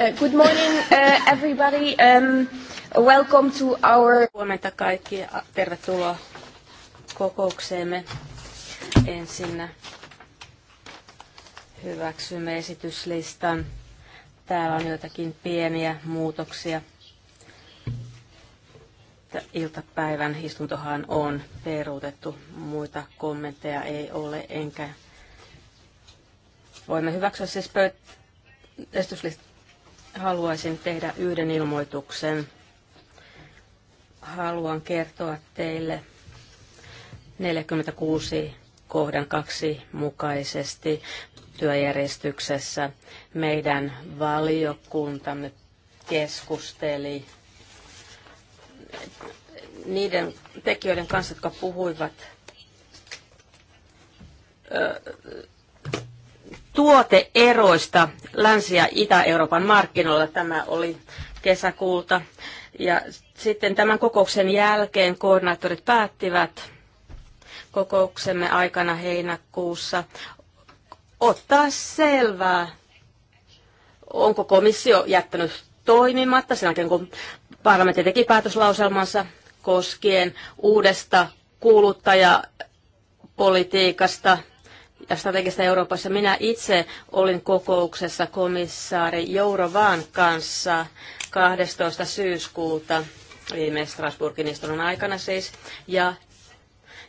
Uh, good morning uh, everybody. Um, welcome to our... Huomenta kaikki ja tervetuloa kokoukseemme. Ensinnä hyväksymme esityslistan. Täällä on joitakin pieniä muutoksia. Iltapäivän istuntohan on peruutettu. Muita kommentteja ei ole, enkä voimme hyväksyä siis pöyt- haluaisin tehdä yhden ilmoituksen. Haluan kertoa teille 46 kohdan kaksi mukaisesti työjärjestyksessä meidän valiokuntamme keskusteli niiden tekijöiden kanssa, jotka puhuivat tuoteeroista Länsi- ja Itä-Euroopan markkinoilla. Tämä oli kesäkuulta. Ja sitten tämän kokouksen jälkeen koordinaattorit päättivät kokouksemme aikana heinäkuussa ottaa selvää, onko komissio jättänyt toimimatta sen jälkeen, kun parlamentti teki päätöslauselmansa koskien uudesta kuluttajapolitiikasta – ja strategista Euroopassa. Minä itse olin kokouksessa komissaari Jourovaan kanssa 12. syyskuuta viime Strasbourgin istunnon aikana siis. Ja,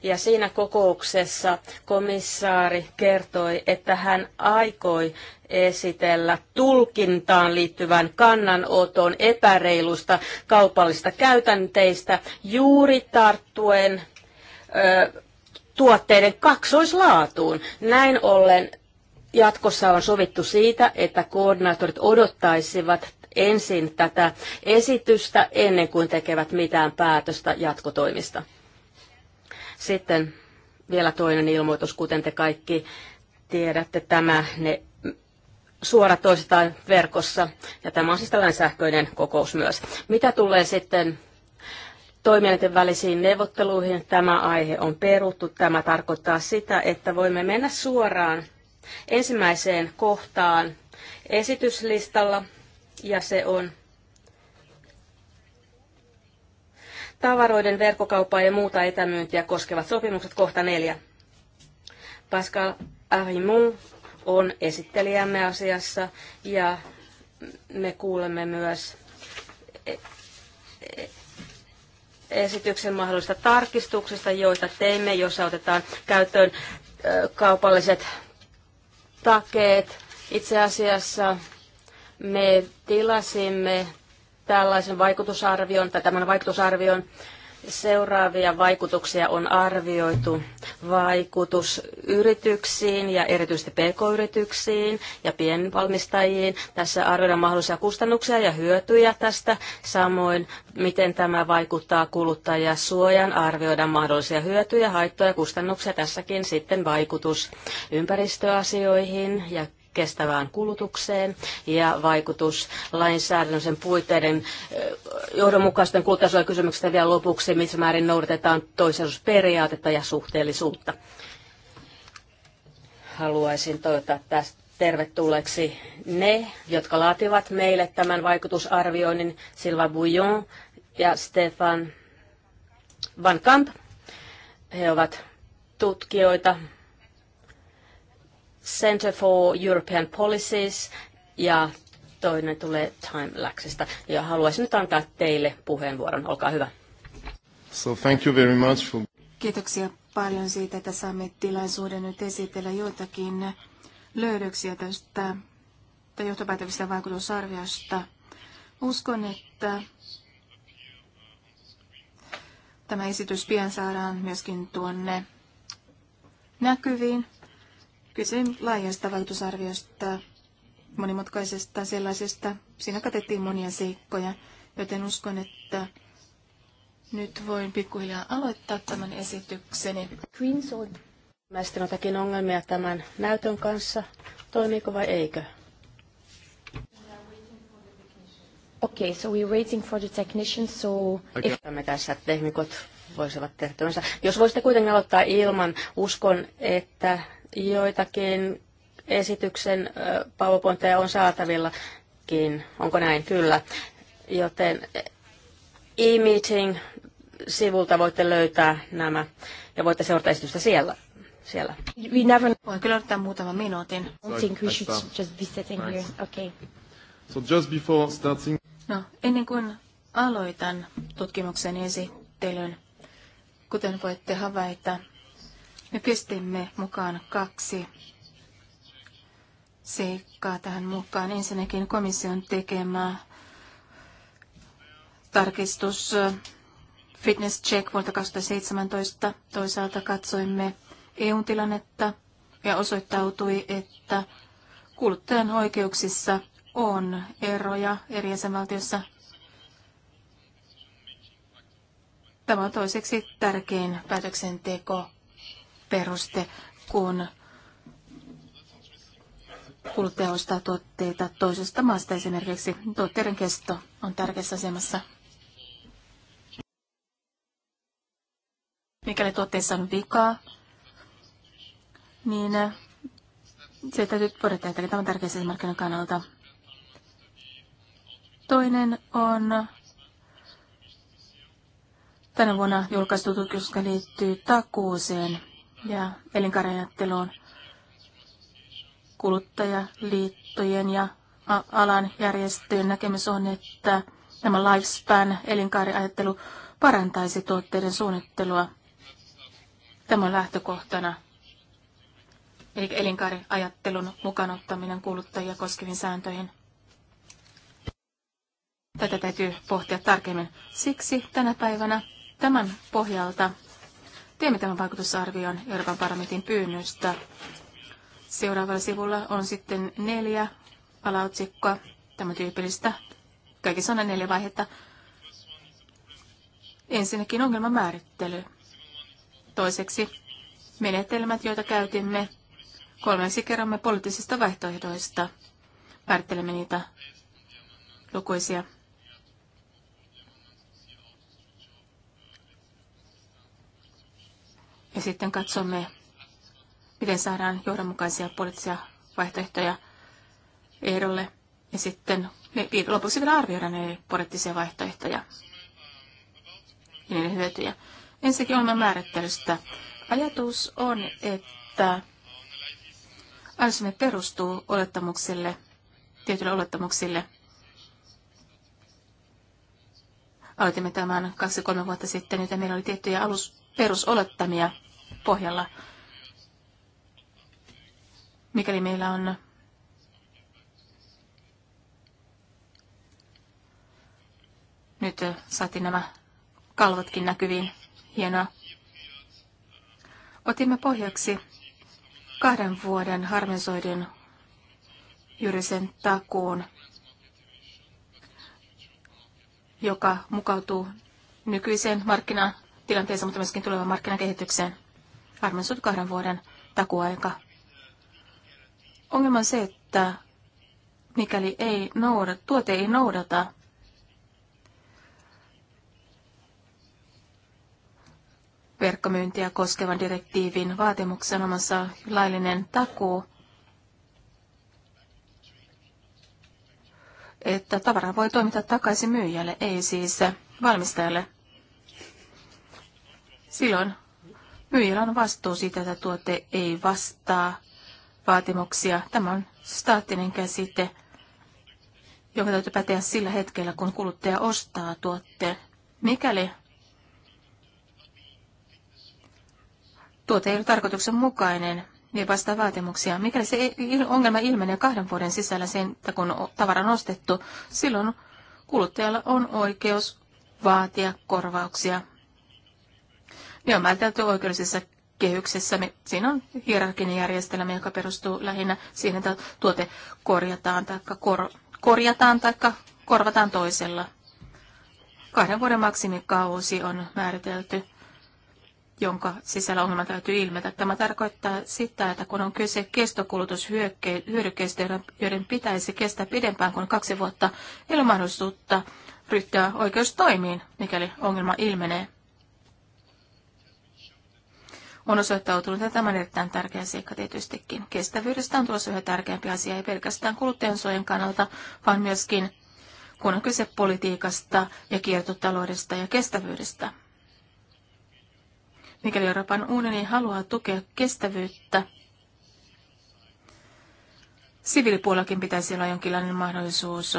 ja siinä kokouksessa komissaari kertoi, että hän aikoi esitellä tulkintaan liittyvän kannanoton epäreilusta kaupallista käytänteistä juuri tarttuen ö, tuotteiden kaksoislaatuun. Näin ollen jatkossa on sovittu siitä, että koordinaattorit odottaisivat ensin tätä esitystä ennen kuin tekevät mitään päätöstä jatkotoimista. Sitten vielä toinen ilmoitus, kuten te kaikki tiedätte, tämä ne suora toisistaan verkossa, ja tämä on siis tällainen sähköinen kokous myös. Mitä tulee sitten toimijoiden välisiin neuvotteluihin. Tämä aihe on peruttu. Tämä tarkoittaa sitä, että voimme mennä suoraan ensimmäiseen kohtaan esityslistalla, ja se on tavaroiden verkkokauppaa ja muuta etämyyntiä koskevat sopimukset kohta neljä. Pascal Arimou on esittelijämme asiassa ja me kuulemme myös esityksen mahdollisista tarkistuksista, joita teimme, jossa otetaan käyttöön kaupalliset takeet. Itse asiassa me tilasimme tällaisen vaikutusarvion tai tämän vaikutusarvion Seuraavia vaikutuksia on arvioitu. Vaikutus yrityksiin ja erityisesti pk-yrityksiin ja pienvalmistajiin. Tässä arvioidaan mahdollisia kustannuksia ja hyötyjä tästä. Samoin, miten tämä vaikuttaa kuluttajasuojan, arvioidaan mahdollisia hyötyjä, haittoja ja kustannuksia. Tässäkin sitten vaikutus ympäristöasioihin ja kestävään kulutukseen ja vaikutus lainsäädännön puitteiden johdonmukaisten kuluttajasuojakysymyksestä vielä lopuksi, missä määrin noudatetaan toisellisuusperiaatetta ja suhteellisuutta. Haluaisin toivottaa tästä tervetulleeksi ne, jotka laativat meille tämän vaikutusarvioinnin, Silva Bouillon ja Stefan Van Kamp. He ovat tutkijoita, Center for European Policies ja toinen tulee Time Laxista. Ja haluaisin nyt antaa teille puheenvuoron. Olkaa hyvä. So thank you very much for... Kiitoksia paljon siitä, että saamme tilaisuuden nyt esitellä joitakin löydöksiä tästä tai johtopäätöksistä vaikutusarviosta. Uskon, että tämä esitys pian saadaan myöskin tuonne näkyviin. Kyse laajasta vaikutusarviosta, monimutkaisesta sellaisesta. Siinä katettiin monia seikkoja, joten uskon, että nyt voin pikkuhiljaa aloittaa tämän esitykseni. Queenson. Mä sitten jotakin ongelmia tämän näytön kanssa. Toimiiko vai eikö? Okay, so we're waiting for the technician, so... Okay. If... Me tässä teknikot voisivat tehdä tämmönsä. Jos voisitte kuitenkin aloittaa ilman, uskon, että Joitakin esityksen PowerPointteja on saatavillakin. Onko näin? Kyllä. Joten e, e-meeting-sivulta voitte löytää nämä ja voitte seurata esitystä siellä. Siellä. We never... Voin kyllä ottaa muutaman minuutin. I think we should just be sitting here. Okay. So just before starting... No, ennen kuin aloitan tutkimuksen esittelyn, kuten voitte havaita, me pistimme mukaan kaksi seikkaa tähän mukaan. Ensinnäkin komission tekemä tarkistus Fitness Check vuodelta 2017. Toisaalta katsoimme eu tilannetta ja osoittautui, että kuluttajan oikeuksissa on eroja eri jäsenvaltiossa. Tämä on toiseksi tärkein päätöksenteko peruste, kun kuluttaja ostaa tuotteita toisesta maasta esimerkiksi. Tuotteiden kesto on tärkeässä asemassa. Mikäli tuotteessa on vikaa, niin se täytyy voida tehdä. tämä on tärkeässä markkinan kannalta. Toinen on tänä vuonna julkaistu tutkimus, joka liittyy takuuseen ja elinkaarajatteluun kuluttajaliittojen ja alan järjestöjen näkemys on, että tämä lifespan elinkaariajattelu parantaisi tuotteiden suunnittelua. Tämä on lähtökohtana. Eli elinkaariajattelun ottaminen kuluttajia koskeviin sääntöihin. Tätä täytyy pohtia tarkemmin. Siksi tänä päivänä tämän pohjalta Teemme tämän vaikutusarvion Euroopan parlamentin pyynnöstä. Seuraavalla sivulla on sitten neljä alaotsikkoa, tämä tyypillistä. kaikki sana neljä vaihetta. Ensinnäkin ongelman määrittely. Toiseksi menetelmät, joita käytimme. Kolmeksi kerromme poliittisista vaihtoehdoista. Määrittelemme niitä lukuisia Ja sitten katsomme, miten saadaan johdonmukaisia poliittisia vaihtoehtoja ehdolle. Ja sitten me lopuksi vielä arvioidaan ne poliittisia vaihtoehtoja ja niiden hyötyjä. Ensinnäkin olemme määrittelystä. Ajatus on, että analyysimme perustuu olettamuksille, tietyille olettamuksille – Aloitimme tämän kaksi kolme vuotta sitten, joten meillä oli tiettyjä alus, perusolettamia pohjalla. Mikäli meillä on Nyt saatiin nämä kalvotkin näkyviin. Hienoa. Otimme pohjaksi kahden vuoden harmensoidun juurisen takuun joka mukautuu nykyiseen markkinatilanteeseen, mutta myöskin tulevaan markkinakehitykseen. Varmistut kahden vuoden takuaika. Ongelma on se, että mikäli ei noudata, tuote ei noudata verkkomyyntiä koskevan direktiivin vaatimuksen omassa laillinen takuu, että tavara voi toimittaa takaisin myyjälle, ei siis valmistajalle. Silloin myyjällä on vastuu siitä, että tuote ei vastaa vaatimuksia. Tämä on staattinen käsite, joka täytyy päteä sillä hetkellä, kun kuluttaja ostaa tuotteen. Mikäli tuote ei ole tarkoituksenmukainen, ei niin vasta vaatimuksia. Mikäli se ongelma ilmenee kahden vuoden sisällä sen, että kun tavara on ostettu, silloin kuluttajalla on oikeus vaatia korvauksia. Ne on määritelty oikeudellisessa kehyksessä. siinä on hierarkinen järjestelmä, joka perustuu lähinnä siihen, että tuote korjataan tai kor, korjataan tai korvataan toisella. Kahden vuoden maksimikausi on määritelty jonka sisällä ongelma täytyy ilmetä. Tämä tarkoittaa sitä, että kun on kyse kestokulutushyödykkeistä, joiden pitäisi kestää pidempään kuin kaksi vuotta, ei ole mahdollisuutta ryhtyä oikeustoimiin, mikäli ongelma ilmenee. On osoittautunut, että tämä on erittäin tärkeä seikka tietystikin. Kestävyydestä on tulossa yhä tärkeämpi asia, ei pelkästään kuluttajansuojan kannalta, vaan myöskin kun on kyse politiikasta ja kiertotaloudesta ja kestävyydestä mikäli Euroopan unioni haluaa tukea kestävyyttä. Siviilipuolellakin pitäisi olla jonkinlainen mahdollisuus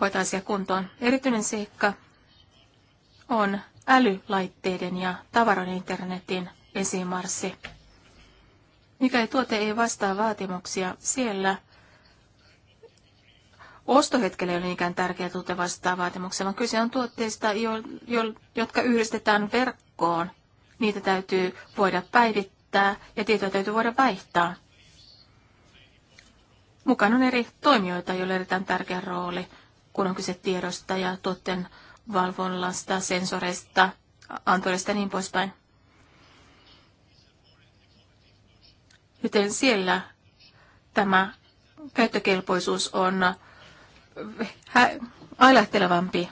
hoitaa asia kuntoon. Erityinen seikka on älylaitteiden ja tavaran internetin esimarssi. Mikäli tuote ei vastaa vaatimuksia siellä, Ostohetkellä ei ole niinkään tärkeää tuntea vastaan vaatimuksella. kyse on tuotteista, jo, jo, jotka yhdistetään verkkoon. Niitä täytyy voida päivittää ja tietoja täytyy voida vaihtaa. Mukaan on eri toimijoita, joilla on erittäin tärkeä rooli, kun on kyse tiedosta ja tuotteen valvonnasta, sensoreista, anturista ja niin poispäin. Joten siellä tämä käyttökelpoisuus on hä- ailahtelevampi,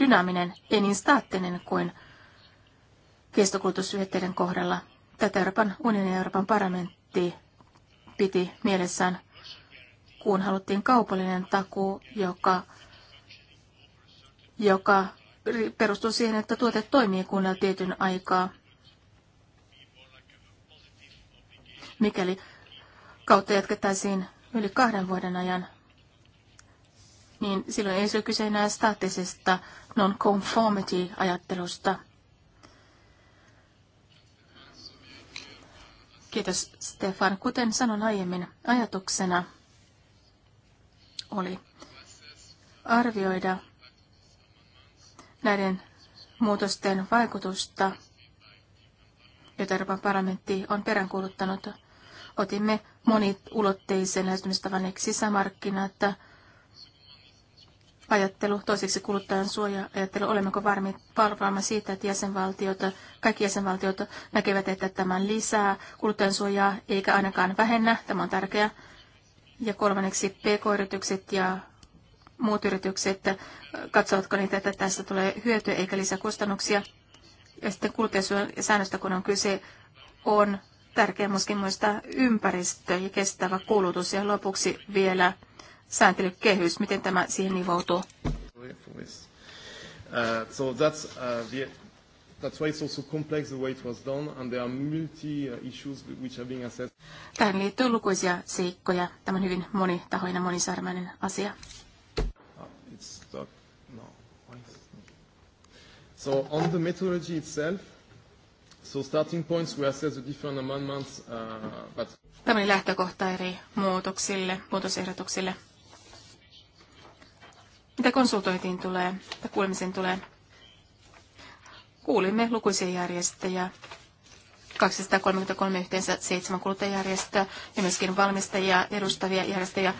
dynaaminen, ei niin staattinen kuin kestokulutussyötteiden kohdalla. Tätä Euroopan unionin ja Euroopan parlamentti piti mielessään, kun haluttiin kaupallinen takuu, joka, joka perustuu siihen, että tuote toimii kunnalla tietyn aikaa. Mikäli kautta jatkettaisiin yli kahden vuoden ajan, niin silloin ei ole kyse enää staattisesta non-conformity-ajattelusta. Kiitos Stefan. Kuten sanon aiemmin, ajatuksena oli arvioida näiden muutosten vaikutusta, jota Euroopan parlamentti on peräänkuuluttanut. Otimme moniulotteisen lähestymistavan sisämarkkinat, ajattelu, toiseksi kuluttajan suoja ajattelu, olemmeko varmi, varma siitä, että jäsenvaltiot, kaikki jäsenvaltiot näkevät, että tämän lisää kuluttajan suojaa eikä ainakaan vähennä, tämä on tärkeää. Ja kolmanneksi pk-yritykset ja muut yritykset, katsovatko niitä, että tässä tulee hyötyä eikä lisäkustannuksia. Ja sitten säännöstä, kun on kyse, on tärkeää myöskin muistaa ympäristö ja kestävä kulutus. Ja lopuksi vielä sääntelykehys, miten tämä siihen nivoutuu? Uh, uh, uh, Tähän liittyy lukuisia seikkoja. Tämä on hyvin monitahoinen, monisarmainen asia. No. So on the methodology itself, so starting points we assess the different amendments, uh, but... Tämä oli lähtökohta eri muutoksille, muutosehdotuksille. Mitä konsultointiin tulee ja kuulemisen tulee? Kuulimme lukuisia järjestäjiä, 233 yhteensä seitsemän kuluttajajärjestöä ja myöskin valmistajia, edustavia järjestöjä,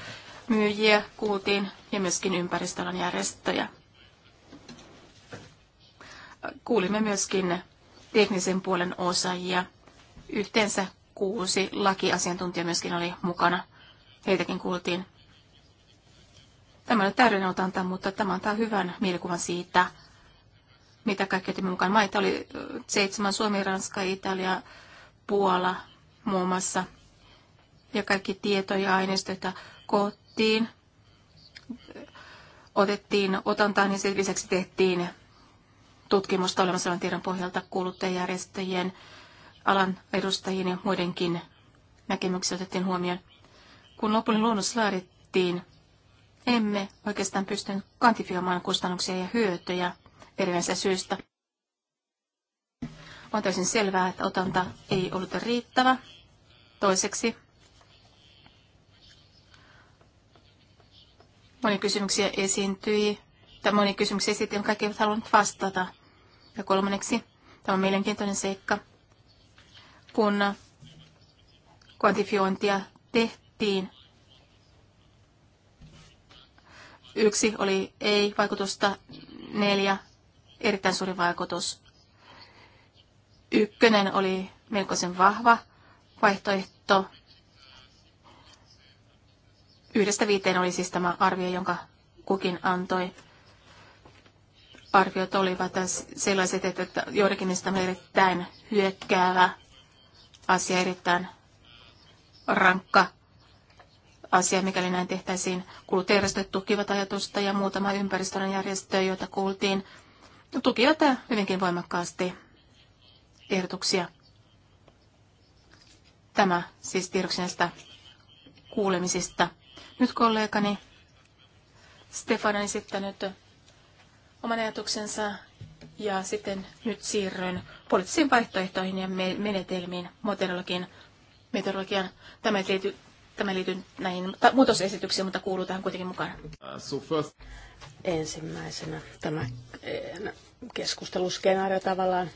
myyjiä kuultiin ja myöskin ympäristöalan järjestöjä. Kuulimme myöskin teknisen puolen osaajia. Yhteensä kuusi lakiasiantuntija myöskin oli mukana. Heitäkin kuultiin. Tämä on täydellinen otanta, mutta tämä antaa hyvän mielikuvan siitä, mitä kaikki otimme mukaan. Maita oli seitsemän, Suomi, Ranska, Italia, Puola muun muassa. Ja kaikki tietoja, ja aineistoita koottiin, otettiin otantaan niin ja sen lisäksi tehtiin tutkimusta olemassa olevan tiedon pohjalta kuluttajajärjestöjen, alan edustajien ja muidenkin näkemyksiä otettiin huomioon. Kun lopullinen luonnos laadittiin, emme oikeastaan pysty kvantifioimaan kustannuksia ja hyötyjä erilaisista syistä. On täysin selvää, että otanta ei ollut riittävä. Toiseksi moni kysymyksiä esiintyi, tai moni kysymyksiä esiintyi, johon kaikki eivät halunneet vastata. Ja kolmanneksi, tämä on mielenkiintoinen seikka, kun kvantifiointia tehtiin, Yksi oli ei-vaikutusta, neljä erittäin suuri vaikutus. Ykkönen oli melkoisen vahva vaihtoehto. Yhdestä viiteen oli siis tämä arvio, jonka kukin antoi. Arviot olivat sellaiset, että joidenkin niistä on erittäin hyökkäävä asia, erittäin rankka asia, mikäli näin tehtäisiin. Kuluttajärjestöt tukivat ajatusta ja muutama ympäristön järjestö, joita kuultiin, tukivat hyvinkin voimakkaasti ehdotuksia. Tämä siis tiedoksi näistä kuulemisista. Nyt kollegani Stefan on esittänyt oman ajatuksensa ja sitten nyt siirryn poliittisiin vaihtoehtoihin ja menetelmiin, meteorologian. Tämä ei liity Tämä liittyy näihin muutosesityksiin, mutta kuuluu tähän kuitenkin mukaan. Uh, Ensimmäisenä tämä eh, keskusteluskenaario tavallaan.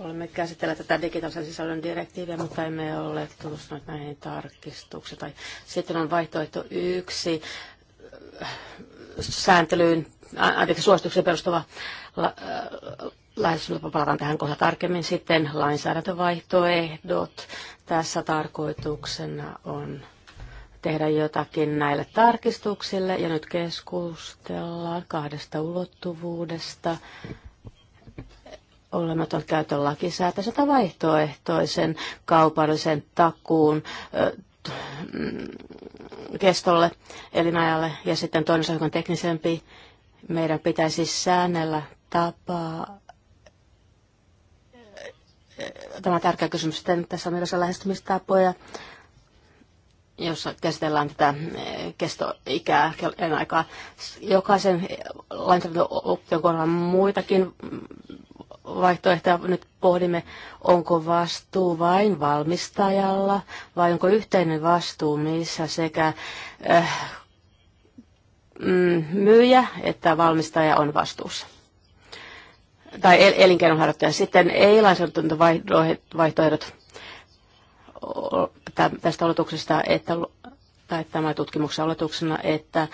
Olemme käsitelleet tätä digitaalisen sisällön direktiiviä, mutta emme ole tutustuneet näihin tarkistuksiin. Tai sitten on vaihtoehto yksi eh, sääntelyyn, anteeksi, suositukseen perustuva la, eh, Lähestymislupa palataan tähän kohta tarkemmin sitten. Lainsäädäntövaihtoehdot. Tässä tarkoituksena on tehdä jotakin näille tarkistuksille ja nyt keskustellaan kahdesta ulottuvuudesta. Olemme ottaneet käytön lakisääteisen vaihtoehtoisen kaupallisen takuun kestolle elinajalle ja sitten toinen on teknisempi. Meidän pitäisi säännellä tapaa tämä tärkeä kysymys. nyt tässä on erilaisia lähestymistapoja, jossa käsitellään tätä eh, kestoikää, aikaa. Jokaisen lainsäädäntöoption kohdalla muitakin vaihtoehtoja. Nyt pohdimme, onko vastuu vain valmistajalla vai onko yhteinen vastuu, missä sekä äh, myyjä että valmistaja on vastuussa tai el, elinkeinonharjoittaja. Sitten ei-lainsäädäntövaihtoehdot tästä oletuksesta, että tai tämä tutkimuksen oletuksena, että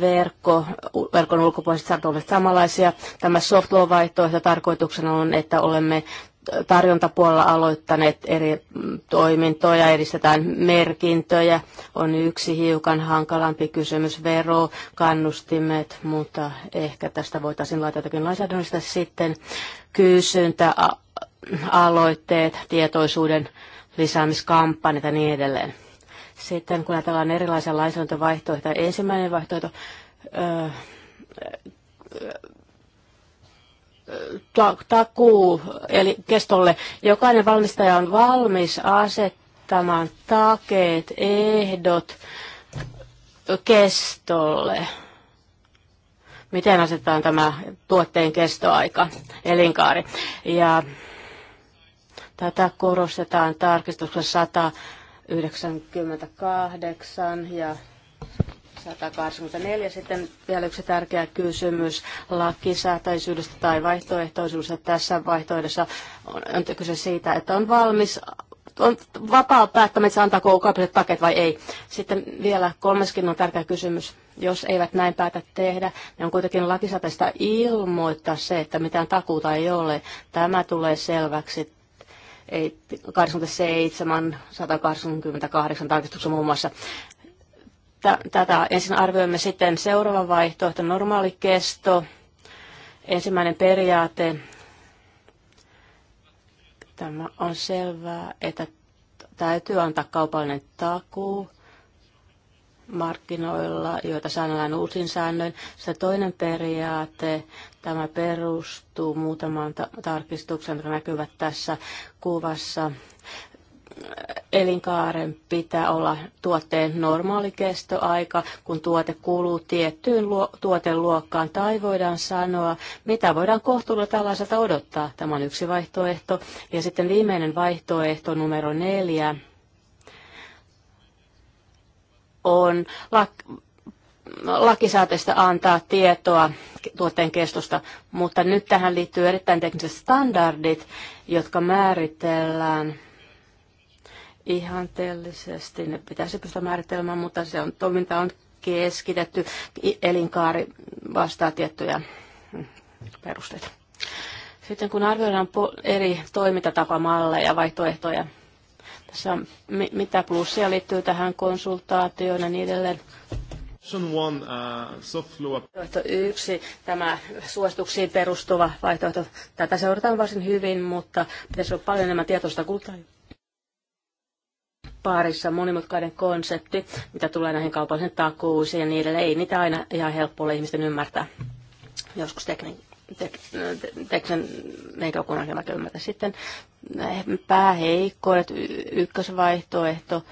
verkko, verkon ulkopuoliset saattavat olla samanlaisia. Tämä soft law-vaihtoehto tarkoituksena on, että olemme tarjontapuolella aloittaneet eri mm, toimintoja, edistetään merkintöjä, on yksi hiukan hankalampi kysymys, vero, kannustimet, mutta ehkä tästä voitaisiin laittaa jotakin lainsäädännöstä sitten kysyntä, aloitteet, tietoisuuden lisäämiskampanjat ja niin edelleen. Sitten kun ajatellaan erilaisia lainsäädäntövaihtoehtoja, ensimmäinen vaihtoehto, öö, takuu eli kestolle. Jokainen valmistaja on valmis asettamaan takeet, ehdot kestolle. Miten asetetaan tämä tuotteen kestoaika, elinkaari. Ja tätä korostetaan tarkistuksessa 198 ja 184. Sitten vielä yksi tärkeä kysymys lakisääteisyydestä tai vaihtoehtoisuudesta. Tässä vaihtoehdossa on, on kyse siitä, että on valmis on vapaa päättämään, että antaako UKPille paket vai ei. Sitten vielä kolmaskin on tärkeä kysymys. Jos eivät näin päätä tehdä, niin on kuitenkin lakisääteistä ilmoittaa se, että mitään takuuta ei ole. Tämä tulee selväksi ei, 87, 188 tarkistuksessa muun muassa tätä ensin arvioimme sitten seuraava vaihtoehto, normaali kesto, ensimmäinen periaate. Tämä on selvää, että täytyy antaa kaupallinen takuu markkinoilla, joita säännellään uusin säännöin. Se toinen periaate, tämä perustuu muutamaan ta- tarkistukseen, jotka näkyvät tässä kuvassa elinkaaren pitää olla tuotteen normaali kestoaika, kun tuote kuuluu tiettyyn luo, tuoteluokkaan, tai voidaan sanoa, mitä voidaan kohtuulla tällaiselta odottaa. Tämä on yksi vaihtoehto. Ja sitten viimeinen vaihtoehto, numero neljä, on lak- lakisääteistä antaa tietoa tuotteen kestosta, mutta nyt tähän liittyy erittäin tekniset standardit, jotka määritellään – ihanteellisesti. Ne pitäisi pystyä määrittelemään, mutta se on, toiminta on keskitetty. Elinkaari vastaa tiettyjä perusteita. Sitten kun arvioidaan eri toimintatapamalleja, vaihtoehtoja, tässä on, mitä plussia liittyy tähän konsultaatioon ja niin edelleen. Uh, vaihtoehto yksi, tämä suosituksiin perustuva vaihtoehto. Tätä seurataan varsin hyvin, mutta pitäisi olla paljon enemmän tietoista kuluttajia parissa monimutkainen konsepti, mitä tulee näihin kaupallisiin takuisiin ja niin edelleen. Ei niitä aina ihan helppo ole ihmisten ymmärtää. Joskus tekniikka teknisen henkilökunnan ymmärtää. Sitten eh, pääheikkoudet, ykkösvaihtoehto,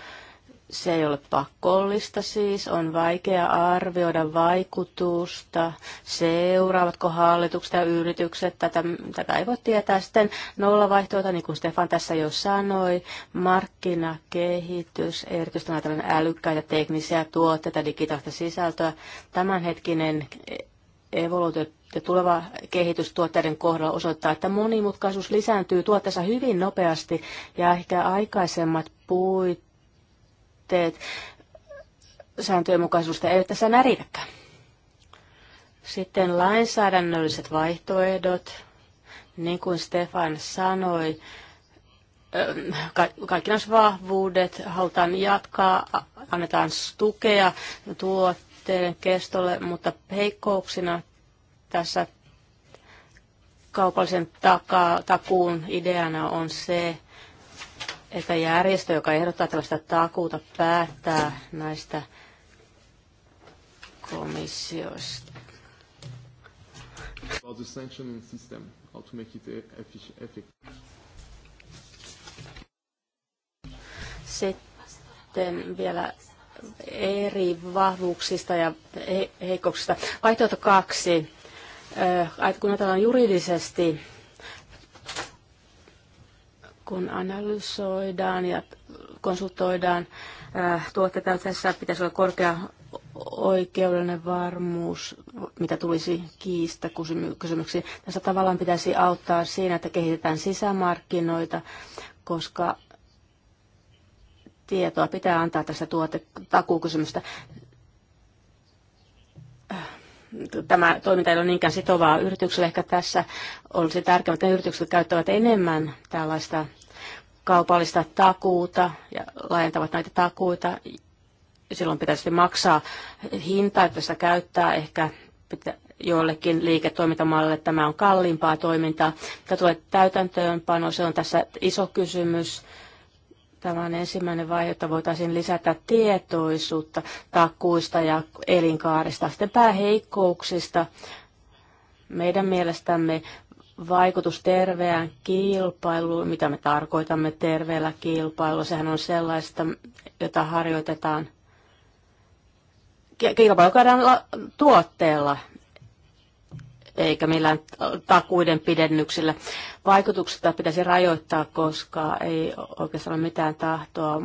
se ei ole pakollista siis, on vaikea arvioida vaikutusta, seuraavatko hallitukset ja yritykset, tätä, tätä ei voi tietää. Sitten nollavaihtoehto, niin kuin Stefan tässä jo sanoi, markkinakehitys, erityisesti näitä älykkäitä teknisiä tuotteita, digitaalista sisältöä, tämänhetkinen evoluutio ja tuleva kehitys tuotteiden kohdalla osoittaa, että monimutkaisuus lisääntyy tuotteessa hyvin nopeasti ja ehkä aikaisemmat puit teet sääntöjen mukaisuudesta ei tässä näritäkään. Sitten lainsäädännölliset vaihtoehdot, niin kuin Stefan sanoi, kaikki nämä vahvuudet halutaan jatkaa, annetaan tukea tuotteiden kestolle, mutta heikkouksina tässä kaupallisen taka, takuun ideana on se, että järjestö, joka ehdottaa tällaista takuuta, päättää näistä komissioista. About the sanctioning system, how to make it effective. Sitten vielä eri vahvuuksista ja heikkouksista. Vaihtoehto kaksi. Kun ajatellaan juridisesti kun analysoidaan ja konsultoidaan äh, tuotteita, niin tässä pitäisi olla korkea oikeudellinen varmuus, mitä tulisi kiistä kysymyksiin. Tässä tavallaan pitäisi auttaa siinä, että kehitetään sisämarkkinoita, koska tietoa pitää antaa tästä tuotetakuukysymystä. takuukysymystä tämä toiminta ei ole niinkään sitovaa yritykselle. Ehkä tässä olisi tärkeää, että yritykset käyttävät enemmän tällaista kaupallista takuuta ja laajentavat näitä takuita. Silloin pitäisi maksaa hintaa, että sitä käyttää. Ehkä pitä, joillekin liiketoimintamallille tämä on kalliimpaa toimintaa. Tämä tulee täytäntöönpano, se on tässä iso kysymys Tämä on ensimmäinen vaihe, että voitaisiin lisätä tietoisuutta takkuista ja elinkaarista. Sitten pääheikkouksista. Meidän mielestämme vaikutus terveään kilpailuun, mitä me tarkoitamme terveellä kilpailulla, sehän on sellaista, jota harjoitetaan kilpailu tuotteella eikä millään takuiden pidennyksillä. Vaikutuksia pitäisi rajoittaa, koska ei oikeastaan ole mitään tahtoa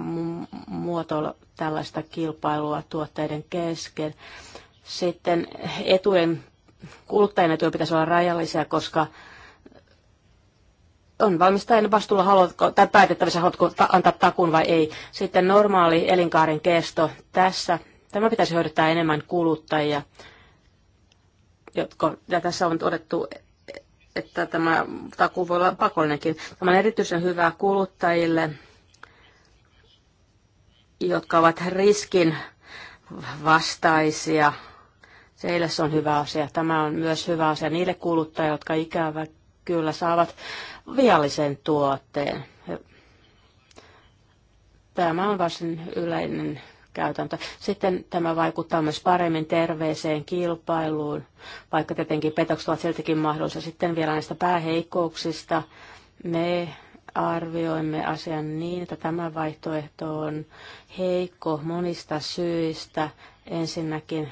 muotoilla tällaista kilpailua tuotteiden kesken. Sitten etujen, kuluttajien etujen pitäisi olla rajallisia, koska on valmistajan vastuulla haluatko, tai päätettävissä, haluatko ta- antaa takun vai ei. Sitten normaali elinkaaren kesto tässä. Tämä pitäisi hyödyttää enemmän kuluttajia jotka, ja tässä on todettu, että tämä takuu voi olla pakollinenkin. Tämä on erityisen hyvää kuluttajille, jotka ovat riskin vastaisia. Seille se on hyvä asia. Tämä on myös hyvä asia niille kuluttajille, jotka ikävä kyllä saavat viallisen tuotteen. Tämä on varsin yleinen käytäntö. Sitten tämä vaikuttaa myös paremmin terveeseen kilpailuun, vaikka tietenkin petokset ovat siltikin mahdollisia. Sitten vielä näistä pääheikkouksista. Me arvioimme asian niin, että tämä vaihtoehto on heikko monista syistä. Ensinnäkin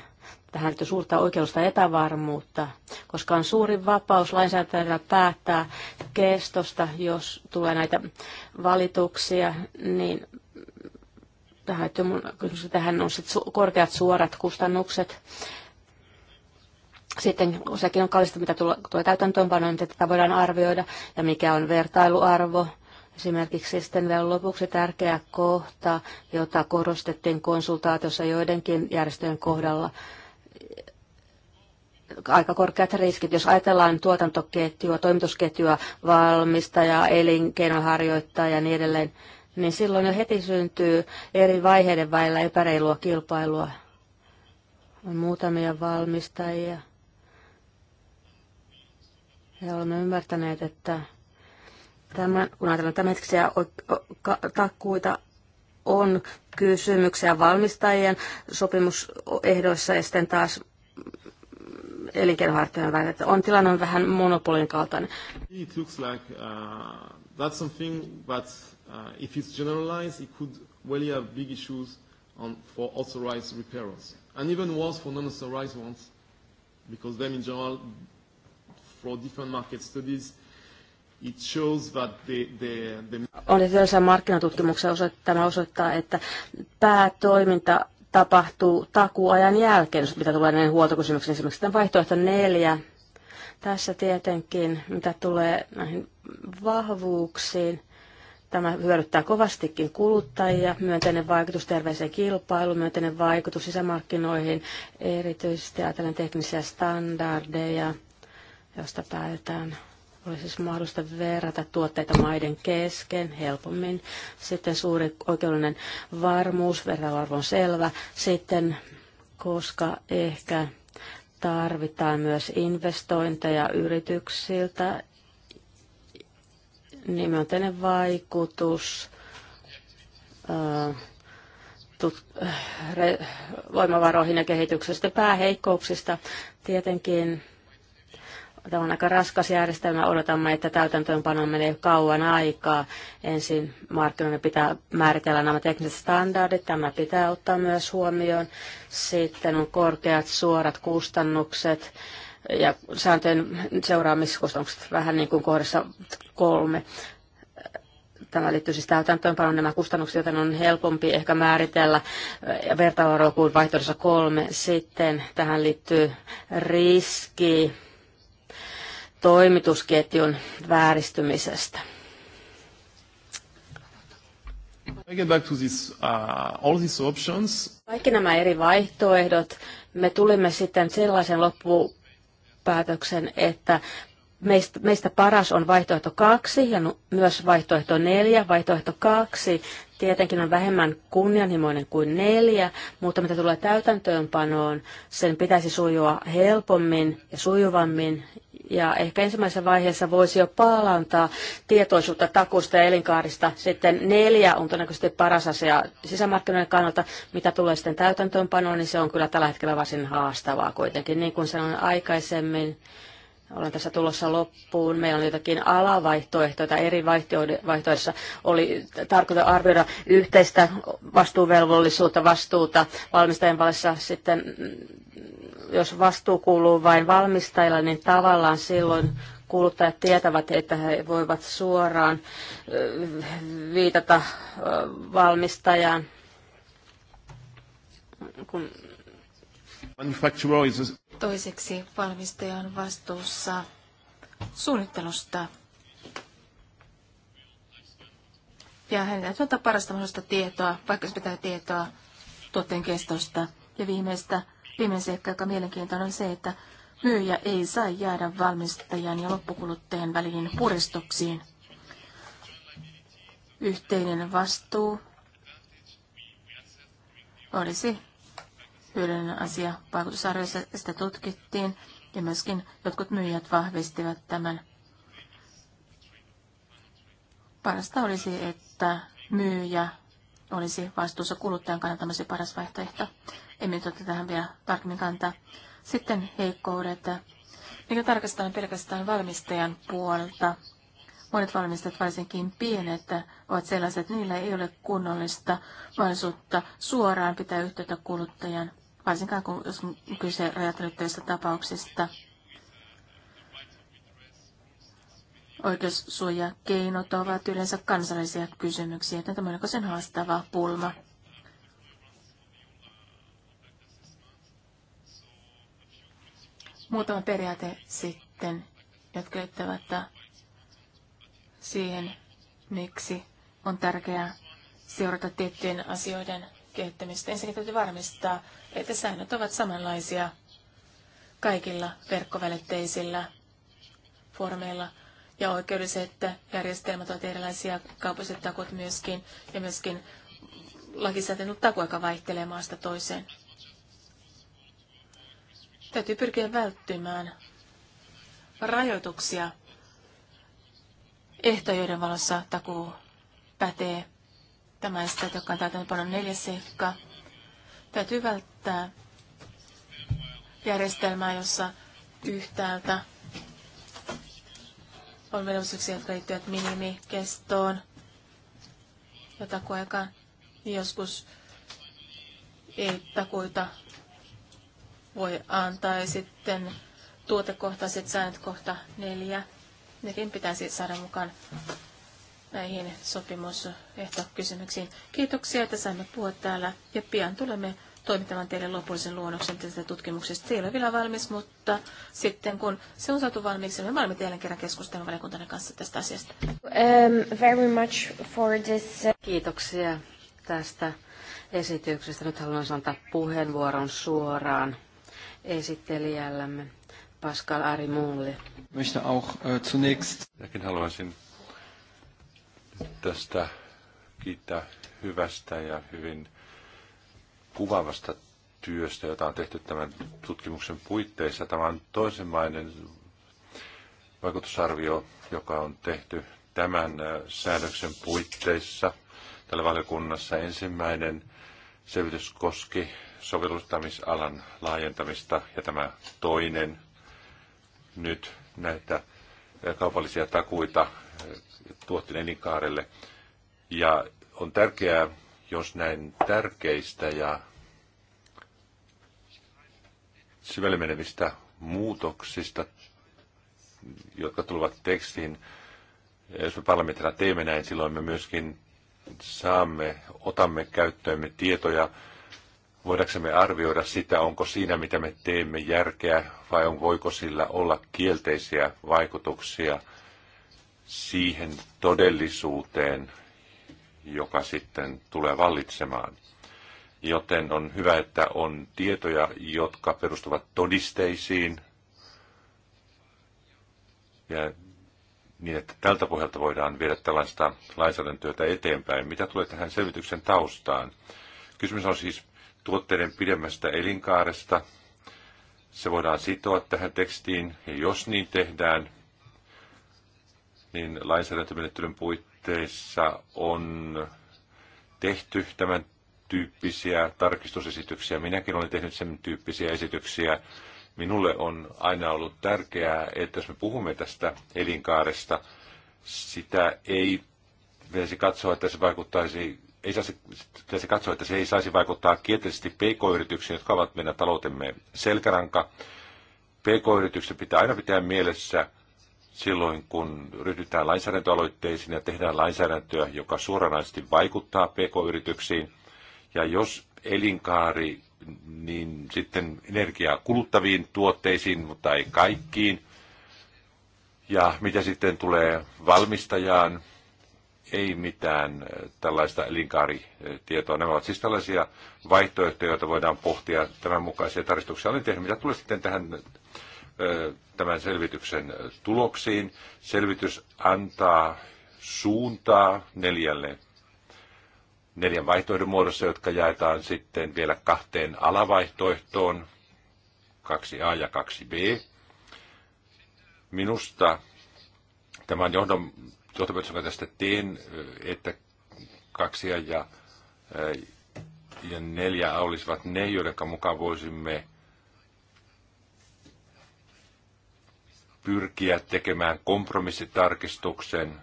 tähän liittyy suurta oikeusta epävarmuutta, koska on suuri vapaus lainsäätäjällä päättää kestosta, jos tulee näitä valituksia, niin tähän, tähän on sit korkeat suorat kustannukset. Sitten sekin on kallista, mitä tulee täytäntöönpano, miten niin tätä voidaan arvioida ja mikä on vertailuarvo. Esimerkiksi sitten vielä lopuksi tärkeä kohta, jota korostettiin konsultaatiossa joidenkin järjestöjen kohdalla, aika korkeat riskit. Jos ajatellaan tuotantoketjua, toimitusketjua, valmistajaa, elinkeinoharjoittajaa ja niin edelleen, niin silloin jo heti syntyy eri vaiheiden välillä epäreilua kilpailua. On muutamia valmistajia. Ja olemme ymmärtäneet, että tämän, kun ajatellaan tämänhetkisiä takkuita, on kysymyksiä valmistajien sopimusehdoissa ja sitten taas elinkeinohartojen välillä. Että on tilanne on vähän monopolin kaltainen. It looks like, uh, that's something that's Uh, if it's generalized, it could really have big issues on, for authorized repairers, and even worse for non-authorized ones, because then in general, for different market studies, it shows that the, the, the... On erilaisia markkinatutkimuksia, tämä osoittaa, että päätoiminta tapahtuu takuajan jälkeen, jos mitä tulee näihin huoltokysymyksiin. Esimerkiksi tämän vaihtoehto neljä. Tässä tietenkin, mitä tulee näihin vahvuuksiin, Tämä hyödyttää kovastikin kuluttajia, myönteinen vaikutus terveeseen kilpailuun, myönteinen vaikutus sisämarkkinoihin, erityisesti ajatellen teknisiä standardeja, josta päätetään. Olisi siis mahdollista verrata tuotteita maiden kesken helpommin. Sitten suuri oikeudellinen varmuus, vertailuarvo on selvä. Sitten, koska ehkä tarvitaan myös investointeja yrityksiltä, myönteinen vaikutus voimavaroihin ja kehityksestä pääheikkouksista. Tietenkin tämä on aika raskas järjestelmä. Odotamme, että täytäntöönpano menee kauan aikaa. Ensin markkinoiden pitää määritellä nämä tekniset standardit. Tämä pitää ottaa myös huomioon. Sitten on korkeat suorat kustannukset ja sääntöjen seuraamiskustannukset vähän niin kuin kohdassa kolme. Tämä liittyy siis täytäntöönpanon nämä kustannukset, joten on helpompi ehkä määritellä vertailuarvo kuin vaihtoehdossa kolme. Sitten tähän liittyy riski toimitusketjun vääristymisestä. Uh, Kaikki nämä eri vaihtoehdot, me tulimme sitten sellaisen loppuun päätöksen, että meistä, meistä paras on vaihtoehto kaksi ja myös vaihtoehto neljä. Vaihtoehto kaksi tietenkin on vähemmän kunnianhimoinen kuin neljä, mutta mitä tulee täytäntöönpanoon, sen pitäisi sujua helpommin ja sujuvammin ja ehkä ensimmäisessä vaiheessa voisi jo palantaa tietoisuutta takusta ja elinkaarista. Sitten neljä on todennäköisesti paras asia sisämarkkinoiden kannalta. Mitä tulee sitten täytäntöönpanoon, niin se on kyllä tällä hetkellä varsin haastavaa kuitenkin. Niin kuin sanoin aikaisemmin, olen tässä tulossa loppuun. Meillä on jotakin alavaihtoehtoja eri vaihtoehdoissa. Oli tarkoitus arvioida yhteistä vastuuvelvollisuutta, vastuuta valmistajien valissa sitten, mm, jos vastuu kuuluu vain valmistajilla, niin tavallaan silloin kuluttajat tietävät, että he voivat suoraan viitata valmistajaan. Kun Manufacturer is Toiseksi valmistaja on vastuussa suunnittelusta. Ja hän täytyy tuota parasta mahdollista tietoa, vaikka se pitää tietoa tuotteen kestosta. Ja viimeistä, viimeinen seikka, joka mielenkiintoinen on se, että myyjä ei saa jäädä valmistajan ja loppukuluttajan väliin puristuksiin. Yhteinen vastuu olisi yleinen asia. vaikutusarvoissa sitä tutkittiin ja myöskin jotkut myyjät vahvistivat tämän. Parasta olisi, että myyjä olisi vastuussa kuluttajan kannalta myös paras vaihtoehto. Emme nyt ota tähän vielä tarkemmin kantaa. Sitten heikkoudet. Mikä tarkastetaan pelkästään valmistajan puolelta? Monet valmistajat, varsinkin pienet, ovat sellaiset, että niillä ei ole kunnollista mahdollisuutta suoraan pitää yhteyttä kuluttajan varsinkaan kun jos on kyse rajatelittävistä tapauksista. Oikeussuojakeinot ovat yleensä kansallisia kysymyksiä, joten tämä on sen haastava pulma. Muutama periaate sitten, jotka liittyvät siihen, miksi on tärkeää seurata tiettyjen asioiden kehittämistä. Ensinnäkin täytyy varmistaa, että säännöt ovat samanlaisia kaikilla verkkovälitteisillä formeilla ja oikeudelliset järjestelmät ovat erilaisia, kaupalliset takut myöskin ja myöskin lakisääteinen taku, joka vaihtelee maasta toiseen. Täytyy pyrkiä välttymään rajoituksia ehtojen valossa takuu pätee Tämä sitä, joka on täytäntöönpanon neljä sekka, Täytyy välttää järjestelmää, jossa yhtäältä on velvollisuuksia, jotka liittyvät minimikestoon ja takuaikaan. Joskus ei takuita voi antaa. Ja sitten tuotekohtaiset säännöt kohta neljä. Nekin pitäisi saada mukaan näihin sopimusehtokysymyksiin. Kiitoksia, että saimme puhua täällä ja pian tulemme toimittamaan teille lopullisen luonnoksen tästä tutkimuksesta. Se ei ole vielä valmis, mutta sitten kun se on saatu valmiiksi, niin me valmiit teille kerran keskustelun valiokuntana kanssa tästä asiasta. Um, very much for this. Uh, Kiitoksia tästä esityksestä. Nyt haluan antaa puheenvuoron suoraan esittelijällämme Pascal Ich Möchte auch äh, zunächst. Minäkin haluaisin tästä kiittää hyvästä ja hyvin kuvaavasta työstä, jota on tehty tämän tutkimuksen puitteissa. Tämä on toisenlainen vaikutusarvio, joka on tehty tämän äh, säädöksen puitteissa tällä valiokunnassa. Ensimmäinen selvitys koski sovellustamisalan laajentamista ja tämä toinen nyt näitä kaupallisia takuita tuottin elinkaarelle. Ja on tärkeää, jos näin tärkeistä ja syvälle menevistä muutoksista, jotka tulevat tekstiin, jos me parlamentina teemme näin, silloin me myöskin saamme, otamme käyttöömme tietoja, voidaksemme arvioida sitä, onko siinä, mitä me teemme, järkeä vai on, voiko sillä olla kielteisiä vaikutuksia – siihen todellisuuteen, joka sitten tulee vallitsemaan. Joten on hyvä, että on tietoja, jotka perustuvat todisteisiin, ja niin, että tältä pohjalta voidaan viedä tällaista lainsäädäntötyötä eteenpäin. Mitä tulee tähän selvityksen taustaan? Kysymys on siis tuotteiden pidemmästä elinkaaresta. Se voidaan sitoa tähän tekstiin, ja jos niin tehdään, niin lainsäädäntömenettelyn puitteissa on tehty tämän tyyppisiä tarkistusesityksiä. Minäkin olen tehnyt sen tyyppisiä esityksiä. Minulle on aina ollut tärkeää, että jos me puhumme tästä elinkaaresta, sitä ei pitäisi katsoa, että se vaikuttaisi ei saisi, katsoa, että se ei saisi vaikuttaa kielteisesti pk-yrityksiin, jotka ovat meidän taloutemme selkäranka. Pk-yritykset pitää aina pitää mielessä silloin, kun ryhdytään lainsäädäntöaloitteisiin ja tehdään lainsäädäntöä, joka suoranaisesti vaikuttaa pk-yrityksiin. Ja jos elinkaari, niin sitten energiaa kuluttaviin tuotteisiin, mutta ei kaikkiin. Ja mitä sitten tulee valmistajaan, ei mitään äh, tällaista elinkaaritietoa. Nämä ovat siis tällaisia vaihtoehtoja, joita voidaan pohtia tämän mukaisia tarkistuksia. Olen tehnyt, mitä tulee sitten tähän tämän selvityksen tuloksiin. Selvitys antaa suuntaa neljälle neljän vaihtoehdon muodossa, jotka jaetaan sitten vielä kahteen alavaihtoehtoon, 2A ja 2B. Minusta tämän johdon, johtopäätös, jonka tästä teen, että 2A ja, ja 4A olisivat ne, joiden mukaan voisimme pyrkiä tekemään kompromissitarkistuksen.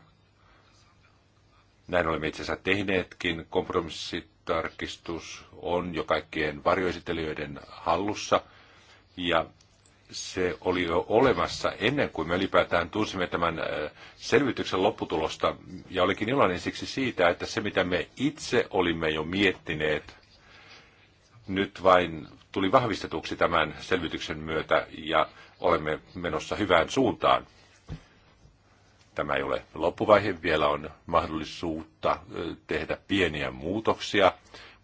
Näin olemme itse asiassa tehneetkin. Kompromissitarkistus on jo kaikkien varjoesittelijöiden hallussa ja se oli jo olemassa ennen kuin me ylipäätään tunsimme tämän äh, selvityksen lopputulosta. Ja olikin iloinen siksi siitä, että se mitä me itse olimme jo miettineet, nyt vain tuli vahvistetuksi tämän selvityksen myötä. Ja olemme menossa hyvään suuntaan. Tämä ei ole loppuvaihe, vielä on mahdollisuutta tehdä pieniä muutoksia,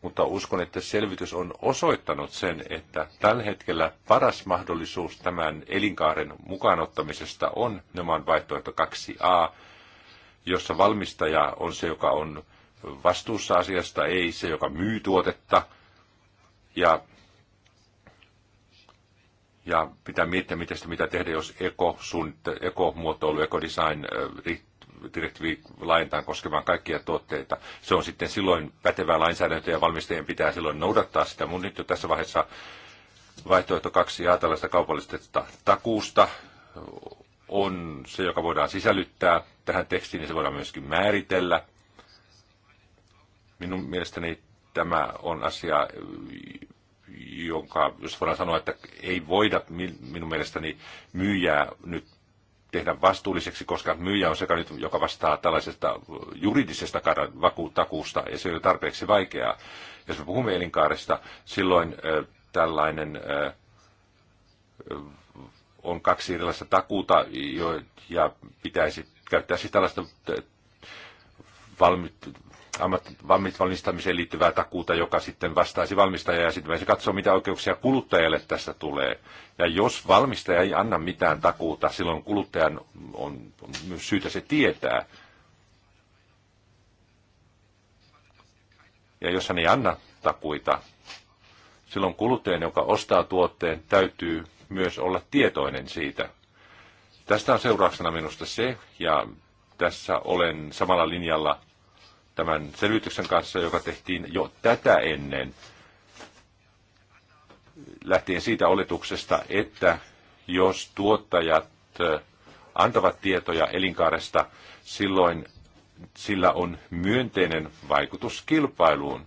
mutta uskon, että selvitys on osoittanut sen, että tällä hetkellä paras mahdollisuus tämän elinkaaren mukaanottamisesta on nimenomaan vaihtoehto 2a, jossa valmistaja on se, joka on vastuussa asiasta, ei se, joka myy tuotetta. Ja ja pitää miettiä, miten sitä, mitä tehdä, jos ekomuotoilu, ekodesign direktiivi laajentaa koskemaan kaikkia tuotteita. Se on sitten silloin pätevää lainsäädäntöä ja valmistajien pitää silloin noudattaa sitä. Mun nyt jo tässä vaiheessa vaihtoehto kaksi ja tällaista kaupallisesta takuusta on se, joka voidaan sisällyttää tähän tekstiin ja se voidaan myöskin määritellä. Minun mielestäni tämä on asia, jonka, jos voidaan sanoa, että ei voida minun mielestäni myyjää nyt tehdä vastuulliseksi, koska myyjä on sekä nyt, joka vastaa tällaisesta juridisesta takuusta, ja se on tarpeeksi vaikeaa. Jos me puhumme elinkaaresta, silloin äh, tällainen äh, on kaksi erilaista takuuta, jo, ja pitäisi käyttää siis tällaista valmistamiseen liittyvää takuuta, joka sitten vastaisi valmistajaa ja sitten se katsoo, mitä oikeuksia kuluttajalle tästä tulee. Ja jos valmistaja ei anna mitään takuuta, silloin kuluttajan on, on myös syytä se tietää. Ja jos hän ei anna takuita, silloin kuluttajan, joka ostaa tuotteen, täytyy myös olla tietoinen siitä. Tästä on seurauksena minusta se, ja tässä olen samalla linjalla tämän selvityksen kanssa, joka tehtiin jo tätä ennen, lähtien siitä oletuksesta, että jos tuottajat antavat tietoja elinkaaresta, silloin sillä on myönteinen vaikutus kilpailuun,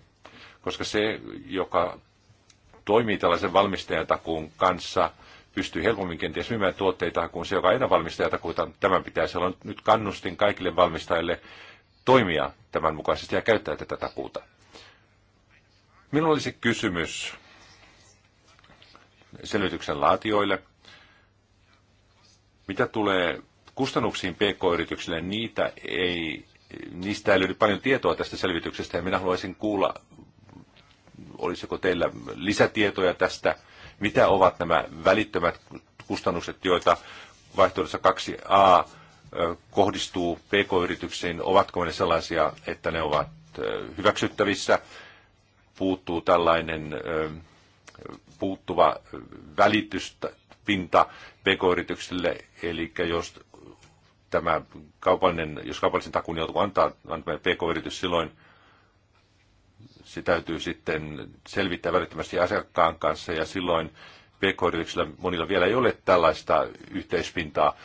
koska se, joka toimii tällaisen valmistajatakuun kanssa, pystyy helpommin kenties myymään tuotteita kuin se, joka ei valmistajatakuuta. Tämän pitäisi olla nyt kannustin kaikille valmistajille toimia tämän mukaisesti ja käyttää tätä takuuta. Minulla olisi kysymys selvityksen laatioille. Mitä tulee kustannuksiin PK-yrityksille, niitä ei, niistä ei löydy paljon tietoa tästä selvityksestä ja minä haluaisin kuulla, olisiko teillä lisätietoja tästä, mitä ovat nämä välittömät kustannukset, joita vaihtoehdossa 2a kohdistuu pk-yrityksiin, ovatko ne sellaisia, että ne ovat hyväksyttävissä, puuttuu tällainen puuttuva välityspinta pk-yrityksille, eli jos tämä kaupallinen, jos kaupallisen takuun joutuu antaa, antaa pk-yritys, silloin se täytyy sitten selvittää välittömästi asiakkaan kanssa ja silloin pk-yrityksillä monilla vielä ei ole tällaista yhteispintaa.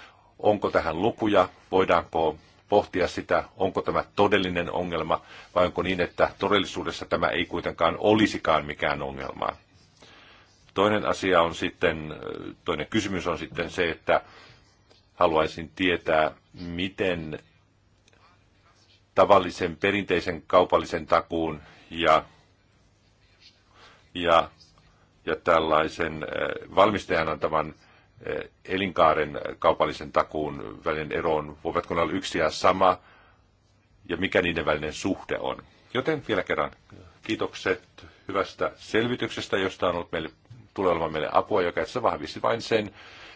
Onko tähän lukuja? Voidaanko pohtia sitä, onko tämä todellinen ongelma vai onko niin, että todellisuudessa tämä ei kuitenkaan olisikaan mikään ongelma. Toinen asia on sitten, toinen kysymys on sitten se, että haluaisin tietää, miten tavallisen perinteisen kaupallisen takuun ja, ja, ja tällaisen eh, valmistajan antaman Eh, elinkaaren eh, kaupallisen takuun välinen ero on, voivatko ne olla yksi ja sama, ja mikä niiden välinen suhde on. Joten vielä kerran kiitokset hyvästä selvityksestä, josta on ollut meille, tulee olemaan meille apua, joka itse vahvisti vain sen,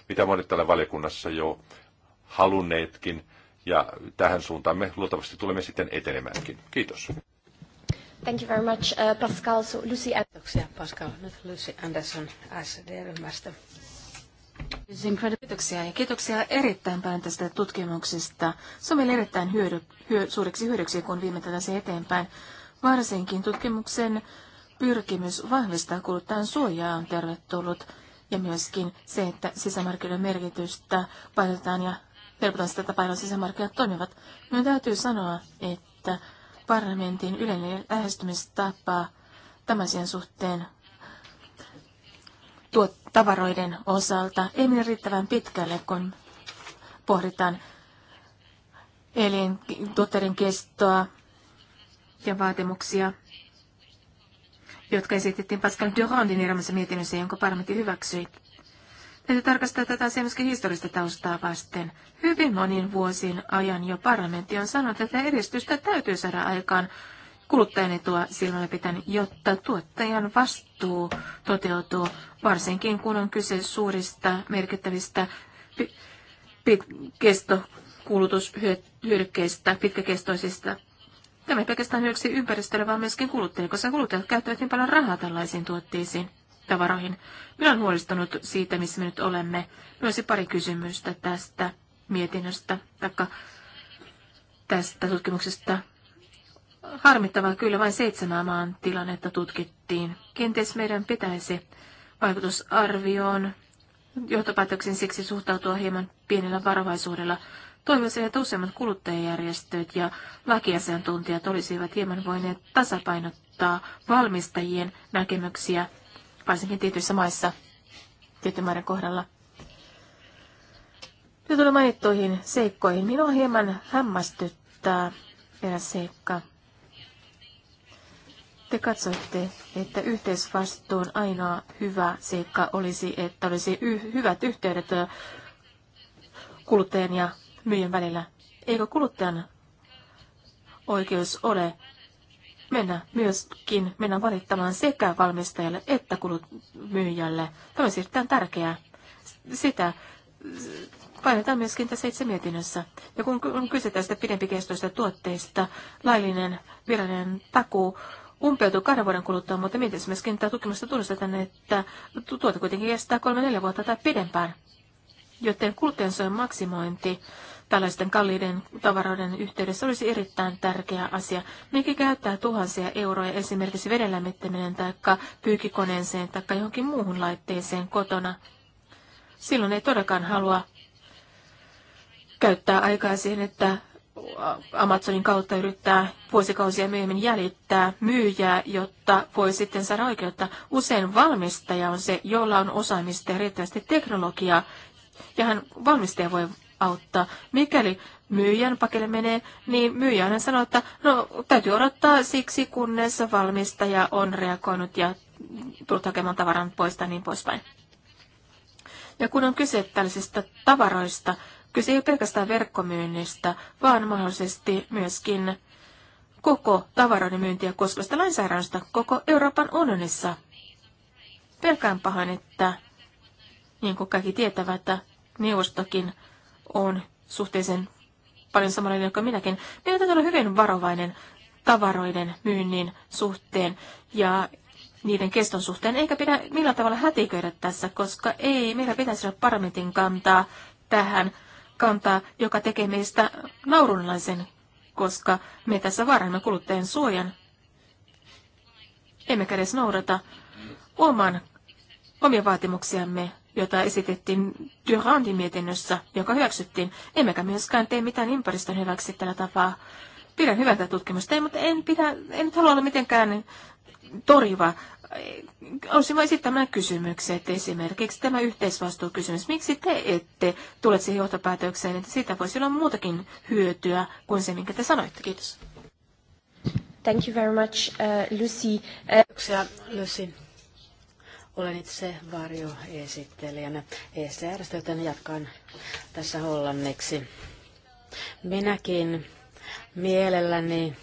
mitä monet täällä valiokunnassa jo halunneetkin, ja tähän suuntaan me luultavasti tulemme sitten etenemäänkin. Kiitos. Thank you very much, uh, Pascal. So Lucy Anderson. Pascal, nyt Lucy Anderson SD-ryhmästä. Kiitoksia ja kiitoksia erittäin paljon tästä tutkimuksesta. Se on meille erittäin hyödy, hyö, suureksi hyödyksi, kun viime tätä se eteenpäin. Varsinkin tutkimuksen pyrkimys vahvistaa kuluttajan suojaa on tervetullut. Ja myöskin se, että sisämarkkinoiden merkitystä painotetaan ja helpotaan sitä, että paljon sisämarkkinat toimivat. Minun täytyy sanoa, että parlamentin yleinen lähestymistapa tämän suhteen tuot tavaroiden osalta ei mene riittävän pitkälle, kun pohditaan elintuotteiden kestoa ja vaatimuksia, jotka esitettiin Pascal Durandin erämässä mietinnössä, jonka parlamentti hyväksyi. Täytyy tarkastaa tätä asiaa myöskin historiallista taustaa vasten. Hyvin monin vuosin ajan jo parlamentti on sanonut, että edistystä täytyy saada aikaan kuluttajan etua silmällä pitäen, jotta tuottajan vastuu toteutuu, varsinkin kun on kyse suurista merkittävistä pit- pitkäkestoisista. Tämä ei pelkästään hyödyksi ympäristölle, vaan myöskin kuluttajille, koska kuluttajat käyttävät niin paljon rahaa tällaisiin tuotteisiin tavaroihin. Minä olen huolestunut siitä, missä me nyt olemme. Myös pari kysymystä tästä mietinnöstä, taikka tästä tutkimuksesta harmittavaa kyllä vain seitsemän maan tilannetta tutkittiin. Kenties meidän pitäisi vaikutusarvioon johtopäätöksen siksi suhtautua hieman pienellä varovaisuudella. Toivoisin, että useimmat kuluttajajärjestöt ja lakiasiantuntijat olisivat hieman voineet tasapainottaa valmistajien näkemyksiä, varsinkin tietyissä maissa, tietyn maiden kohdalla. Nyt tulee mainittuihin seikkoihin. Minua hieman hämmästyttää eräs seikka. Te katsoitte, että yhteisvastuun ainoa hyvä seikka olisi, että olisi y- hyvät yhteydet kuluttajan ja myyjän välillä. Eikö kuluttajan oikeus ole mennä myöskin mennä valittamaan sekä valmistajalle että kulut myyjälle. Tämä on erittäin tärkeää. Sitä painetaan myöskin tässä itse mietinnössä. Ja kun on kyse tästä pidempikestoista tuotteista, laillinen virallinen takuu umpeutuu kahden vuoden kuluttua, mutta mietin myöskin tämä tutkimusta tunnistetaan, että tuote kuitenkin kestää kolme neljä vuotta tai pidempään. Joten kuluttajansuojan maksimointi tällaisten kalliiden tavaroiden yhteydessä olisi erittäin tärkeä asia. Mikä käyttää tuhansia euroja esimerkiksi lämmittäminen tai pyykikoneeseen tai johonkin muuhun laitteeseen kotona. Silloin ei todellakaan halua käyttää aikaa siihen, että Amazonin kautta yrittää vuosikausia myöhemmin jäljittää myyjää, jotta voi sitten saada oikeutta. Usein valmistaja on se, jolla on osaamista ja riittävästi teknologiaa, ja hän valmistaja voi auttaa. Mikäli myyjän pakelle menee, niin myyjä hän sanoo, että no, täytyy odottaa siksi, kunnes valmistaja on reagoinut ja tullut hakemaan tavaran pois niin poispäin. Ja kun on kyse tällaisista tavaroista, Kyse ei ole pelkästään verkkomyynnistä, vaan mahdollisesti myöskin koko tavaroiden myyntiä koskevasta lainsäädännöstä koko Euroopan unionissa. Pelkään pahoin, että niin kuin kaikki tietävät, että neuvostokin on suhteellisen paljon samanlainen kuin minäkin. Meidän täytyy olla hyvin varovainen tavaroiden myynnin suhteen ja niiden keston suhteen, eikä pidä millään tavalla hätiköidä tässä, koska ei meillä pitäisi olla parlamentin kantaa tähän kantaa, joka tekee meistä naurunlaisen, koska me tässä vaarannamme kuluttajan suojan. Emme edes noudata oman, omia vaatimuksiamme, joita esitettiin Durandin mietinnössä, joka hyväksyttiin. Emmekä myöskään tee mitään ympäristön hyväksi tällä tapaa. Pidän hyvältä tutkimusta, mutta en, pidä, en halua olla mitenkään torjuva olisin vain esittämään että esimerkiksi tämä yhteisvastuukysymys. Miksi te ette tule siihen johtopäätökseen, että siitä voisi olla muutakin hyötyä kuin se, minkä te sanoitte? Kiitos. Thank you very much, uh, Lucy. Uh, Kiitoksia, Lucy. Olen itse varjoesittelijänä ECR, joten jatkan tässä hollanniksi. Minäkin mielelläni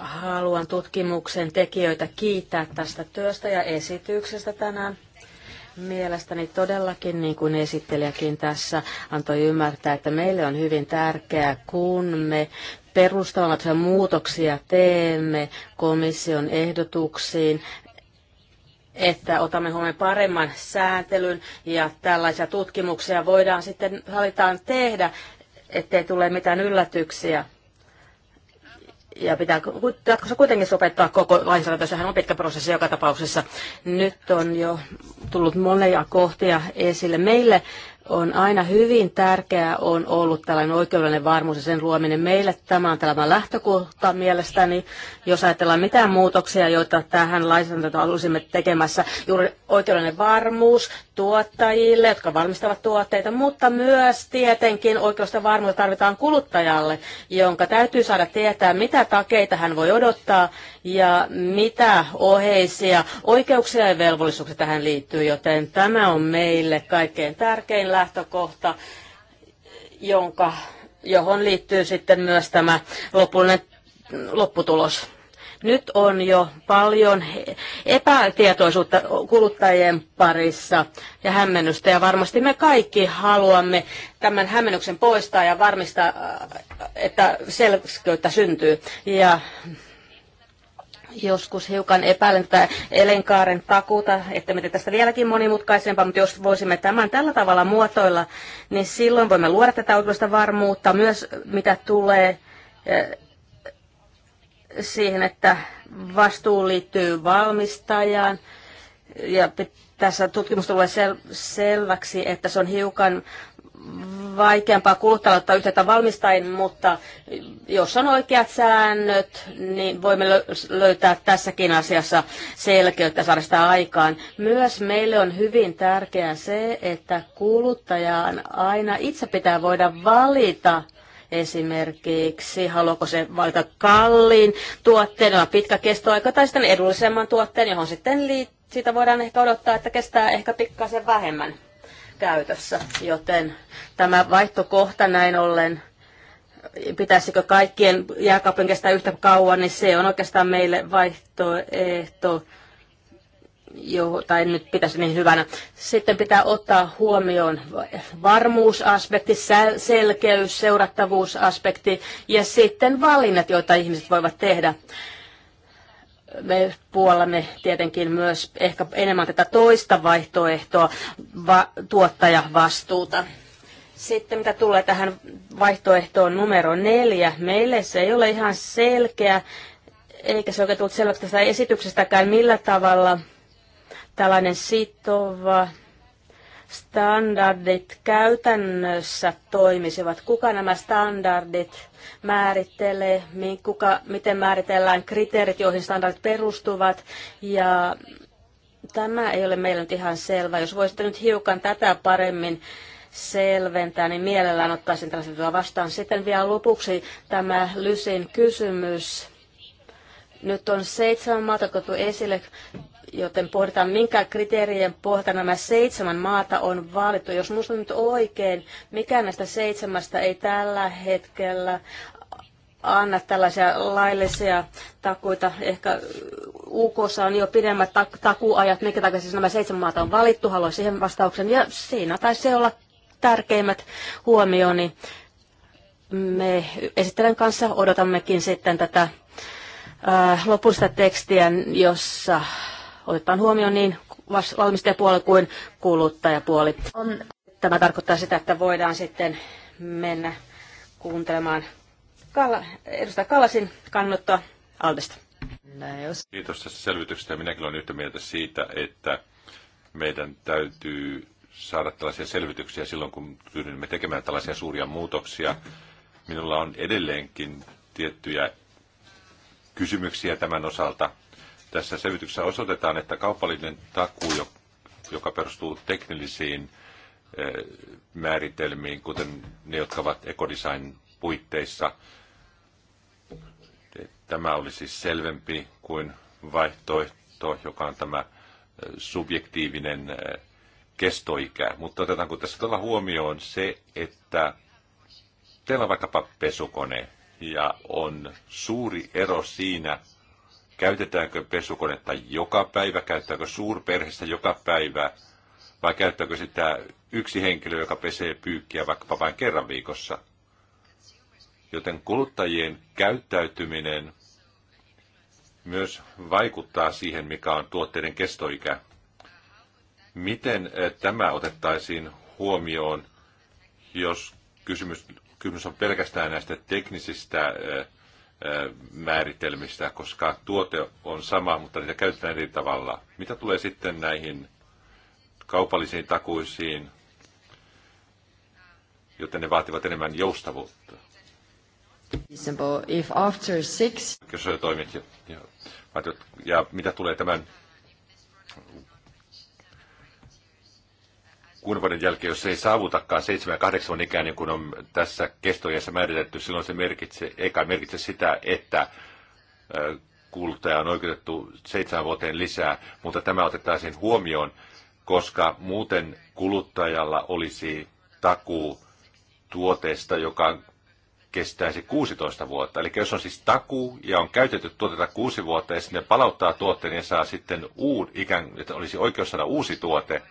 haluan tutkimuksen tekijöitä kiittää tästä työstä ja esityksestä tänään. Mielestäni todellakin, niin kuin esittelijäkin tässä antoi ymmärtää, että meille on hyvin tärkeää, kun me perustavallisia muutoksia teemme komission ehdotuksiin, että otamme huomioon paremman sääntelyn ja tällaisia tutkimuksia voidaan sitten, halutaan tehdä, ettei tule mitään yllätyksiä ja pitää jatkossa kuitenkin sopettaa koko lainsäädäntö. Sehän on pitkä prosessi joka tapauksessa. Nyt on jo tullut monia kohtia esille. Meille on aina hyvin tärkeää on ollut tällainen oikeudellinen varmuus ja sen luominen meille. Tämä on tällainen lähtökohta mielestäni. Jos ajatellaan mitään muutoksia, joita tähän lainsäädäntöön olisimme tekemässä, juuri oikeudellinen varmuus tuottajille, jotka valmistavat tuotteita, mutta myös tietenkin oikeudellista varmuutta tarvitaan kuluttajalle, jonka täytyy saada tietää, mitä takeita hän voi odottaa ja mitä oheisia oikeuksia ja velvollisuuksia tähän liittyy, joten tämä on meille kaikkein tärkein lähtökohta, jonka, johon liittyy sitten myös tämä lopullinen lopputulos. Nyt on jo paljon epätietoisuutta kuluttajien parissa ja hämmennystä ja varmasti me kaikki haluamme tämän hämmennyksen poistaa ja varmistaa, että selkeyttä syntyy. Ja joskus hiukan epäilen tätä elinkaaren takuuta, että me tästä vieläkin monimutkaisempaa, mutta jos voisimme tämän tällä tavalla muotoilla, niin silloin voimme luoda tätä oikeudellista varmuutta myös, mitä tulee eh, siihen, että vastuu liittyy valmistajaan. Ja tässä tutkimus tulee sel- selväksi, että se on hiukan vaikeampaa kuluttajalle ottaa yhteyttä valmistajien, mutta jos on oikeat säännöt, niin voimme löytää tässäkin asiassa selkeyttä saada sitä aikaan. Myös meille on hyvin tärkeää se, että kuluttajaan aina itse pitää voida valita esimerkiksi, haluaako se valita kalliin tuotteen, jolla on pitkä kestoaika, tai sitten edullisemman tuotteen, johon sitten liittyy siitä voidaan ehkä odottaa, että kestää ehkä pikkasen vähemmän käytössä, joten tämä vaihtokohta näin ollen, pitäisikö kaikkien jääkaupin kestää yhtä kauan, niin se on oikeastaan meille vaihtoehto, jo, tai nyt pitäisi niin hyvänä. Sitten pitää ottaa huomioon varmuusaspekti, selkeys, seurattavuusaspekti ja sitten valinnat, joita ihmiset voivat tehdä me puolamme tietenkin myös ehkä enemmän tätä toista vaihtoehtoa, va- tuottajavastuuta. Sitten mitä tulee tähän vaihtoehtoon numero neljä, meille se ei ole ihan selkeä, eikä se oikein tullut selväksi tästä esityksestäkään, millä tavalla tällainen sitova standardit käytännössä toimisivat. Kuka nämä standardit määrittelee, kuka, miten määritellään kriteerit, joihin standardit perustuvat. Ja tämä ei ole meillä nyt ihan selvä. Jos voisitte nyt hiukan tätä paremmin selventää, niin mielellään ottaisin tällaisen vastaan. Sitten vielä lopuksi tämä Lysin kysymys. Nyt on seitsemän maata esille joten pohditaan, minkä kriteerien pohjalta nämä seitsemän maata on valittu. Jos muistan nyt oikein, mikään näistä seitsemästä ei tällä hetkellä anna tällaisia laillisia takuita. Ehkä UKssa on jo pidemmät tak- takuajat, minkä takia siis nämä seitsemän maata on valittu. Haluan siihen vastauksen. Ja siinä taisi olla tärkeimmät huomioni. Me esittelen kanssa odotammekin sitten tätä lopullista tekstiä, jossa otetaan huomioon niin valmistajapuoli kuin kuluttajapuoli. On. Tämä tarkoittaa sitä, että voidaan sitten mennä kuuntelemaan Kalla, edustaja Kallasin kannattaa Aldesta. Kiitos tästä selvityksestä. Minäkin olen yhtä mieltä siitä, että meidän täytyy saada tällaisia selvityksiä silloin, kun ryhdymme tekemään tällaisia suuria muutoksia. Minulla on edelleenkin tiettyjä kysymyksiä tämän osalta. Tässä selvityksessä osoitetaan, että kaupallinen takuu, joka perustuu teknillisiin eh, määritelmiin, kuten ne, jotka ovat ekodesign puitteissa, tämä oli siis selvempi kuin vaihtoehto, joka on tämä eh, subjektiivinen eh, kestoikä. Mutta otetaanko tässä tuolla huomioon se, että teillä on vaikkapa pesukone ja on suuri ero siinä, Käytetäänkö pesukonetta joka päivä, käyttääkö suurperheestä joka päivä vai käyttääkö sitä yksi henkilö, joka pesee pyykkiä vaikkapa vain kerran viikossa? Joten kuluttajien käyttäytyminen myös vaikuttaa siihen, mikä on tuotteiden kestoikä. Miten eh, tämä otettaisiin huomioon, jos kysymys, kysymys on pelkästään näistä teknisistä eh, määritelmistä, koska tuote on sama, mutta niitä käytetään eri tavalla. Mitä tulee sitten näihin kaupallisiin takuisiin, joten ne vaativat enemmän joustavuutta? If after six... Jos toimit, ja, ja, ja mitä tulee tämän kuuden jälkeen, jos se ei saavutakaan 7 8 ikää, niin kuin on tässä kestojassa määritetty, silloin se merkitse, eikä merkitse sitä, että kuluttaja on oikeutettu seitsemän vuoteen lisää, mutta tämä otettaisiin huomioon, koska muuten kuluttajalla olisi takuu tuoteesta, joka kestäisi 16 vuotta. Eli jos on siis takuu ja on käytetty tuotetta 6 vuotta ja sinne palauttaa tuotteen ja saa sitten uud, ikään, että olisi oikeus saada uusi tuote,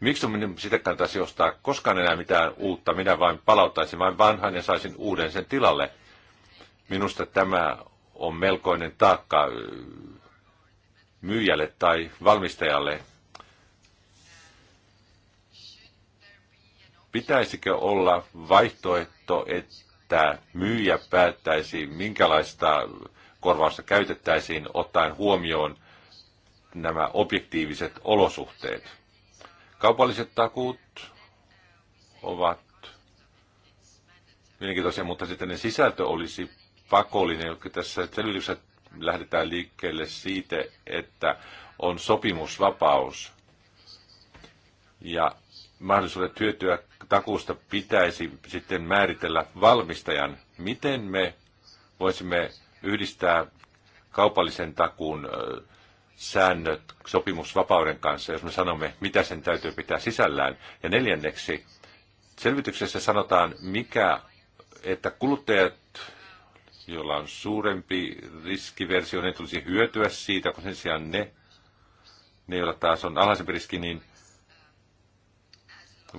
Miksi minun sitä kannattaisi ostaa koskaan enää mitään uutta? Minä vain palauttaisin vain vanhan ja saisin uuden sen tilalle. Minusta tämä on melkoinen taakka myyjälle tai valmistajalle. Pitäisikö olla vaihtoehto, että myyjä päättäisi, minkälaista korvausta käytettäisiin, ottaen huomioon nämä objektiiviset olosuhteet? Kaupalliset takuut ovat mielenkiintoisia, mutta sitten ne sisältö olisi pakollinen, jotka tässä selvityksessä lähdetään liikkeelle siitä, että on sopimusvapaus ja mahdollisuudet hyötyä takuusta pitäisi sitten määritellä valmistajan, miten me voisimme yhdistää kaupallisen takuun säännöt sopimusvapauden kanssa, jos me sanomme, mitä sen täytyy pitää sisällään. Ja neljänneksi, selvityksessä sanotaan, mikä, että kuluttajat, joilla on suurempi riskiversio, ne tulisi hyötyä siitä, kun sen sijaan ne, ne joilla taas on alhaisempi riski, niin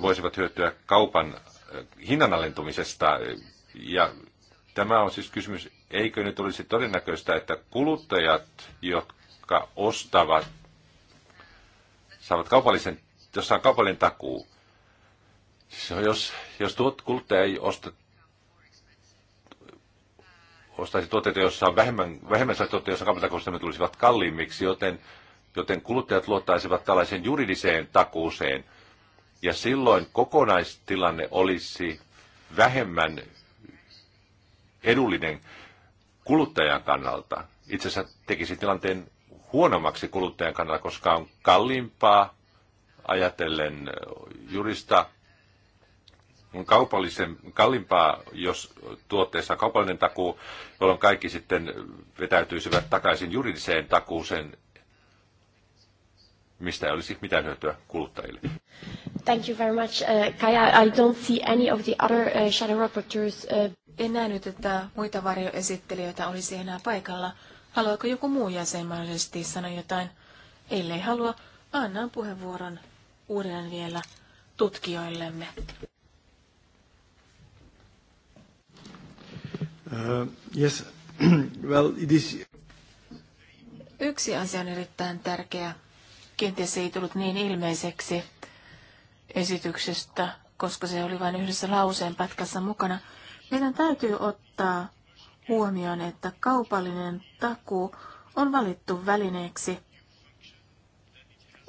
voisivat hyötyä kaupan eh, hinnan alentumisesta. Ja tämä on siis kysymys, eikö nyt olisi todennäköistä, että kuluttajat, jotka jotka ostavat, saavat kaupallisen, jos on kaupallinen takuu. Siis jos, jos tuot kuluttaja ei osta, ostaisi tuotteita, joissa on vähemmän, vähemmän saisi tuotteita, joissa kaupallinen tulisivat kalliimmiksi, joten, joten kuluttajat luottaisivat tällaiseen juridiseen takuuseen. Ja silloin kokonaistilanne olisi vähemmän edullinen kuluttajan kannalta. Itse asiassa tekisi tilanteen huonommaksi kuluttajan kannalta, koska on kalliimpaa ajatellen jurista on kaupallisen, kalliimpaa, jos tuotteessa on kaupallinen takuu, jolloin kaikki sitten vetäytyisivät takaisin juridiseen takuuseen, mistä ei olisi mitään hyötyä kuluttajille. Thank you very much. Uh, Kaya, I don't see any of the other uh, shadow rapporteurs. Uh... En nähnyt, että muita varjoesittelijöitä olisi enää paikalla. Haluaako joku muu jäsen sanoa jotain? Ellei halua, annan puheenvuoron uudelleen vielä tutkijoillemme. Uh, yes. well, it is... Yksi asia on erittäin tärkeä. Kenties ei tullut niin ilmeiseksi esityksestä, koska se oli vain yhdessä lauseen pätkässä mukana. Meidän täytyy ottaa huomioon, että kaupallinen takuu on valittu välineeksi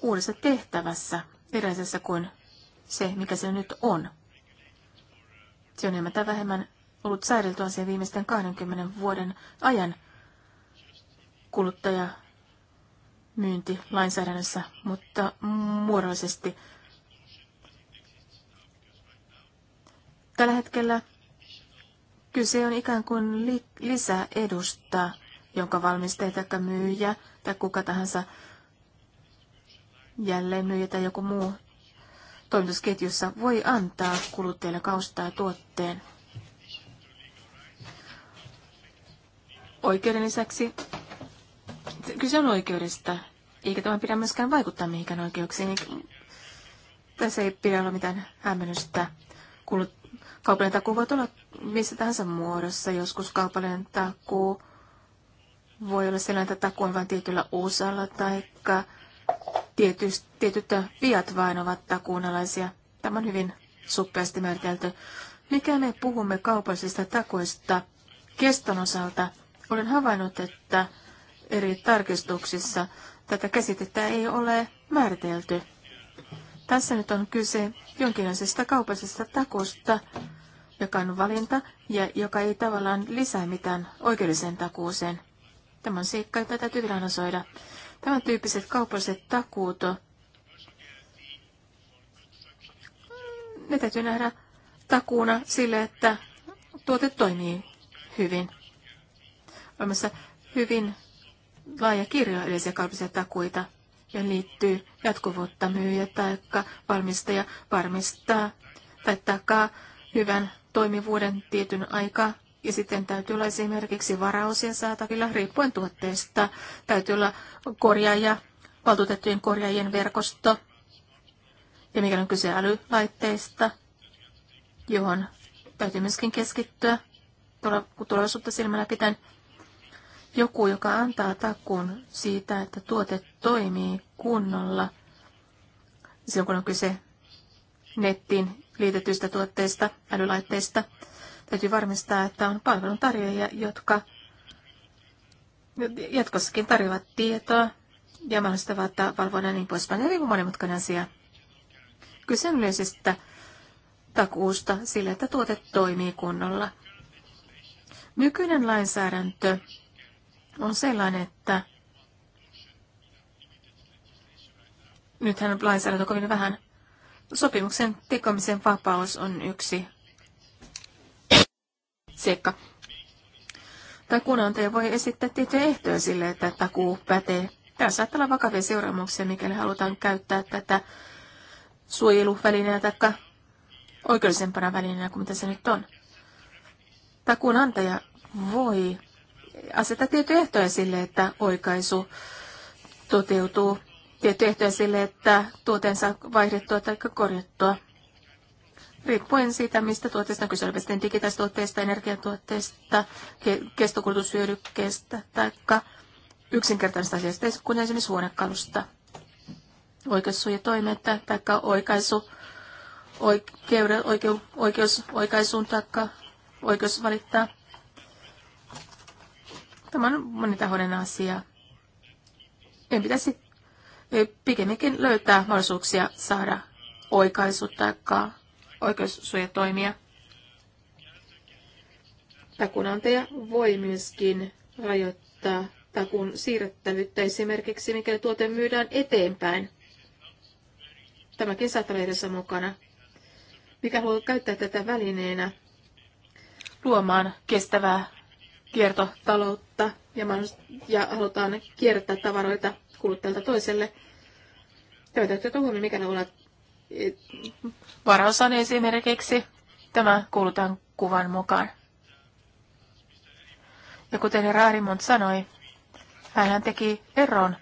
uudessa tehtävässä, eräisessä kuin se, mikä se nyt on. Se on enemmän tai vähemmän ollut säädeltyä sen viimeisten 20 vuoden ajan kuluttaja myynti lainsäädännössä, mutta muodollisesti. Tällä hetkellä Kyse on ikään kuin li- lisäedusta, jonka valmistaja tai myyjä tai kuka tahansa jälleen myyjä tai joku muu toimitusketjussa voi antaa kuluttajalle kaustaa tuotteen. Oikeuden lisäksi kyse on oikeudesta, eikä tämä pidä myöskään vaikuttaa mihinkään oikeuksiin. Tässä ei pidä olla mitään hämmennystä. Kulut, Kaupallinen takuu voi olla missä tahansa muodossa. Joskus kaupallinen takuu voi olla sellainen, että takuu on vain tietyllä osalla tai tietyt viat vain ovat takuunalaisia. Tämä on hyvin suppeasti määritelty. Mikä me puhumme kaupallisista takuista keston osalta? Olen havainnut, että eri tarkistuksissa tätä käsitettä ei ole määritelty. Tässä nyt on kyse jonkinlaisesta kaupallisesta takuusta, joka on valinta ja joka ei tavallaan lisää mitään oikeudelliseen takuuseen. Tämä on seikka, jota täytyy analysoida. Tämän tyyppiset kaupalliset takuut, ne täytyy nähdä takuuna sille, että tuote toimii hyvin. Olemassa hyvin laaja kirjo edellisiä kaupallisia takuita – ja liittyy jatkuvuutta myyjä tai valmistaja varmistaa tai takaa hyvän toimivuuden tietyn aikaa. Ja sitten täytyy olla esimerkiksi varausien saatavilla riippuen tuotteesta. Täytyy olla korjaaja, valtuutettujen korjaajien verkosto. Ja mikä on kyse älylaitteista, johon täytyy myöskin keskittyä tulevaisuutta silmällä pitäen. Joku, joka antaa takun siitä, että tuote toimii kunnolla, silloin kun on kyse nettiin liitetyistä tuotteista, älylaitteista, täytyy varmistaa, että on palveluntarjoajia, jotka jatkossakin tarjoavat tietoa ja mahdollistavat valvonnan niin poispäin. Eli monimutkainen asia. Kyse on yleisestä takuusta sille, että tuote toimii kunnolla. Nykyinen lainsäädäntö on sellainen, että nythän lainsäädäntö on kovin vähän. Sopimuksen tekomisen vapaus on yksi seikka. Takuunantaja voi esittää tiettyjä ehtoja sille, että takuu pätee. Tässä saattaa olla vakavia seuraamuksia, mikäli halutaan käyttää tätä suojeluvälineä tai oikeudellisempana välineenä kuin mitä se nyt on. Takuunantaja voi aseta tiettyjä ehtoja sille, että oikaisu toteutuu. Tiettyjä ehtoja sille, että tuoteen saa vaihdettua tai korjattua. Riippuen siitä, mistä tuotteesta on kyse, oli digitaistuotteista, energiatuotteista, kestokulutushyödykkeestä tai yksinkertaisesta asiasta, kun esimerkiksi huonekalusta. Oikeussuojatoimet tai oikaisu oikeude, oikeus, oikeus, oikeus, taikka oikeus valittaa Tämä on monitahoinen asia. Meidän pitäisi pikemminkin löytää mahdollisuuksia saada oikaisu tai oikeussuojatoimia. Takunantaja voi myöskin rajoittaa takun siirrettävyyttä esimerkiksi, mikäli tuote myydään eteenpäin. Tämäkin saattaa edessä mukana. Mikä haluaa käyttää tätä välineenä luomaan kestävää kiertotaloutta ja, ja halutaan kiertää tavaroita kuluttajalta toiselle. Tämä täytyy huomioon, mikä ne ovat. on esimerkiksi tämä kulutan kuvan mukaan. Ja kuten Raarimont sanoi, hän teki eron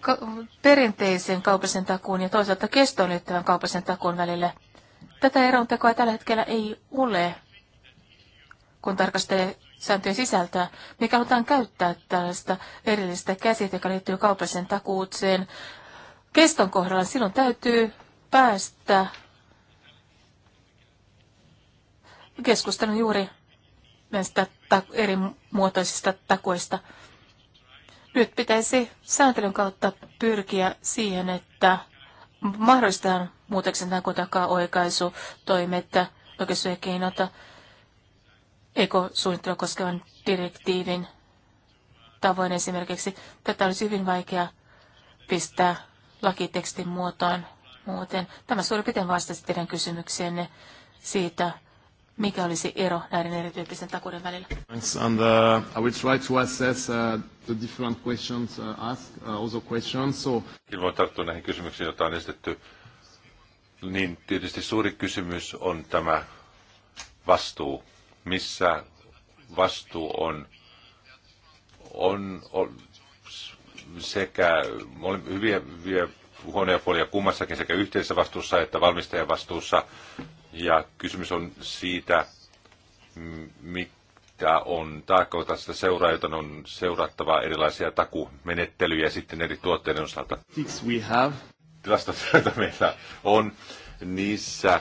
ka- perinteisen kaupallisen takuun ja toisaalta kestoon liittyvän kaupallisen takuun välille. Tätä tekoa tällä hetkellä ei ole, kun tarkastelee sääntöjen sisältöä. Me halutaan käyttää tällaista erillistä käsitettä, joka liittyy kaupalliseen takuutseen. Keston kohdalla silloin täytyy päästä keskustelun juuri näistä eri muotoisista takuista. Nyt pitäisi sääntelyn kautta pyrkiä siihen, että mahdollistetaan muutoksen takuun takaa oikaisu toimet, oikeussuojakeinot, ekosuunnittelua koskevan direktiivin tavoin esimerkiksi. Tätä olisi hyvin vaikea pistää lakitekstin muotoon muuten. Tämä suurin piirtein vastasi teidän kysymykseenne siitä, mikä olisi ero näiden erityyppisten takuuden välillä? Thanks, and uh, I will try to assess uh, the different questions uh, asked, uh, also questions. So... voin tarttua näihin kysymyksiin, joita on esitetty. Niin tietysti suuri kysymys on tämä vastuu missä vastuu on, on, on sekä hyviä, hyviä huonoja puolia kummassakin sekä yhteisessä vastuussa että valmistajan vastuussa. Ja kysymys on siitä, mitä on taakkoita sitä seuraa, jota on seurattava erilaisia takumenettelyjä sitten eri tuotteiden osalta. We have. Tilastot, joita meillä on, niissä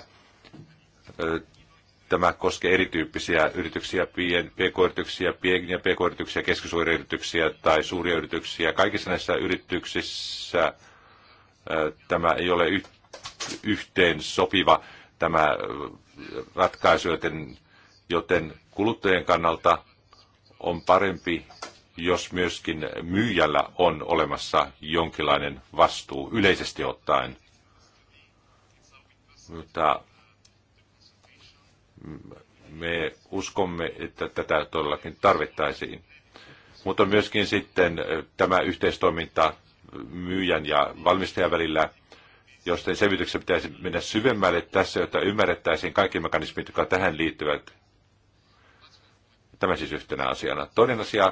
Tämä koskee erityyppisiä yrityksiä, pien, pk-yrityksiä, pieniä pk-yrityksiä, keskisuuria yrityksiä tai suuria yrityksiä. Kaikissa näissä yrityksissä tämä ei ole yh, yhteen sopiva tämä ratkaisu, joten, joten kuluttajien kannalta on parempi, jos myöskin myyjällä on olemassa jonkinlainen vastuu yleisesti ottaen. Mutta me uskomme, että tätä todellakin tarvittaisiin. Mutta myöskin sitten tämä yhteistoiminta myyjän ja valmistajan välillä, josten selvityksessä pitäisi mennä syvemmälle tässä, jotta ymmärrettäisiin kaikki mekanismit, jotka tähän liittyvät. Tämä siis yhtenä asiana. Toinen asia,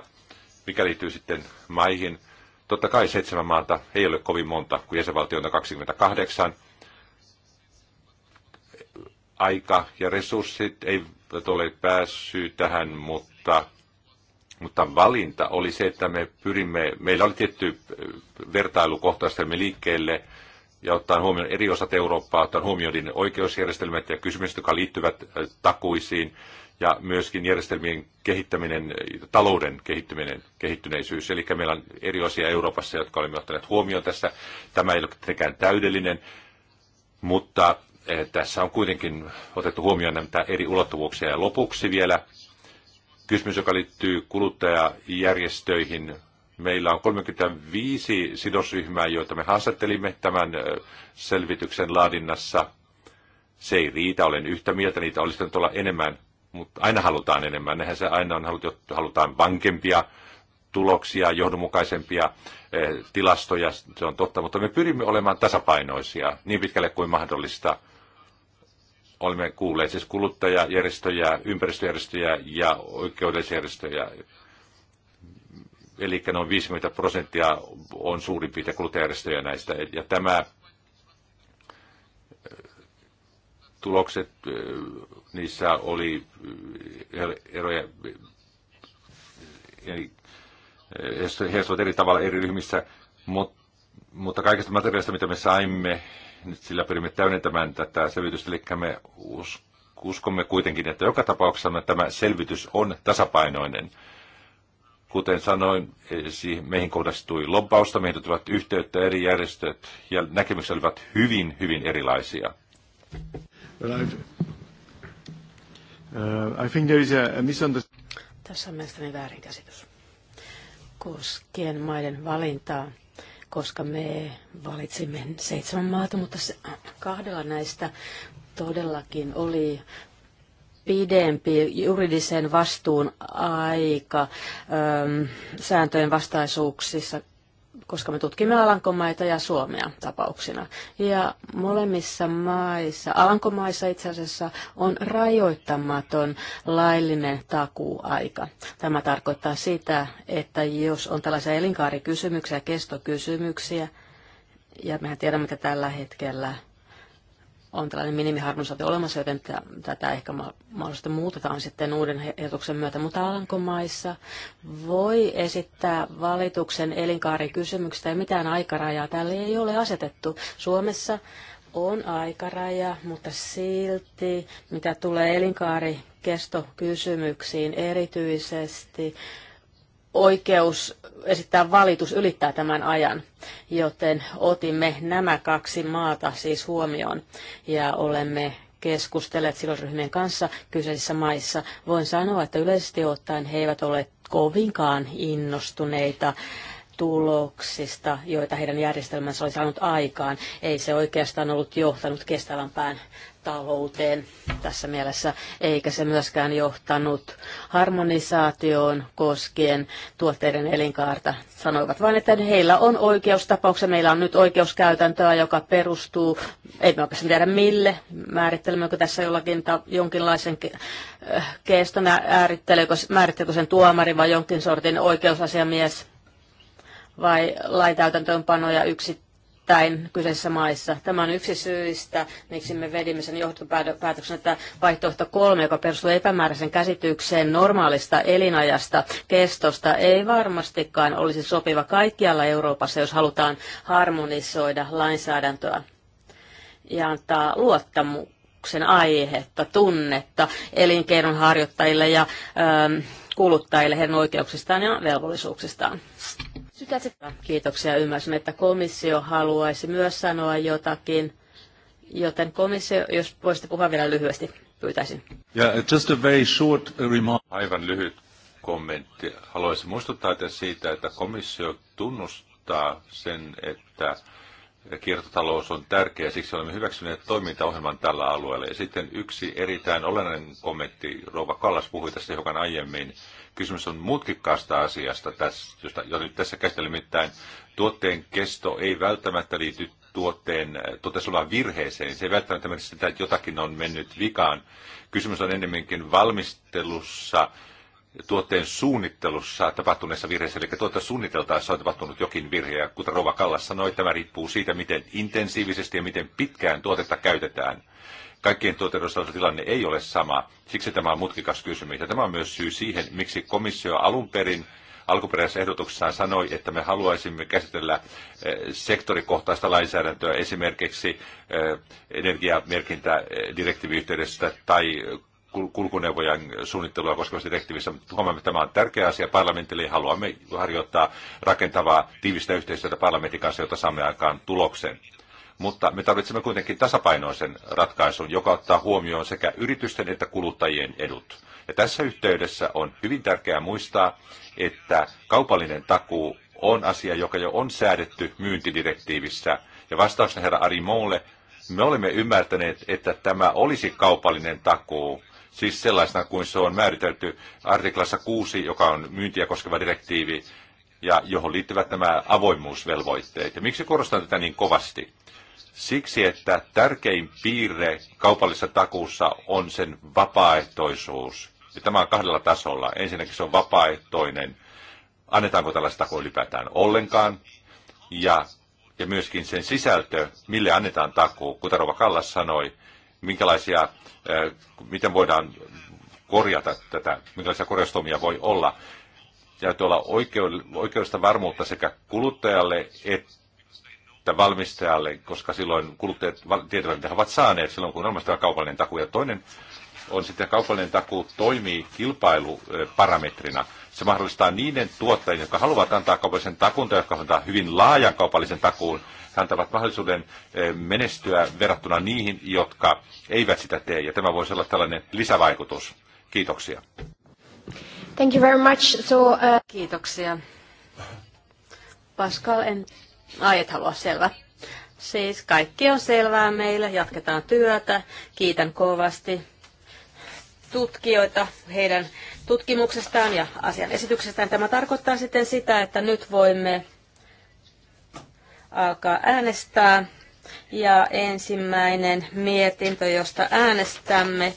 mikä liittyy sitten maihin. Totta kai seitsemän maata ei ole kovin monta, kun jäsenvaltioita 28 aika ja resurssit eivät ole päässyt tähän, mutta, mutta valinta oli se, että me pyrimme, meillä oli tietty vertailukohtaisemme liikkeelle, ja ottaen huomioon eri osat Eurooppaa, ottaen huomioon niin oikeusjärjestelmät ja kysymykset, jotka liittyvät takuisiin, ja myöskin järjestelmien kehittäminen, talouden kehittyminen, kehittyneisyys. Eli meillä on eri osia Euroopassa, jotka olemme ottaneet huomioon tässä. Tämä ei ole täydellinen, mutta Eh, tässä on kuitenkin otettu huomioon näitä eri ulottuvuuksia. Ja lopuksi vielä kysymys, joka liittyy kuluttajajärjestöihin. Meillä on 35 sidosryhmää, joita me haastattelimme tämän eh, selvityksen laadinnassa. Se ei riitä, olen yhtä mieltä, niitä olisi nyt olla enemmän, mutta aina halutaan enemmän. Nehän se aina on, halutaan vankempia tuloksia, johdonmukaisempia eh, tilastoja, se on totta, mutta me pyrimme olemaan tasapainoisia niin pitkälle kuin mahdollista – olemme kuulleet siis kuluttajajärjestöjä, ympäristöjärjestöjä ja oikeudellisjärjestöjä. Eli noin 50 prosenttia on suurin piirtein kuluttajajärjestöjä näistä. Ja tämä äh, tulokset, äh, niissä oli äh, eroja, eli heijastuvat eri tavalla eri ryhmissä, mutta mutta kaikesta materiaalista, mitä me saimme, nyt sillä pyrimme täydentämään tätä selvitystä, eli me uskomme kuitenkin, että joka tapauksessa tämä selvitys on tasapainoinen. Kuten sanoin, meihin kohdistui lobbausta, meihin tulivat yhteyttä eri järjestöt ja näkemykset olivat hyvin, hyvin erilaisia. uh, I think there is a, a misunderstanding. Tässä on mielestäni väärinkäsitys koskien maiden valintaa koska me valitsimme seitsemän maata, mutta äh, kahdella näistä todellakin oli pidempi juridisen vastuun aika ähm, sääntöjen vastaisuuksissa koska me tutkimme Alankomaita ja Suomea tapauksina. Ja molemmissa maissa, Alankomaissa itse asiassa on rajoittamaton laillinen takuaika. Tämä tarkoittaa sitä, että jos on tällaisia elinkaarikysymyksiä, kestokysymyksiä, ja mehän tiedämme, että tällä hetkellä on tällainen minimiharmonisaatio olemassa, joten tätä ehkä mahdollisesti muutetaan sitten uuden ehdotuksen myötä. Mutta Alankomaissa voi esittää valituksen elinkaarikysymyksestä ja mitään aikarajaa tälle ei ole asetettu. Suomessa on aikaraja, mutta silti mitä tulee elinkaarikestokysymyksiin erityisesti, oikeus esittää valitus ylittää tämän ajan, joten otimme nämä kaksi maata siis huomioon ja olemme keskustelleet sidosryhmien kanssa kyseisissä maissa. Voin sanoa, että yleisesti ottaen he eivät ole kovinkaan innostuneita tuloksista, joita heidän järjestelmänsä oli saanut aikaan. Ei se oikeastaan ollut johtanut kestävämpään talouteen tässä mielessä, eikä se myöskään johtanut harmonisaatioon koskien tuotteiden elinkaarta. Sanoivat vain, että heillä on oikeus tapauksia, meillä on nyt oikeuskäytäntöä, joka perustuu, ei me oikeastaan tiedä mille, määrittelemmekö tässä jollakin ta- jonkinlaisen keston, äh, määrittelekö, määrittelekö sen tuomari vai jonkin sortin oikeusasiamies, vai laitäytäntöönpanoja yksittäin kyseisissä maissa. Tämä on yksi syistä, miksi me vedimme sen johtopäätöksen, että vaihtoehto kolme, joka perustuu epämääräisen käsitykseen normaalista elinajasta, kestosta, ei varmastikaan olisi sopiva kaikkialla Euroopassa, jos halutaan harmonisoida lainsäädäntöä ja antaa luottamuksen aihetta, tunnetta elinkeinon harjoittajille ja ähm, kuluttajille heidän oikeuksistaan ja velvollisuuksistaan. Kiitoksia. Ymmärsin, että komissio haluaisi myös sanoa jotakin. Joten komissio, jos voisitte puhua vielä lyhyesti, pyytäisin. Yeah, just a very short uh, remark. Aivan lyhyt kommentti. Haluaisin muistuttaa teitä siitä, että komissio tunnustaa sen, että kiertotalous on tärkeä, siksi olemme hyväksyneet toimintaohjelman tällä alueella. Ja sitten yksi erittäin olennainen kommentti, Rouva Kallas puhui tässä hiukan aiemmin, Kysymys on mutkikkaasta asiasta, tässä, josta, jo nyt tässä käsitellään mitään Tuotteen kesto ei välttämättä liity tuotteen, tuotteessa virheeseen. Se ei välttämättä merkitse sitä, että jotakin on mennyt vikaan. Kysymys on enemmänkin valmistelussa, tuotteen suunnittelussa tapahtuneessa virheessä, eli tuota suunniteltaessa on tapahtunut jokin virhe, ja kuten Rova Kallas sanoi, tämä riippuu siitä, miten intensiivisesti ja miten pitkään tuotetta käytetään. Kaikkien tuotteiden osalta tilanne ei ole sama. Siksi tämä on mutkikas kysymys. Ja tämä on myös syy siihen, miksi komissio alun perin alkuperäisessä ehdotuksessaan sanoi, että me haluaisimme käsitellä eh, sektorikohtaista lainsäädäntöä esimerkiksi eh, energiamerkintädirektiiviyhteydessä eh, tai kulkuneuvojen suunnittelua koskevassa direktiivissä. Huomaamme, että tämä on tärkeä asia parlamentille ja haluamme harjoittaa rakentavaa tiivistä yhteistyötä parlamentin kanssa, jota saamme aikaan tuloksen. Mutta me tarvitsemme kuitenkin tasapainoisen ratkaisun, joka ottaa huomioon sekä yritysten että kuluttajien edut. Ja tässä yhteydessä on hyvin tärkeää muistaa, että kaupallinen takuu on asia, joka jo on säädetty myyntidirektiivissä. Ja vastauksena herra Ari Moulle, me olemme ymmärtäneet, että tämä olisi kaupallinen takuu, siis sellaisena kuin se on määritelty artiklassa 6, joka on myyntiä koskeva direktiivi, ja johon liittyvät nämä avoimuusvelvoitteet. Ja miksi korostan tätä niin kovasti? Siksi, että tärkein piirre kaupallisessa takuussa on sen vapaaehtoisuus. Ja tämä on kahdella tasolla. Ensinnäkin se on vapaaehtoinen. Annetaanko tällaista takua ylipäätään ollenkaan? Ja, ja myöskin sen sisältö, mille annetaan takuu. Kuten Rova Kallas sanoi, minkälaisia, miten voidaan korjata tätä, minkälaisia korjaustomia voi olla. Ja tuolla oikeudesta varmuutta sekä kuluttajalle että valmistajalle, koska silloin kuluttajat tietävät, mitä he ovat saaneet silloin, kun on olemassa kaupallinen taku. Ja toinen on sitten kaupallinen takuu toimii kilpailuparametrina. Se mahdollistaa niiden tuottajien, jotka haluavat antaa kaupallisen takuun tai jotka antaa hyvin laajan kaupallisen takuun, he antavat mahdollisuuden eh, menestyä verrattuna niihin, jotka eivät sitä tee. Ja tämä voisi olla tällainen lisävaikutus. Kiitoksia. Thank you very much. So, uh... Kiitoksia. Pascal, en Ai et halua, selvä. Siis kaikki on selvää meille, jatketaan työtä. Kiitän kovasti tutkijoita heidän tutkimuksestaan ja asian esityksestään. Tämä tarkoittaa sitten sitä, että nyt voimme alkaa äänestää. Ja ensimmäinen mietintö, josta äänestämme,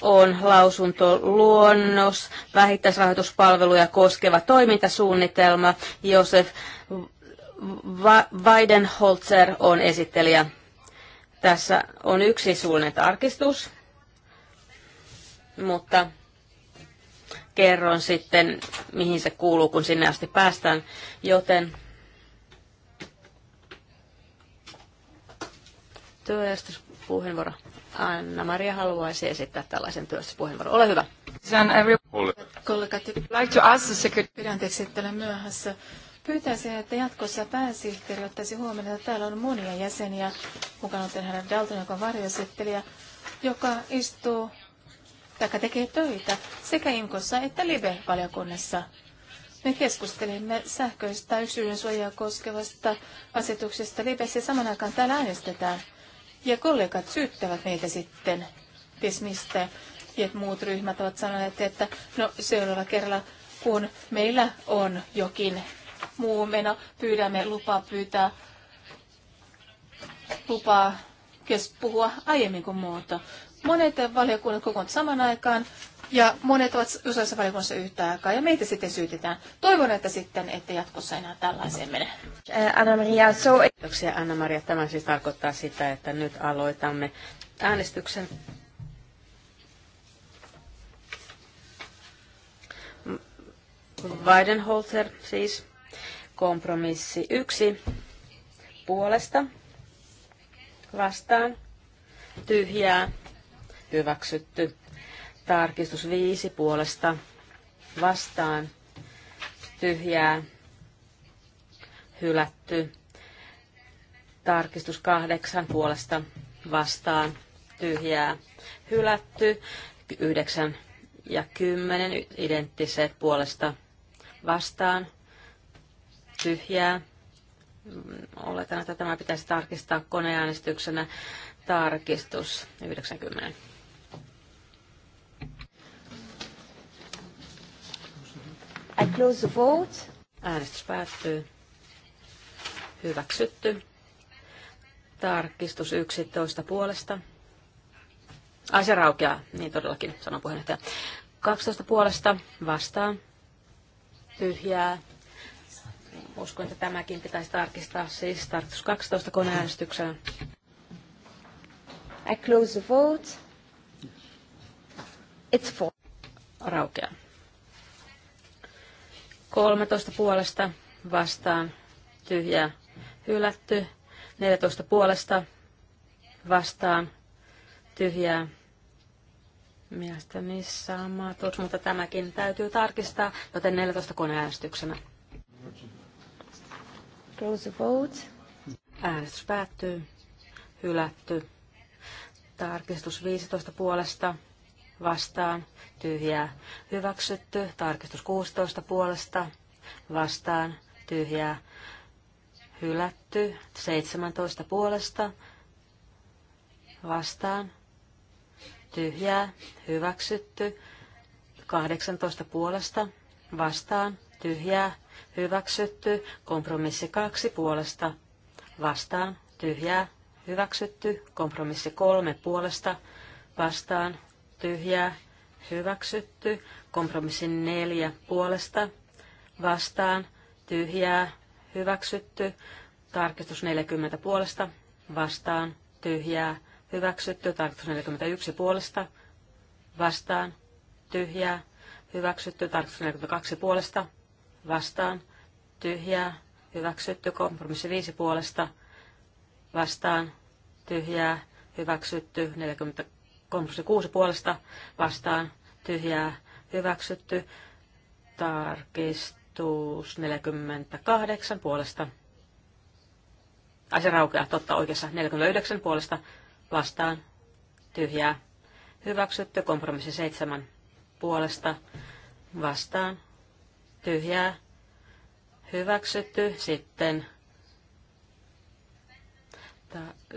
on lausuntoluonnos, vähittäisrahoituspalveluja koskeva toimintasuunnitelma Josef Weidenholzer on esittelijä. Tässä on yksi suullinen tarkistus, mutta kerron sitten, mihin se kuuluu, kun sinne asti päästään. Joten työjärjestyspuheenvuoro. Anna-Maria haluaisi esittää tällaisen työjärjestyspuheenvuoron. Ole hyvä. Kollegat, like to ask the secretary. Pidän teeksi, että myöhässä. Pyytäisin, että jatkossa pääsihteeri ottaisi huomioon, että täällä on monia jäseniä, mukaan on hänen Dalton, joka on varjoesittelijä, joka istuu tai tekee töitä sekä Imkossa että Libe-valiokunnassa. Me keskustelimme sähköistä suojaa koskevasta asetuksesta Libessä ja saman aikaan täällä äänestetään. Ja kollegat syyttävät meitä sitten, ties mistä. Ja muut ryhmät ovat sanoneet, että no seuraava kerralla, kun meillä on jokin muumena pyydämme lupaa pyytää lupaa kes puhua aiemmin kuin muuta. Monet valiokunnat kokoontuvat saman aikaan ja monet ovat useassa valiokunnassa yhtä aikaa ja meitä sitten syytetään. Toivon, että sitten ette jatkossa enää tällaiseen mene. Eh, Anna-Maria, so... Kiitoksia Anna-Maria. Tämä siis tarkoittaa sitä, että nyt aloitamme äänestyksen. Weidenholzer siis. Kompromissi yksi puolesta vastaan tyhjää hyväksytty. Tarkistus viisi puolesta vastaan tyhjää hylätty. Tarkistus kahdeksan puolesta vastaan tyhjää hylätty. Yhdeksän ja kymmenen identtiset puolesta vastaan tyhjää. Oletan, että tämä pitäisi tarkistaa koneäänestyksenä. Tarkistus 90. I close the vote. Äänestys päättyy. Hyväksytty. Tarkistus 11 puolesta. Ai se raukeaa, niin todellakin, sanon puheenjohtaja. 12 puolesta vastaan. Tyhjää, Uskon, että tämäkin pitäisi tarkistaa siis tarkistus 12 koneäänestyksellä. I close the vote. It's four. Raukea. 13 puolesta vastaan tyhjää hylätty. 14 puolesta vastaan tyhjää Mielestäni sama totuus, mutta tämäkin täytyy tarkistaa, joten 14 koneäänestyksenä. Close the vote. Äänestys päättyy. Hylätty. Tarkistus 15 puolesta vastaan, tyhjää, hyväksytty, tarkistus 16 puolesta, vastaan, tyhjää, hylätty, 17 puolesta, vastaan, tyhjää, hyväksytty, 18 puolesta, vastaan, tyhjää, hyväksytty. Kompromissi kaksi puolesta, vastaan, tyhjää, hyväksytty. Kompromissi kolme puolesta, vastaan, tyhjää, hyväksytty. Kompromissi neljä puolesta, vastaan, tyhjää, hyväksytty. Tarkistus 40 puolesta, vastaan, tyhjää, hyväksytty. Tarkistus 41 puolesta, vastaan, tyhjää, hyväksytty. Tarkistus 42 puolesta, vastaan, tyhjää, hyväksytty. Kompromissi 5 puolesta vastaan, tyhjää, hyväksytty. 40, kompromissi 6 puolesta vastaan, tyhjää, hyväksytty. Tarkistus 48 puolesta. Ai se raukeaa, totta oikeassa. 49 puolesta vastaan, tyhjää, hyväksytty. Kompromissi 7 puolesta vastaan, tyhjää, hyväksytty. Sitten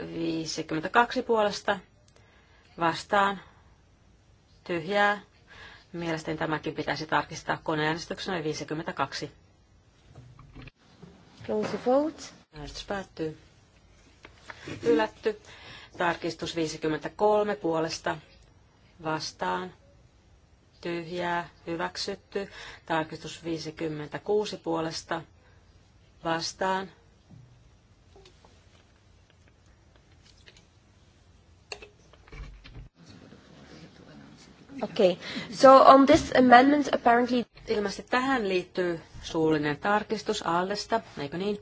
52 puolesta vastaan tyhjää. Mielestäni tämäkin pitäisi tarkistaa koneäänestyksenä 52. Close the vote. Äänestys päättyy. Hylätty. Tarkistus 53 puolesta vastaan tyhjää, hyväksytty. Tarkistus 56 puolesta vastaan. Okay. So on this amendment apparently... Ilmeisesti tähän liittyy suullinen tarkistus Aallesta, eikö niin?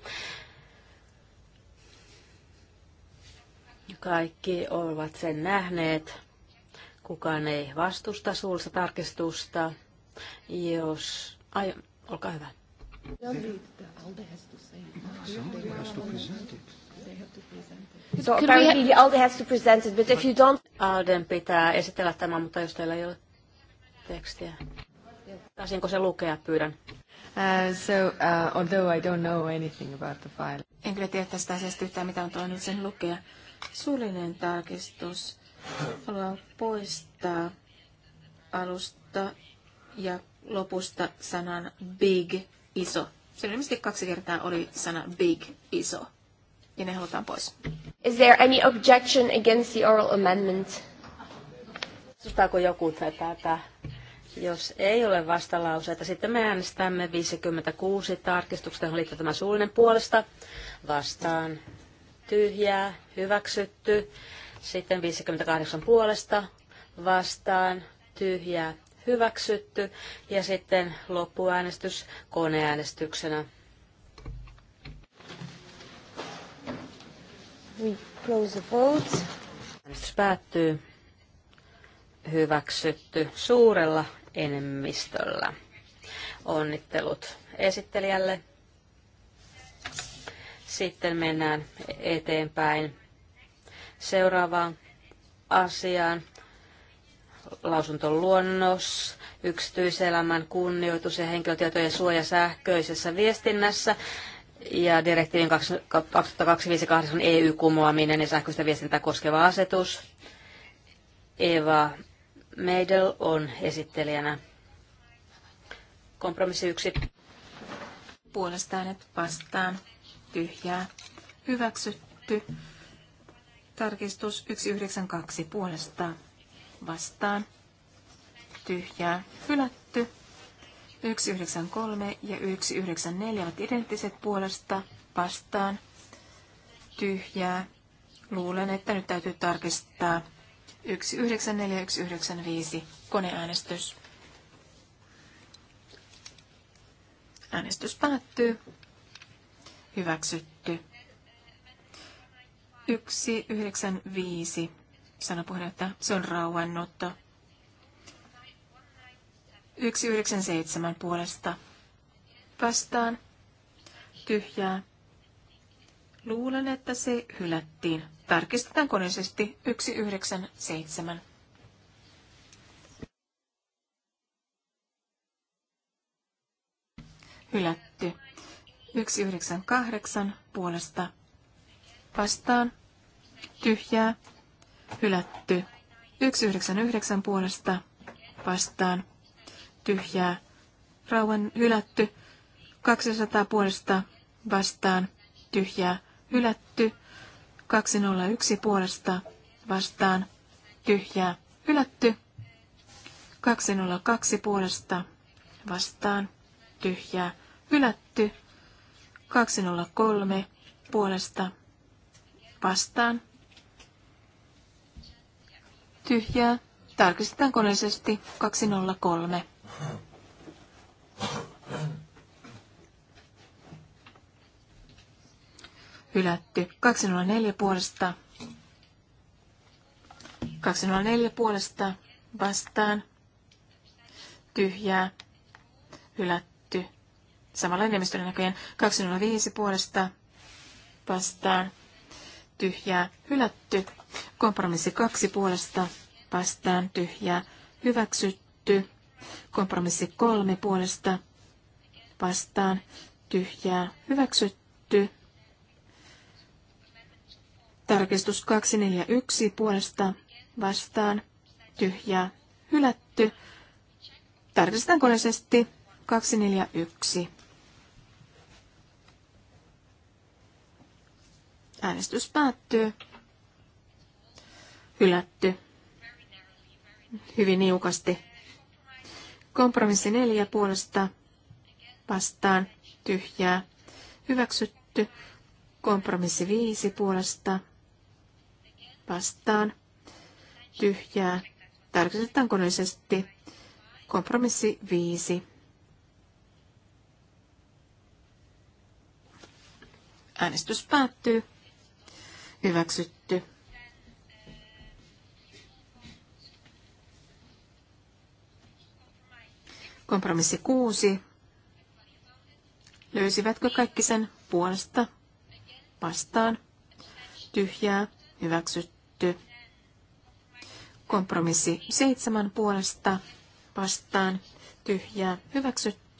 Kaikki ovat sen nähneet. Kukaan ei vastusta suullista tarkistusta. Jos... Ai, olkaa hyvä. So apparently the ALDE has to present it, but if you don't... Alden pitää esitellä tämä, mutta jos teillä ei ole tekstiä. Taisinko se lukea, pyydän. Uh, so, uh, although I don't know anything about the file. En kyllä tiedä tästä asiasta yhtään, mitä on toinen sen lukea. Suullinen tarkistus Haluan poistaa alusta ja lopusta sanan big, iso. Siinä ilmeisesti kaksi kertaa oli sana big, iso. Ja ne halutaan pois. Is there any objection against the oral amendment? Sustaako joku tätä? Jos ei ole vastalauseita, sitten me äänestämme 56 tarkistuksesta, johon tämä suullinen puolesta. Vastaan tyhjää, hyväksytty. Sitten 58 puolesta vastaan tyhjää hyväksytty ja sitten loppuäänestys koneäänestyksenä. We close the vote. Äänestys päättyy hyväksytty suurella enemmistöllä. Onnittelut esittelijälle. Sitten mennään eteenpäin Seuraavaan asiaan lausuntoluonnos, yksityiselämän kunnioitus ja henkilötietojen suoja sähköisessä viestinnässä ja direktiivin 2258 EU-kumoaminen ja sähköistä viestintää koskeva asetus. Eva Meidel on esittelijänä. Kompromissi yksi. Puolestaan, että vastaan. Tyhjää. Hyväksytty. Tarkistus 192 puolesta vastaan. Tyhjää hylätty. 193 ja 194 ovat identtiset puolesta vastaan. Tyhjää. Luulen, että nyt täytyy tarkistaa 194 ja 195 koneäänestys. Äänestys päättyy. Hyväksytty. 195, sanoi puheenjohtaja, se on rauennut. 197 puolesta vastaan tyhjää. Luulen, että se hylättiin. Tarkistetaan koneisesti 197. Hylätty. 198 puolesta vastaan, tyhjää, hylätty. 199 puolesta vastaan, tyhjää, rauhan hylätty. 200 puolesta vastaan, tyhjää, hylätty. 201 puolesta vastaan, tyhjää, hylätty. 202 puolesta vastaan, tyhjää, hylätty. 203 puolesta vastaan. Tyhjää. Tarkistetaan koneellisesti 203. Hylätty. 204 puolesta. 204 puolesta vastaan. Tyhjää. Hylätty. Samalla enemmistön näköjään. 205 puolesta vastaan tyhjää, hylätty. Kompromissi kaksi puolesta vastaan tyhjää, hyväksytty. Kompromissi kolme puolesta vastaan tyhjää, hyväksytty. Tarkistus 241 puolesta vastaan tyhjää, hylätty. Tarkistetaan koneisesti 241. Äänestys päättyy. Hylätty. Hyvin niukasti. Kompromissi neljä puolesta vastaan tyhjää. Hyväksytty. Kompromissi viisi puolesta vastaan tyhjää. Tarkistetaan koneellisesti. Kompromissi viisi. Äänestys päättyy. Hyväksytty. Kompromissi kuusi. Löysivätkö kaikki sen puolesta? Vastaan. Tyhjää. Hyväksytty. Kompromissi seitsemän puolesta. Vastaan. Tyhjää. Hyväksytty.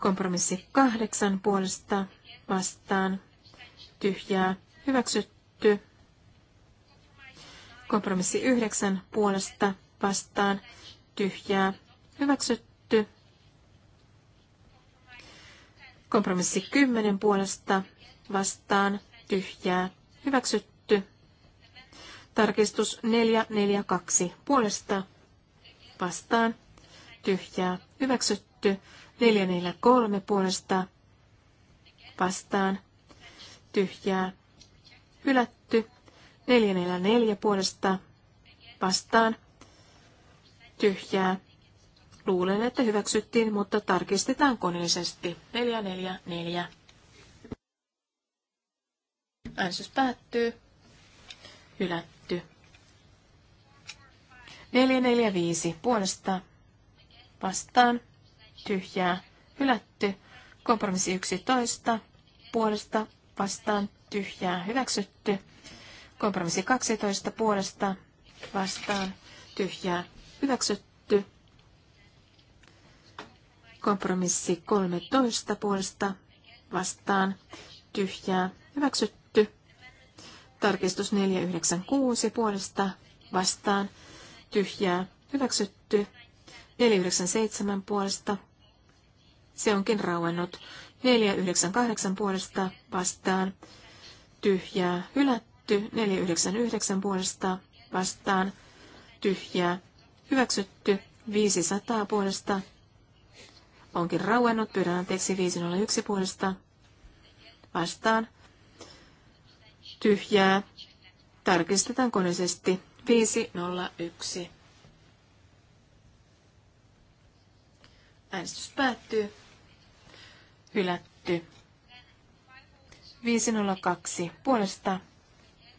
Kompromissi kahdeksan puolesta vastaan tyhjää hyväksytty. Kompromissi yhdeksän puolesta vastaan tyhjää hyväksytty. Kompromissi kymmenen puolesta vastaan tyhjää hyväksytty. Tarkistus 442 puolesta vastaan tyhjää hyväksytty hylätty. 443 puolesta vastaan tyhjää hylätty. 444 puolesta vastaan tyhjää. Luulen, että hyväksyttiin, mutta tarkistetaan koneellisesti. 444. Äänestys päättyy. Hylätty. 445 puolesta vastaan tyhjää, hylätty. Kompromissi 11 puolesta vastaan tyhjää, hyväksytty. Kompromissi 12 puolesta vastaan tyhjää, hyväksytty. Kompromissi 13 puolesta vastaan tyhjää, hyväksytty. Tarkistus 496 puolesta vastaan tyhjää, hyväksytty. 497 puolesta se onkin rauennut. 498 puolesta vastaan. Tyhjää hylätty. 499 puolesta vastaan. Tyhjää hyväksytty. 500 puolesta onkin rauennut. Pyydän anteeksi 501 puolesta vastaan. Tyhjää. Tarkistetaan koneisesti 501. Äänestys päättyy hylätty. 502 puolesta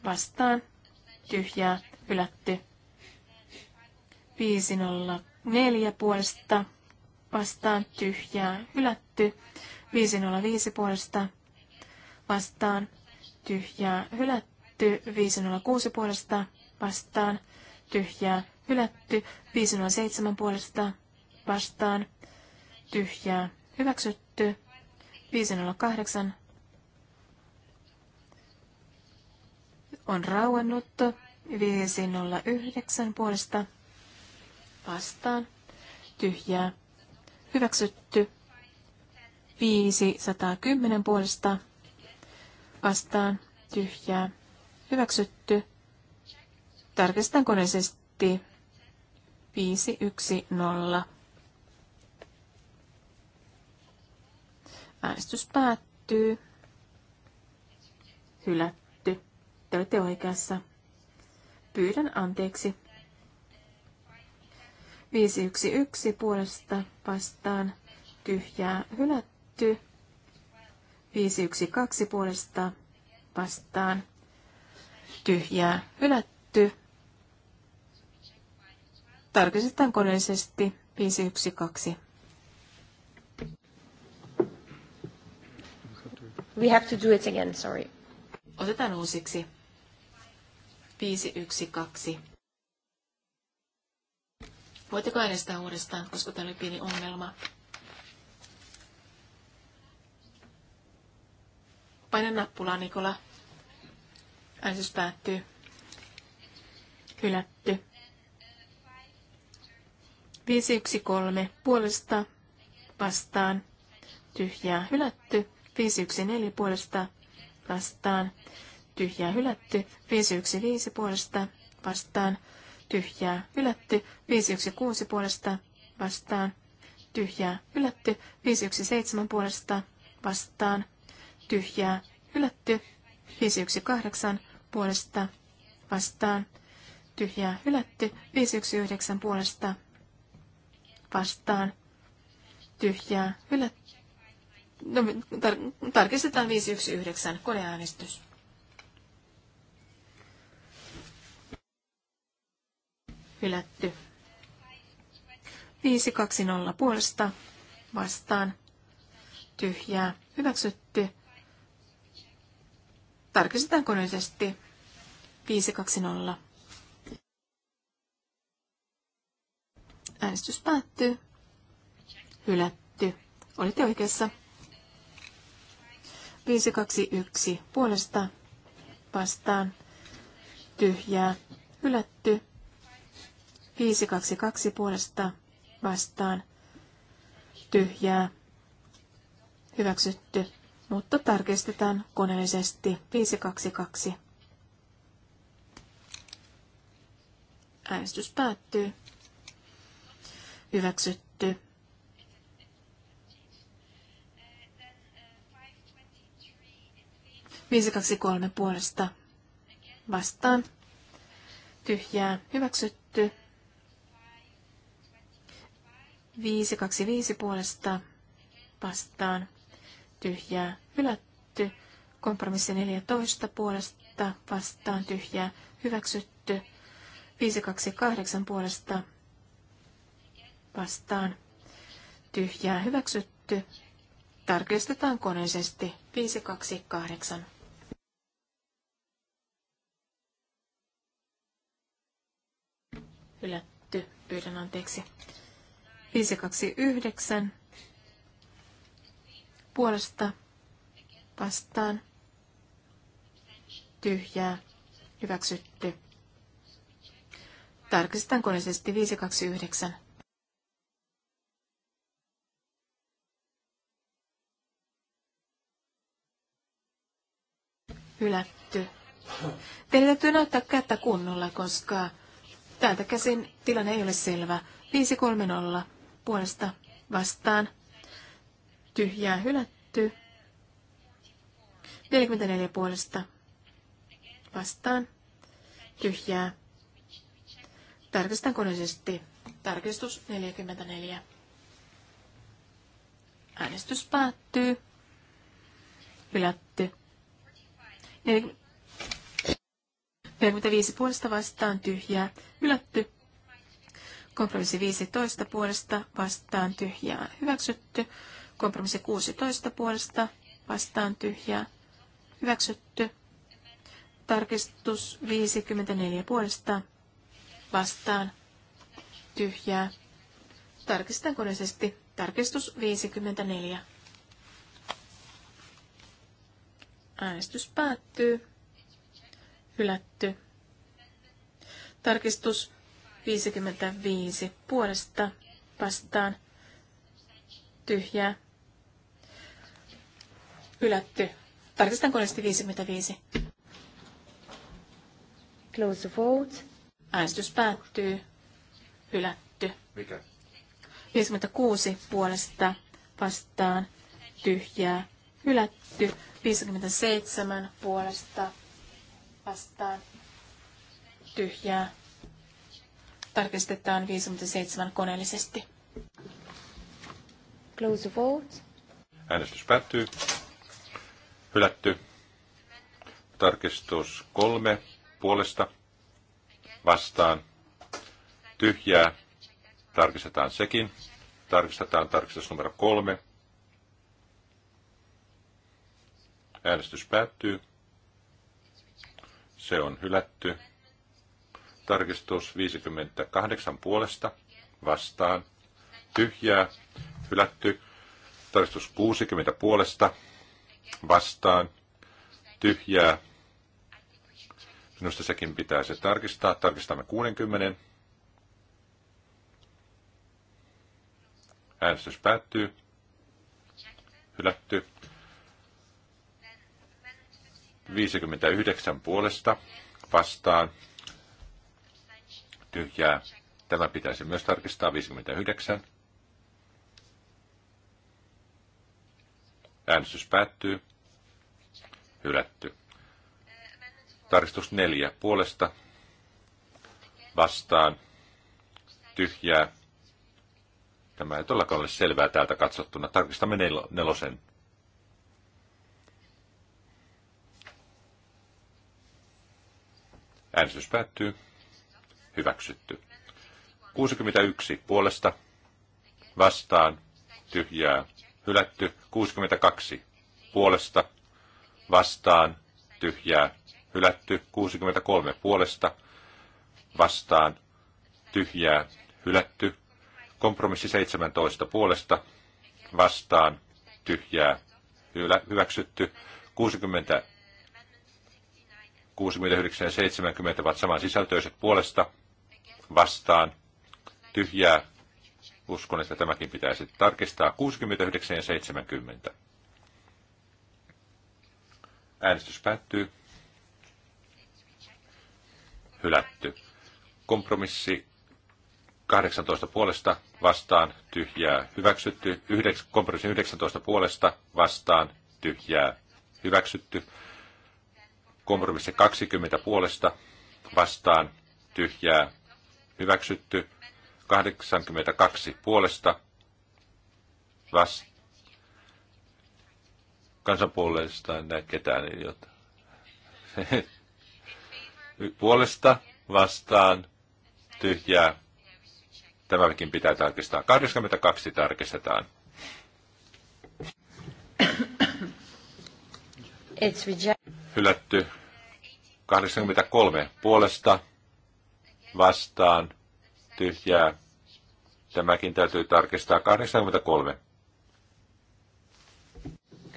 vastaan tyhjää hylätty. 504 puolesta vastaan tyhjää hylätty. 505 puolesta vastaan tyhjää hylätty. 506 puolesta vastaan tyhjää hylätty. 507 puolesta vastaan tyhjää hyväksytty. 508 on rauennut 509 puolesta vastaan tyhjää. Hyväksytty 510 puolesta vastaan tyhjää. Hyväksytty. Tarkistan koneisesti 510. Äänestys päättyy. Hylätty. Te olette oikeassa. Pyydän anteeksi. 511 puolesta vastaan tyhjää hylätty. 512 puolesta vastaan tyhjää hylätty. Tarkistetaan koneellisesti 512. We have to do it again, sorry. Otetaan uusiksi. 512. Voitteko äänestää uudestaan, koska tämä oli pieni ongelma. Paina nappulaa, Nikola. Äänestys päättyy. Hylätty. 513 puolesta vastaan. Tyhjää hylätty. 514 puolesta vastaan tyhjää hylätty. 515 puolesta vastaan tyhjää hylätty. 516 puolesta vastaan tyhjää hylätty. 517 puolesta vastaan tyhjää hylätty. 518 puolesta vastaan tyhjää hylätty. 519 puolesta vastaan tyhjää hylätty No, tar- tarkistetaan 519, koneäänestys. Hylätty. 520 puolesta vastaan. Tyhjää. Hyväksytty. Tarkistetaan koneisesti. 520. Äänestys päättyy. Hylätty. Olitte oikeassa. 521 puolesta vastaan tyhjää hylätty. 522 puolesta vastaan tyhjää hyväksytty, mutta tarkistetaan koneellisesti 522. Äänestys päättyy. Hyväksytty. 523 puolesta vastaan. Tyhjää hyväksytty. 525 puolesta vastaan. Tyhjää hylätty. Kompromissi 14 puolesta vastaan. Tyhjää hyväksytty. 528 puolesta vastaan. Tyhjää hyväksytty. Tarkistetaan koneisesti 528. Hylätty. Pyydän anteeksi. 529. Puolesta vastaan. Tyhjää. Hyväksytty. Tarkistetaan koneisesti 529. Hylätty. Teidän täytyy näyttää kättä kunnolla, koska Täältä käsin tilanne ei ole selvä. 530 puolesta vastaan. Tyhjää hylätty. 44 puolesta vastaan. Tyhjää. Tarkistan koneisesti. Tarkistus 44. Äänestys päättyy. Hylätty. 45 puolesta vastaan tyhjää, hylätty. Kompromissi 15 puolesta vastaan tyhjää, hyväksytty. Kompromissi 16 puolesta vastaan tyhjää, hyväksytty. Tarkistus 54 puolesta vastaan tyhjää. Tarkistan koneisesti. Tarkistus 54. Äänestys päättyy hylätty. Tarkistus 55 puolesta vastaan tyhjää hylätty. Tarkistan koneesti 55. Close the vote. Äänestys päättyy. Hylätty. Mikä? 56 puolesta vastaan tyhjää hylätty. 57 puolesta vastaan tyhjää. Tarkistetaan 57 koneellisesti. Close vote. Äänestys päättyy. Hylätty. Tarkistus kolme puolesta vastaan tyhjää. Tarkistetaan sekin. Tarkistetaan tarkistus numero kolme. Äänestys päättyy. Se on hylätty. Tarkistus 58 puolesta vastaan. Tyhjää. Hylätty. Tarkistus 60 puolesta vastaan. Tyhjää. Minusta sekin pitää se tarkistaa. Tarkistamme 60. Äänestys päättyy. Hylätty. 59 puolesta vastaan tyhjää. Tämä pitäisi myös tarkistaa 59. Äänestys päättyy. Hylätty. Tarkistus 4 puolesta vastaan tyhjää. Tämä ei todellakaan ole selvää täältä katsottuna. Tarkistamme nelosen Äänestys päättyy. Hyväksytty. 61 puolesta vastaan tyhjää hylätty. 62 puolesta vastaan tyhjää hylätty. 63 puolesta vastaan tyhjää hylätty. Kompromissi 17 puolesta vastaan tyhjää hyväksytty. 60 69 ja 70 ovat samansisältöiset puolesta vastaan. Tyhjää. Uskon, että tämäkin pitäisi tarkistaa. 69 ja 70. Äänestys päättyy. Hylätty. Kompromissi 18 puolesta vastaan tyhjää hyväksytty. Kompromissi 19 puolesta vastaan tyhjää hyväksytty. Kompromissi 20 puolesta vastaan tyhjää hyväksytty. 82 puolesta vast... kansanpuolesta en näe ketään jota. puolesta vastaan tyhjää. Tämäkin pitää tarkistaa. 82 tarkistetaan. It's reject hylätty. 83 puolesta vastaan tyhjää. Tämäkin täytyy tarkistaa. 83.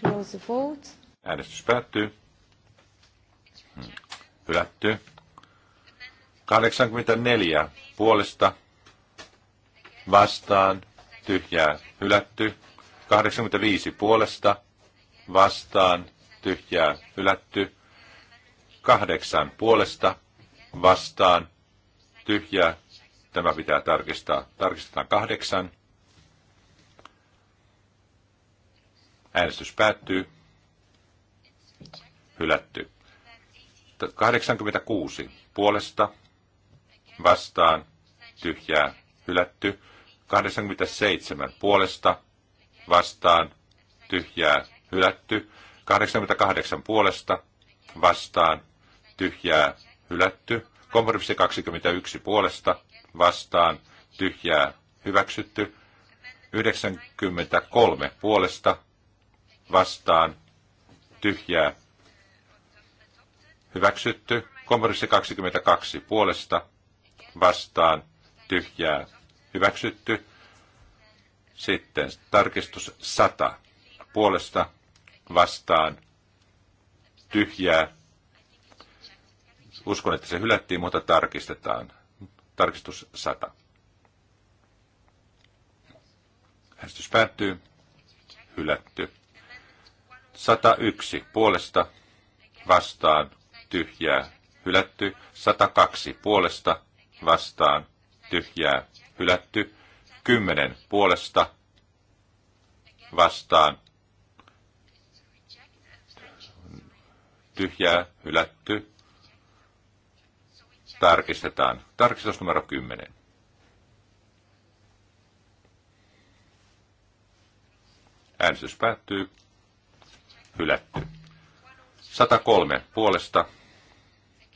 Close the vote. Äänestys päättyy. Hmm. Hylätty. 84 puolesta vastaan tyhjää hylätty. 85 puolesta vastaan tyhjää hylätty. Kahdeksan puolesta vastaan tyhjää. Tämä pitää tarkistaa. Tarkistetaan kahdeksan. Äänestys päättyy. Hylätty. 86 puolesta vastaan tyhjää hylätty. 87 puolesta vastaan tyhjää hylätty. 88 puolesta vastaan tyhjää hylätty. Kompromissi 21 puolesta vastaan tyhjää hyväksytty. 93 puolesta vastaan tyhjää hyväksytty. Kompromissi 22 puolesta vastaan tyhjää hyväksytty. Sitten tarkistus 100 puolesta vastaan tyhjää. Uskon, että se hylättiin, mutta tarkistetaan. Tarkistus 100. Äänestys päättyy. Hylätty. 101 puolesta vastaan tyhjää hylätty. 102 puolesta vastaan tyhjää hylätty. 10 puolesta vastaan tyhjää, hylätty. Tarkistetaan. Tarkistus numero 10. Äänestys päättyy. Hylätty. 103 puolesta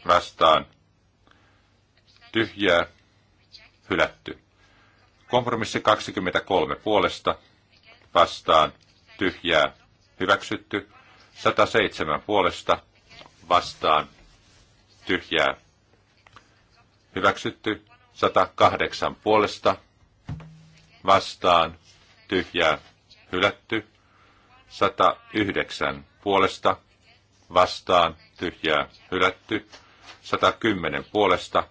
vastaan. Tyhjää. Hylätty. Kompromissi 23 puolesta vastaan. Tyhjää. Hyväksytty. 107 puolesta vastaan tyhjää. Hyväksytty 108 puolesta vastaan tyhjää. Hylätty 109 puolesta vastaan tyhjää. Hylätty 110 puolesta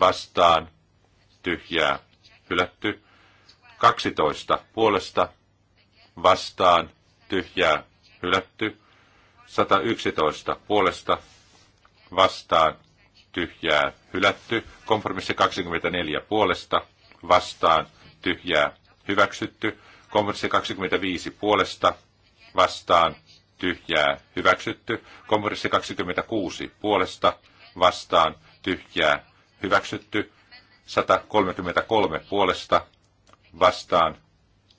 vastaan tyhjää. Hylätty 12 puolesta vastaan tyhjää. Hylätty 111 puolesta vastaan tyhjää hylätty. Kompromissi 24 puolesta vastaan tyhjää hyväksytty. Kompromissi 25 puolesta vastaan tyhjää hyväksytty. Kompromissi 26 puolesta vastaan tyhjää hyväksytty. 133 puolesta vastaan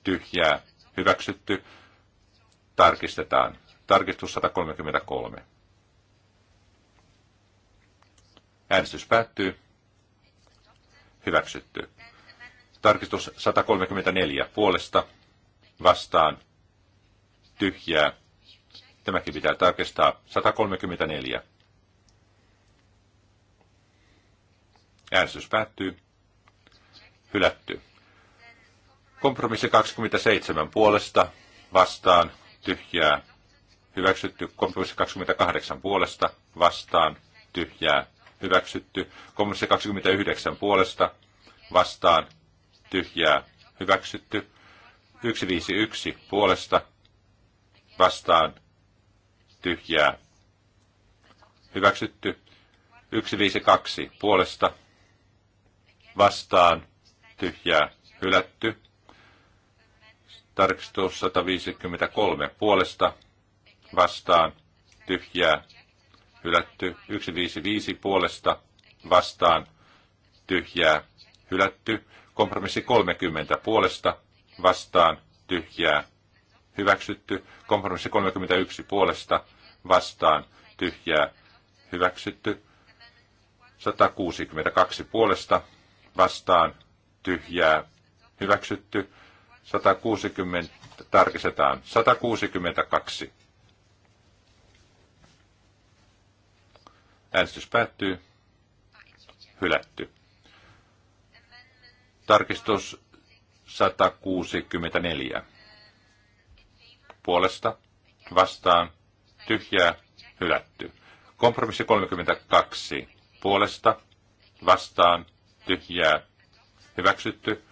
tyhjää hyväksytty. Tarkistetaan. Tarkistus 133. Äänestys päättyy. Hyväksytty. Tarkistus 134 puolesta vastaan tyhjää. Tämäkin pitää tarkistaa. 134. Äänestys päättyy. Hylätty. Kompromissi 27 puolesta vastaan tyhjää hyväksytty. Kompromissi 28 puolesta vastaan tyhjää hyväksytty. Kompromissi 29 puolesta vastaan tyhjää hyväksytty. 151 puolesta vastaan tyhjää hyväksytty. 152 puolesta vastaan tyhjää hylätty. Tarkistus 153 puolesta vastaan, tyhjää, hylätty. 155 puolesta vastaan, tyhjää, hylätty. Kompromissi 30 puolesta vastaan, tyhjää, hyväksytty. Kompromissi 31 puolesta vastaan, tyhjää, hyväksytty. 162 puolesta vastaan, tyhjää, hyväksytty. 160 tarkistetaan. 162. Äänestys päättyy. Hylätty. Tarkistus 164. Puolesta, vastaan, tyhjää, hylätty. Kompromissi 32. Puolesta, vastaan, tyhjää, hyväksytty.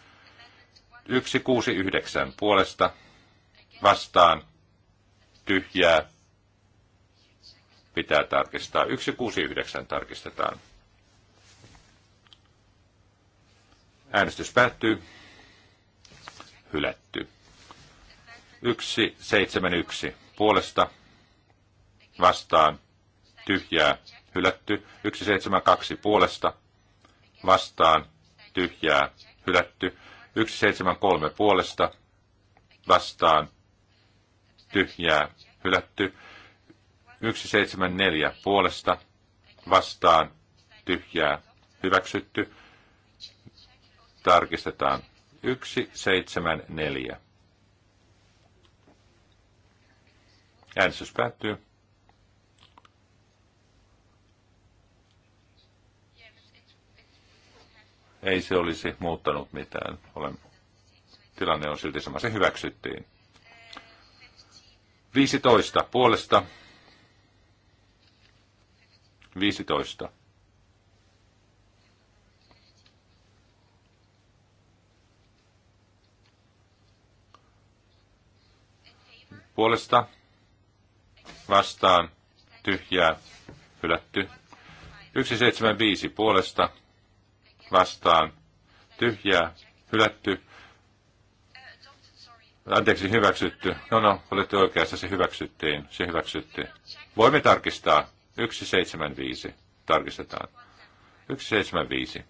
169. Puolesta, vastaan, tyhjää, pitää tarkistaa. 169 tarkistetaan. Äänestys päättyy. Hylätty. 171 puolesta vastaan tyhjää hylätty. 172 puolesta vastaan tyhjää hylätty. 173 puolesta vastaan tyhjää hylätty. 174 puolesta vastaan tyhjää hyväksytty. Tarkistetaan 174. Äänestys päättyy. Ei se olisi muuttanut mitään. Olen... Tilanne on silti sama. Se hyväksyttiin. 15 puolesta 15. Puolesta vastaan tyhjää hylätty. 175 puolesta vastaan tyhjää hylätty. Anteeksi, hyväksytty. No no, olette oikeassa, se hyväksyttiin. Se hyväksyttiin. Voimme tarkistaa. 175. Tarkistetaan. 175.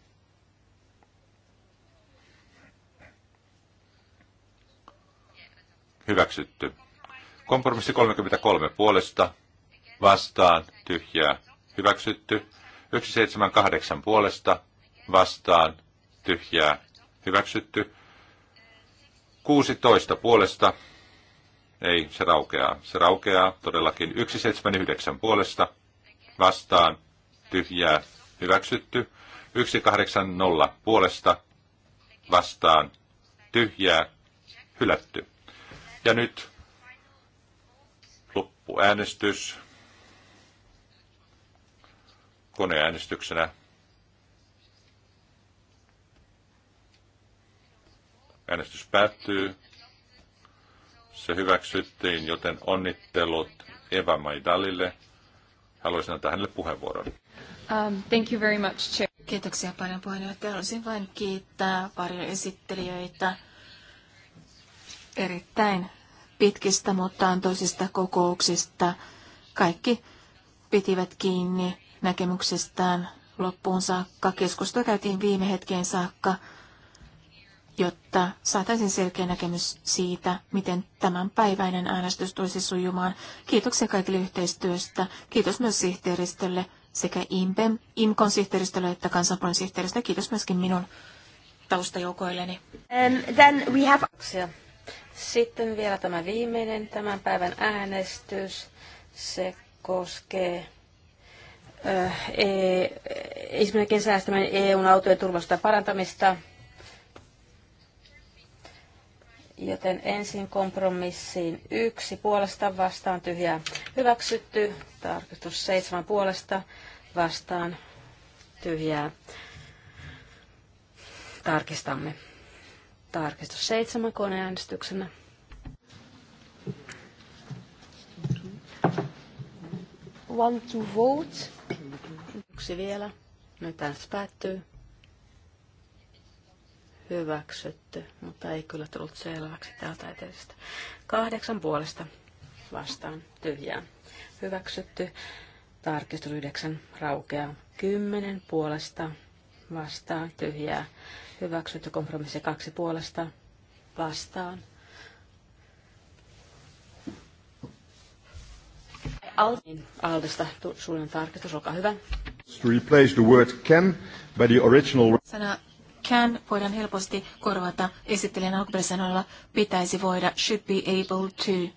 Hyväksytty. Kompromissi 33 puolesta, vastaan, tyhjää, hyväksytty. 178 puolesta, vastaan, tyhjää, hyväksytty. 16 puolesta, ei, se raukeaa, se raukeaa todellakin. 179 puolesta, vastaan tyhjää hyväksytty. 180 puolesta vastaan tyhjää hylätty. Ja nyt loppuäänestys koneäänestyksenä. Äänestys päättyy. Se hyväksyttiin, joten onnittelut Eva Maidalille. Haluaisin antaa hänelle puheenvuoron. Um, thank you very much, Chair. Kiitoksia paljon puheenjohtaja. Haluaisin vain kiittää paljon esittelijöitä erittäin pitkistä, mutta antoisista kokouksista. Kaikki pitivät kiinni näkemyksestään loppuun saakka. Keskustelua käytiin viime hetkeen saakka jotta saataisiin selkeä näkemys siitä, miten tämänpäiväinen äänestys tulisi sujumaan. Kiitoksia kaikille yhteistyöstä. Kiitos myös sihteeristölle sekä IMPEM, IMKon sihteeristölle että kansanpuolen sihteeristölle. Kiitos myöskin minun taustajoukoilleni. Um, then we have... Sitten vielä tämä viimeinen tämän päivän äänestys. Se koskee äh, e, säästämään EUn autojen turvallisuutta parantamista. Joten ensin kompromissiin yksi puolesta vastaan tyhjää hyväksytty. Tarkistus seitsemän puolesta vastaan tyhjää. Tarkistamme. Tarkistus seitsemän koneäänestyksenä. One to vote. Yksi vielä. Nyt äänestys päättyy hyväksytty, mutta ei kyllä tullut selväksi täältä eteisestä. Kahdeksan puolesta vastaan tyhjää hyväksytty. Tarkistus yhdeksän raukeaa. Kymmenen puolesta vastaan tyhjää hyväksytty. Kompromissi kaksi puolesta vastaan. Aldesta suunnan tarkistus, olkaa hyvä. To replace the word can by the original... Sana can voidaan helposti korvata esittelijän alkuperäisellä pitäisi voida should be able to.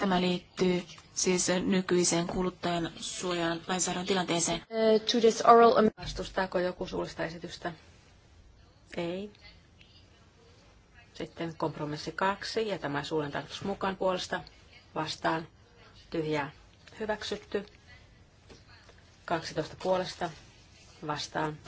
Tämä liittyy siis nykyiseen kuluttajan suojan lainsäädännön tilanteeseen. Uh, to this oral... Vastustaako joku suullista esitystä? Ei. Sitten kompromissi kaksi ja tämä suullinen tarkoitus mukaan puolesta vastaan tyhjää hyväksytty. 12 puolesta vastaan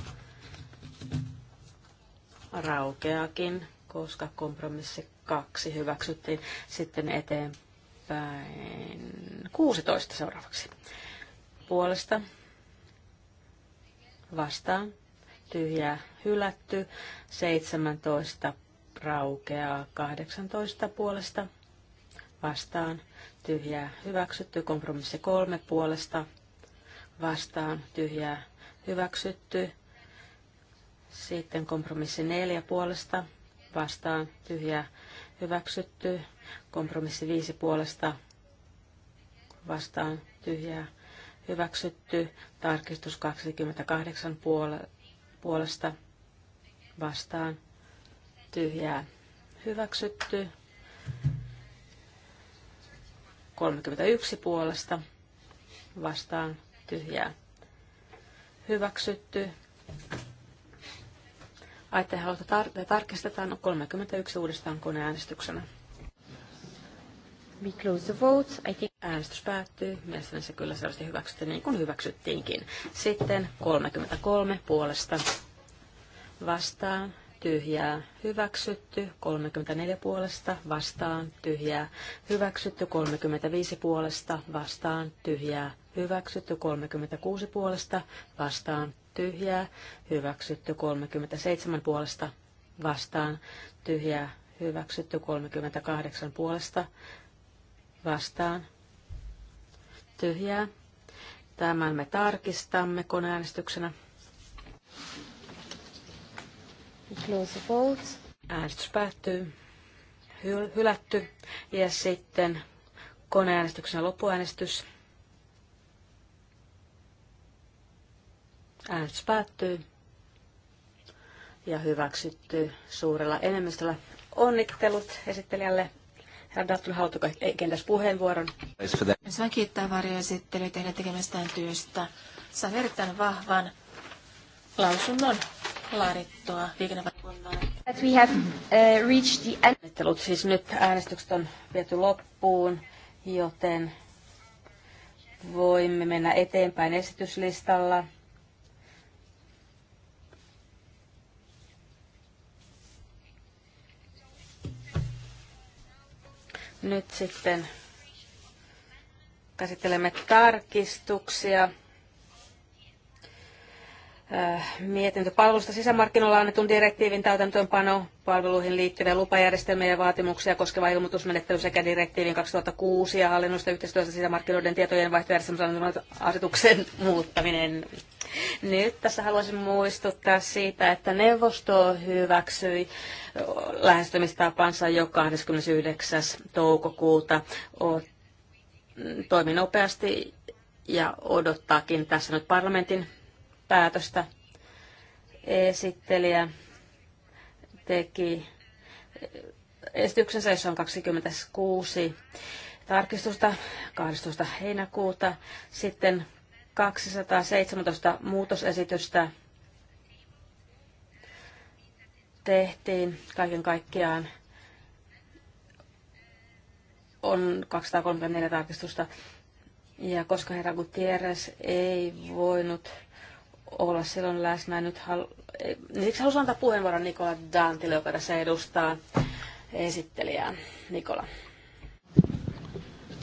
raukeakin, koska kompromissi kaksi hyväksyttiin sitten eteenpäin 16 seuraavaksi. Puolesta vastaan tyhjää hylätty, 17 raukeaa 18 puolesta vastaan, tyhjää hyväksytty, kompromissi kolme puolesta vastaan, tyhjää hyväksytty, sitten kompromissi neljä puolesta vastaan tyhjää hyväksytty. Kompromissi viisi puolesta vastaan tyhjää hyväksytty. Tarkistus 28 puolesta vastaan tyhjää hyväksytty. 31 puolesta vastaan tyhjää hyväksytty. Aitteenhallinta tar- tarkistetaan 31 no, uudestaan koneäänestyksenä. We close the vote. I think... Äänestys päättyy. Mielestäni se kyllä selvästi hyväksyttiin niin kuin hyväksyttiinkin. Sitten 33 puolesta vastaan tyhjää hyväksytty, 34 puolesta vastaan tyhjää hyväksytty, 35 puolesta vastaan tyhjää hyväksytty, 36 puolesta vastaan tyhjää, hyväksytty 37 puolesta vastaan, tyhjää, hyväksytty 38 puolesta vastaan, tyhjää. Tämän me tarkistamme koneäänestyksenä. Close the Äänestys päättyy. Hyl- hylätty. Ja sitten koneäänestyksen loppuäänestys. Äänestys päättyy ja hyväksytty suurella enemmistöllä. Onnittelut esittelijälle. Herra Dattul, haluatko e- kenties puheenvuoron? Sain kiittää varjoesittelyä teidän tekemästään työstä. Saan erittäin vahvan lausunnon laadittua liikennevaliokunnalle. we have uh, reached the end. Onnittelut siis nyt äänestykset on viety loppuun, joten voimme mennä eteenpäin esityslistalla. Nyt sitten käsittelemme tarkistuksia Äh, mietintö palvelusta sisämarkkinoilla annetun direktiivin täytäntöönpano, palveluihin liittyviä lupajärjestelmiä ja vaatimuksia koskeva ilmoitusmenettely sekä direktiivin 2006 ja hallinnosta yhteistyöstä sisämarkkinoiden tietojen vaihtojärjestelmän asetuksen muuttaminen. Nyt tässä haluaisin muistuttaa siitä, että neuvosto hyväksyi lähestymistapansa jo 29. toukokuuta. Toimi nopeasti ja odottaakin tässä nyt parlamentin päätöstä. Esittelijä teki esityksen jossa on 26 tarkistusta 12. heinäkuuta, sitten 217 muutosesitystä tehtiin kaiken kaikkiaan on 234 tarkistusta. Ja koska herra Gutierrez ei voinut olla silloin läsnä. Nyt halu- niin Siksi haluaisin antaa puheenvuoron Nikola Dantille, joka tässä edustaa esittelijää. Nikola.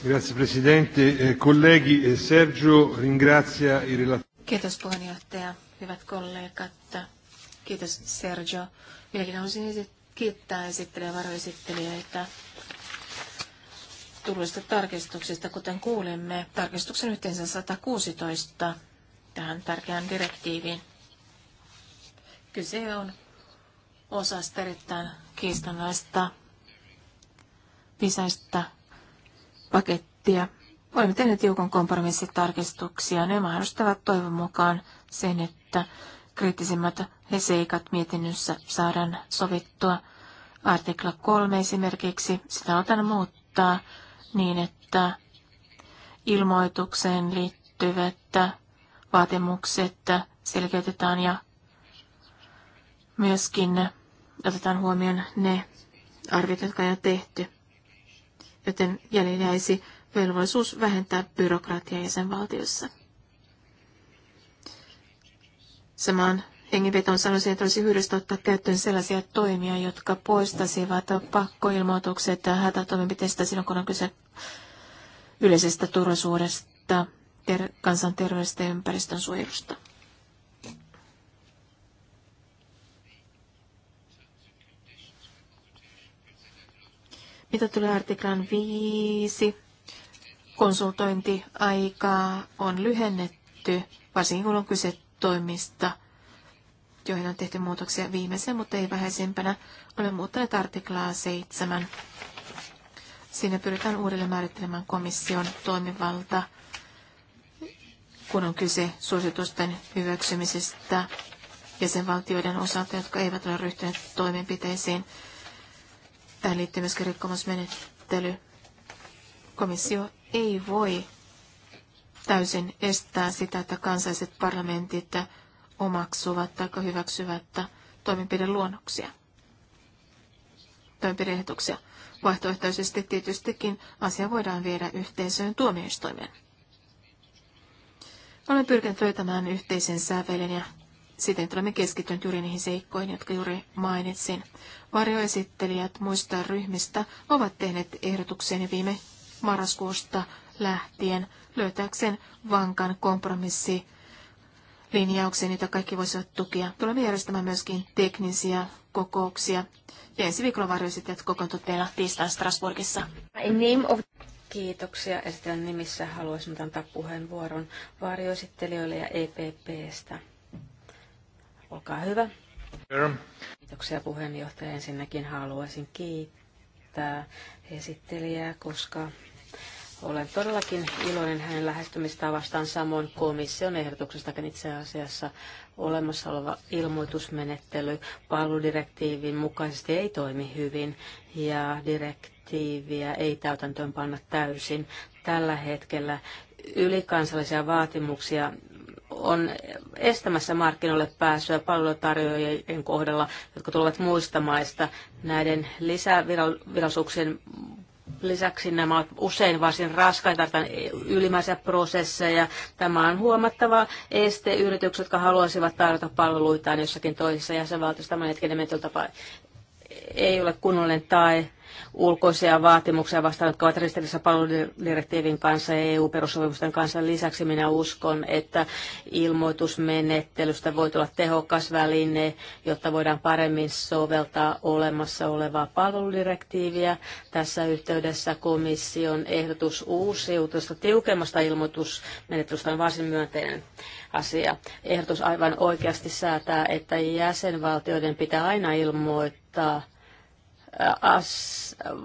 Grazie Presidente. Eh, colleghi, eh, Sergio ringrazia i relatori. Kiitos puheenjohtaja, hyvät kollegat. Kiitos Sergio. Minäkin haluaisin kiittää esittelijä varoesittelijöitä turvallisista tarkistuksista. Kuten kuulimme, tarkistuksen yhteensä 116 tähän tärkeään direktiiviin. Kyse on osasta erittäin kiistanlaista visaista pakettia. Olemme tehneet tiukan kompromissitarkistuksia. Ne mahdollistavat toivon mukaan sen, että kriittisimmät seikat mietinnössä saadaan sovittua. Artikla 3 esimerkiksi, sitä otan muuttaa niin, että ilmoitukseen liittyvät vaatimukset selkeytetään ja myöskin otetaan huomioon ne arviot, jotka on jo tehty. Joten jäljellä jäisi velvollisuus vähentää byrokratiaa jäsenvaltiossa. Samaan hengenvetoon sanoisin, että olisi hyödyllistä ottaa käyttöön sellaisia toimia, jotka poistaisivat pakkoilmoitukset ja hätätoimenpiteistä silloin, kun on kyse yleisestä turvallisuudesta ter- kansanterveydestä ja ympäristön suojelusta. Mitä tulee artiklan 5, konsultointiaikaa on lyhennetty, varsinkin kun on kyse toimista, joihin on tehty muutoksia viimeisen, mutta ei vähäisimpänä. Olemme muuttaneet artiklaa 7. Siinä pyritään uudelleen määrittelemään komission toimivalta – kun on kyse suositusten hyväksymisestä jäsenvaltioiden osalta, jotka eivät ole ryhtyneet toimenpiteisiin. Tähän liittyy myöskin rikkomusmenettely. Komissio ei voi täysin estää sitä, että kansalliset parlamentit omaksuvat tai hyväksyvät toimenpideluonnoksia, toimenpideehdotuksia. Vaihtoehtoisesti tietystikin asia voidaan viedä yhteisöön tuomioistuimeen. Olen pyrkinyt löytämään yhteisen sävelen ja siten olemme keskittyneet juuri niihin seikkoihin, jotka juuri mainitsin. Varjoesittelijät muista ryhmistä ovat tehneet ehdotuksen viime marraskuusta lähtien löytääkseen vankan kompromissi linjauksen, jota kaikki voisivat tukea. Tulemme järjestämään myöskin teknisiä kokouksia. Ja ensi viikolla että kokoontuu teillä tiistaina Strasbourgissa. Of... Kiitoksia. Esittelen nimissä haluaisin antaa puheenvuoron varjoesittelijöille ja EPPstä. Olkaa hyvä. Kiitoksia puheenjohtaja. Ensinnäkin haluaisin kiittää esittelijää, koska olen todellakin iloinen hänen lähestymistavastaan samoin komission ehdotuksestakin itse asiassa olemassa oleva ilmoitusmenettely palveludirektiivin mukaisesti ei toimi hyvin ja direktiiviä ei täytäntöön panna täysin. Tällä hetkellä ylikansallisia vaatimuksia on estämässä markkinoille pääsyä palvelutarjoajien kohdalla, jotka tulevat muista maista. Näiden lisävirallisuuksien Lisäksi nämä ovat usein varsin raskaita, ylimääräisiä prosesseja. Tämä on huomattava este yritykset, jotka haluaisivat tarjota palveluitaan jossakin toisessa jäsenvaltiossa. Tämä hetkinen ei ole kunnollinen tai ulkoisia vaatimuksia vastaan, jotka ovat ristiriidassa palveludirektiivin kanssa ja EU-perussopimusten kanssa. Lisäksi minä uskon, että ilmoitusmenettelystä voi tulla tehokas väline, jotta voidaan paremmin soveltaa olemassa olevaa palveludirektiiviä. Tässä yhteydessä komission ehdotus uusiutusta tiukemmasta ilmoitusmenettelystä on varsin myönteinen asia. Ehdotus aivan oikeasti säätää, että jäsenvaltioiden pitää aina ilmoittaa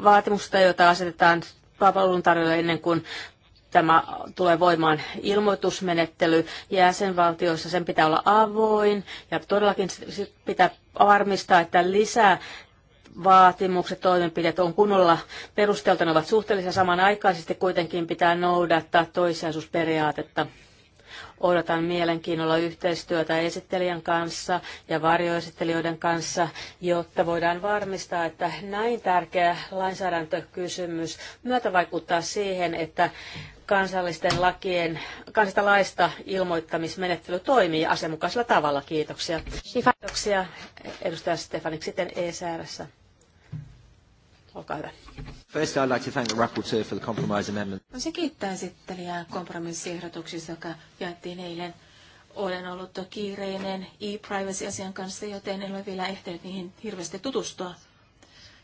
vaatimusta, jota asetetaan palveluntarjoajille ennen kuin tämä tulee voimaan ilmoitusmenettely jäsenvaltioissa. Sen pitää olla avoin ja todellakin pitää varmistaa, että lisää vaatimukset, toimenpiteet on kunnolla ne ovat suhteellisen samanaikaisesti kuitenkin pitää noudattaa toissijaisuusperiaatetta. Odotan mielenkiinnolla yhteistyötä esittelijän kanssa ja varjoesittelijöiden kanssa, jotta voidaan varmistaa, että näin tärkeä lainsäädäntökysymys myötä vaikuttaa siihen, että kansallisten lakien, kansallista laista ilmoittamismenettely toimii asianmukaisella tavalla. Kiitoksia. Kiitoksia edustaja Stefanik sitten ECRssä. Olkaa hyvä. First, I'd like to thank the rapporteur for the compromise amendment. No se kiittää esittelijää kompromissiehdotuksista, joka jaettiin eilen. Olen ollut kiireinen e-privacy-asian kanssa, joten en ole vielä ehtinyt niihin hirveästi tutustua,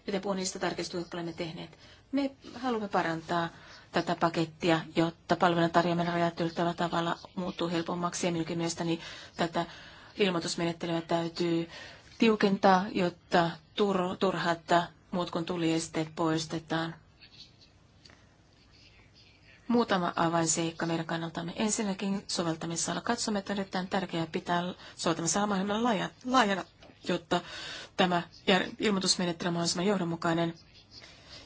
joten puhun niistä tarkistuksista, jotka olemme tehneet. Me haluamme parantaa tätä pakettia, jotta palvelun tarjoaminen rajat tavalla muuttuu helpommaksi. Ja minunkin mielestäni tätä ilmoitusmenettelyä täytyy tiukentaa, jotta turhat muut kuin tuliesteet poistetaan. Muutama avainseikka meidän kannaltamme. Ensinnäkin soveltamisala. Katsomme, että on erittäin tärkeää pitää soveltamisala mahdollisimman laajana, laajana jotta tämä ilmoitusmenettely on mahdollisimman johdonmukainen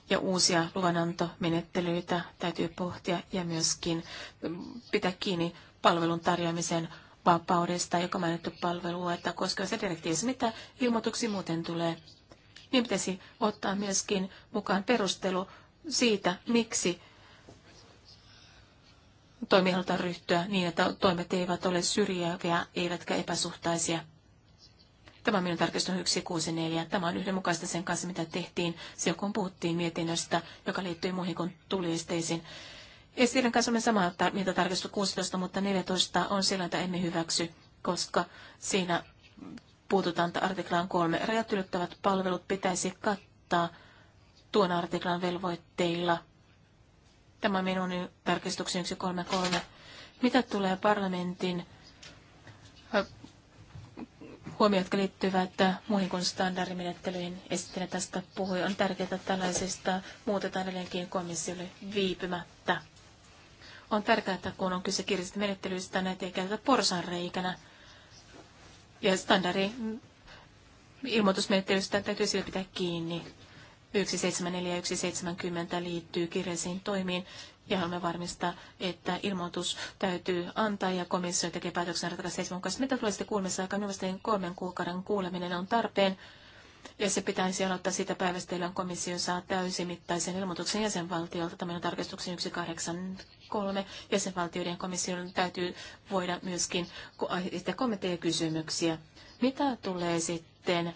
ja uusia luvanantomenettelyitä täytyy pohtia ja myöskin pitää kiinni palvelun tarjoamisen vapaudesta, joka mainittu palvelua, että koska se direktiivissä, mitä ilmoituksi muuten tulee niin pitäisi ottaa myöskin mukaan perustelu siitä, miksi toimialta ryhtyä niin, että toimet eivät ole syrjäviä eivätkä epäsuhtaisia. Tämä on minun tarkistus 164. Tämä on yhdenmukaista sen kanssa, mitä tehtiin silloin, kun puhuttiin mietinnöstä, joka liittyy muihin kuin tuliesteisiin. Estilän kanssa olen samaa mieltä tarkistus 16, mutta 14 on sillä, että emme hyväksy, koska siinä puututaan artiklaan kolme. Rajat ylittävät palvelut pitäisi kattaa tuon artiklan velvoitteilla. Tämä on minun tarkistuksen 133. Mitä tulee parlamentin huomioon, jotka liittyvät muihin kuin standardimenettelyihin esittelen tästä puhui, on tärkeää, että tällaisista muutetaan edelleenkin komissiolle viipymättä. On tärkeää, että kun on kyse kirjallisista menettelyistä, näitä ei käytetä porsanreikänä. reikänä ja standardi ilmoitusmenettelystä täytyy sillä pitää kiinni. 174 ja 170 liittyy kirjallisiin toimiin ja haluamme varmistaa, että ilmoitus täytyy antaa ja komissio tekee päätöksen artikla 7 mukaan. Mitä tulee sitten kuulemisen aikaan, mielestäni kolmen kuukauden kuuleminen on tarpeen ja se pitäisi aloittaa sitä päivästä, jolloin komissio saa täysimittaisen ilmoituksen jäsenvaltiolta tämän tarkistuksen 18 kolme jäsenvaltioiden komission täytyy voida myöskin esittää kommentteja kysymyksiä. Mitä tulee sitten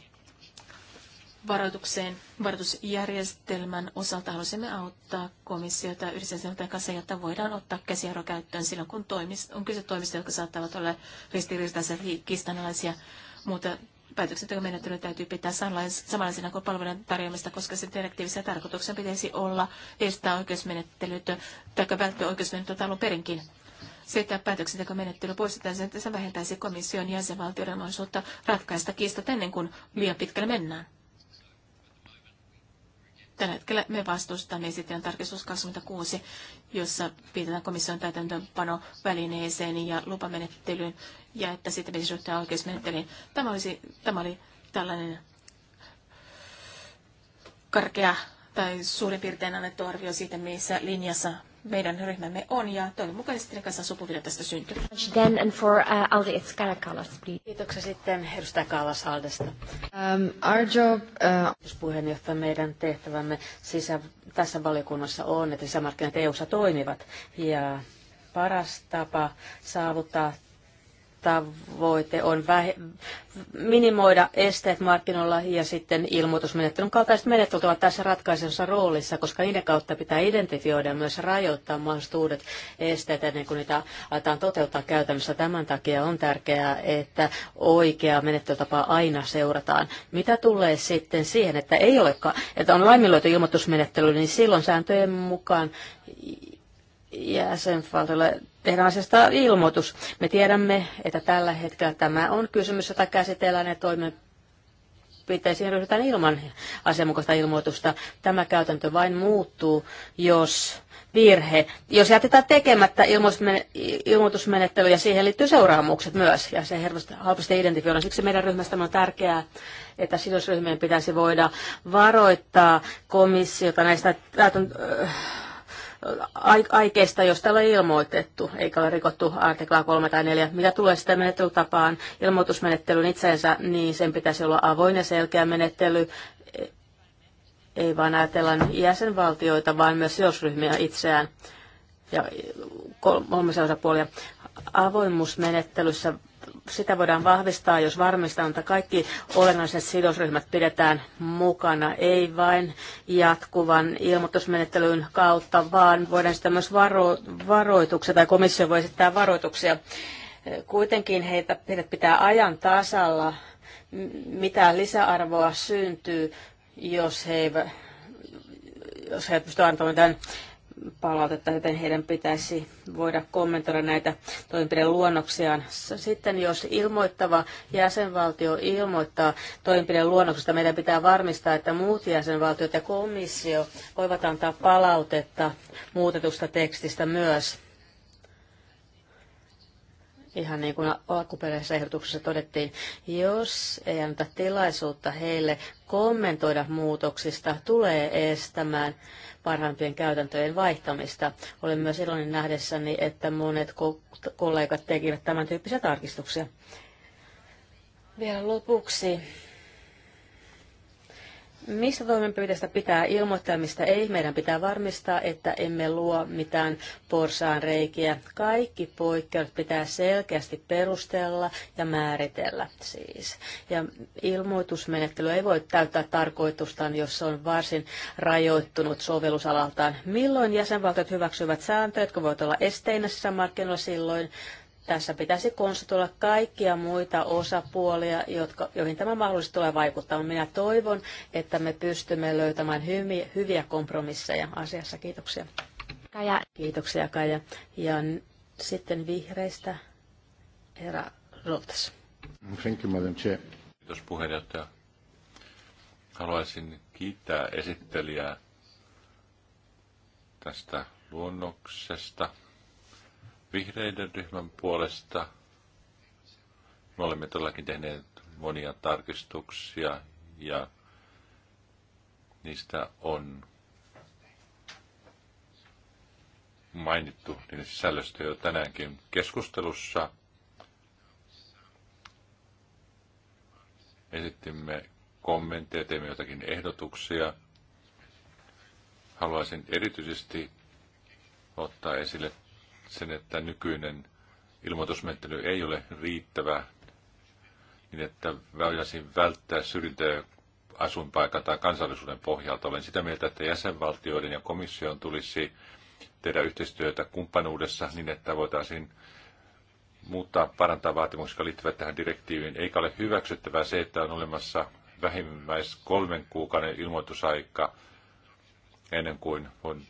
varoitukseen, varoitusjärjestelmän osalta halusimme auttaa komissiota yhdistämisen kanssa, jotta voidaan ottaa käsiero käyttöön silloin, kun toimist, on kyse toimista, jotka saattavat olla ristiriitaisia kiistanalaisia, mutta päätöksentekomenettely täytyy pitää samanlaisena kuin palvelujen tarjoamista, koska sen direktiivisen tarkoituksen pitäisi olla estää oikeusmenettelyt tai välttää oikeusmenettelyt alun perinkin. Se, että päätöksentekomenettely poistetaan, että se vähentäisi komission jäsenvaltioiden mahdollisuutta ratkaista kiistat ennen kuin liian pitkälle mennään. Tällä hetkellä me vastustamme esittäjän tarkistus 26, jossa viitataan komission täytäntöönpano välineeseen ja lupamenettelyyn ja että sitten pitäisi ryhtyä oikeusmenettelyyn. Tämä, olisi, tämä oli tällainen karkea tai suurin piirtein annettu arvio siitä, missä linjassa meidän ryhmämme on ja toivon mukaan sitten kanssa sopuvirta tästä syntyy. Then and for uh, Aldi, it's Kallas, please. Kiitoksia sitten edustaja Kallas Aldesta. Um, our job, uh... puheenjohtaja, meidän tehtävämme sisä, tässä valiokunnassa on, että sisämarkkinat EU-ssa toimivat ja paras tapa saavuttaa tavoite on minimoida esteet markkinoilla ja sitten ilmoitusmenettelyn kaltaiset menettelyt ovat tässä ratkaisevassa roolissa, koska niiden kautta pitää identifioida ja myös rajoittaa mahdolliset uudet esteet ennen kuin niitä aletaan toteuttaa käytännössä. Tämän takia on tärkeää, että oikea menettelytapa aina seurataan. Mitä tulee sitten siihen, että ei olekaan, että on laiminlyöty ilmoitusmenettely, niin silloin sääntöjen mukaan jäsenvaltiolle tehdään asiasta ilmoitus. Me tiedämme, että tällä hetkellä tämä on kysymys, jota käsitellään ja toimenpiteisiin ryhdytään ilman asianmukaista ilmoitusta. Tämä käytäntö vain muuttuu, jos virhe. Jos jätetään tekemättä ilmoitusmenettely ja siihen liittyy seuraamukset myös, ja se helposti identifioidaan. Siksi meidän ryhmästämme on tärkeää, että sidosryhmien pitäisi voida varoittaa komissiota näistä aikeista, josta ei ole ilmoitettu, eikä ole rikottu artiklaa 3 tai 4. Mitä tulee sitä menettelytapaan, ilmoitusmenettelyn itseensä, niin sen pitäisi olla avoin ja selkeä menettely, ei vain ajatella jäsenvaltioita, vaan myös sidosryhmiä itseään ja kolmisen osapuolia. Avoimuusmenettelyssä sitä voidaan vahvistaa, jos varmistetaan, että kaikki olennaiset sidosryhmät pidetään mukana, ei vain jatkuvan ilmoitusmenettelyn kautta, vaan voidaan sitä myös varo- varoituksia, tai komissio voi esittää varoituksia. Kuitenkin heitä, heitä pitää ajan tasalla, mitä lisäarvoa syntyy, jos he jos he pystyvät antamaan tämän palautetta, joten heidän pitäisi voida kommentoida näitä toimenpideluonnoksiaan. Sitten jos ilmoittava jäsenvaltio ilmoittaa toimenpideluonnoksesta, meidän pitää varmistaa, että muut jäsenvaltiot ja komissio voivat antaa palautetta muutetusta tekstistä myös ihan niin kuin alkuperäisessä ehdotuksessa todettiin, jos ei anneta tilaisuutta heille kommentoida muutoksista, tulee estämään parhaimpien käytäntöjen vaihtamista. Olen myös iloinen nähdessäni, että monet kollegat tekivät tämän tyyppisiä tarkistuksia. Vielä lopuksi Mistä toimenpiteistä pitää ilmoittaa mistä ei? Meidän pitää varmistaa, että emme luo mitään porsaan reikiä. Kaikki poikkeudet pitää selkeästi perustella ja määritellä siis. Ja ilmoitusmenettely ei voi täyttää tarkoitustaan, jos se on varsin rajoittunut sovellusalaltaan. Milloin jäsenvaltiot hyväksyvät sääntöjä, jotka voivat olla esteinä sisämarkkinoilla silloin, tässä pitäisi konsultoida kaikkia muita osapuolia, jotka, joihin tämä mahdollisesti tulee vaikuttamaan. Minä toivon, että me pystymme löytämään hyviä, hyviä kompromisseja asiassa. Kiitoksia. Kaja. Kiitoksia Kaja. Ja sitten vihreistä herra Rotas. Thank you, Madam Kiitos puheenjohtaja. Haluaisin kiittää esittelijää tästä luonnoksesta vihreiden ryhmän puolesta. Me olemme todellakin tehneet monia tarkistuksia ja niistä on mainittu niiden sisällöstä jo tänäänkin keskustelussa. Esittimme kommentteja, teimme jotakin ehdotuksia. Haluaisin erityisesti ottaa esille sen, että nykyinen ilmoitusmenettely ei ole riittävä niin, että voitaisiin välttää syrjintää asuinpaikan tai kansallisuuden pohjalta. Olen sitä mieltä, että jäsenvaltioiden ja komission tulisi tehdä yhteistyötä kumppanuudessa niin, että voitaisiin muuttaa, parantaa vaatimuksia, jotka liittyvät tähän direktiiviin. Eikä ole hyväksyttävää se, että on olemassa vähimmäis kolmen kuukauden ilmoitusaika ennen kuin on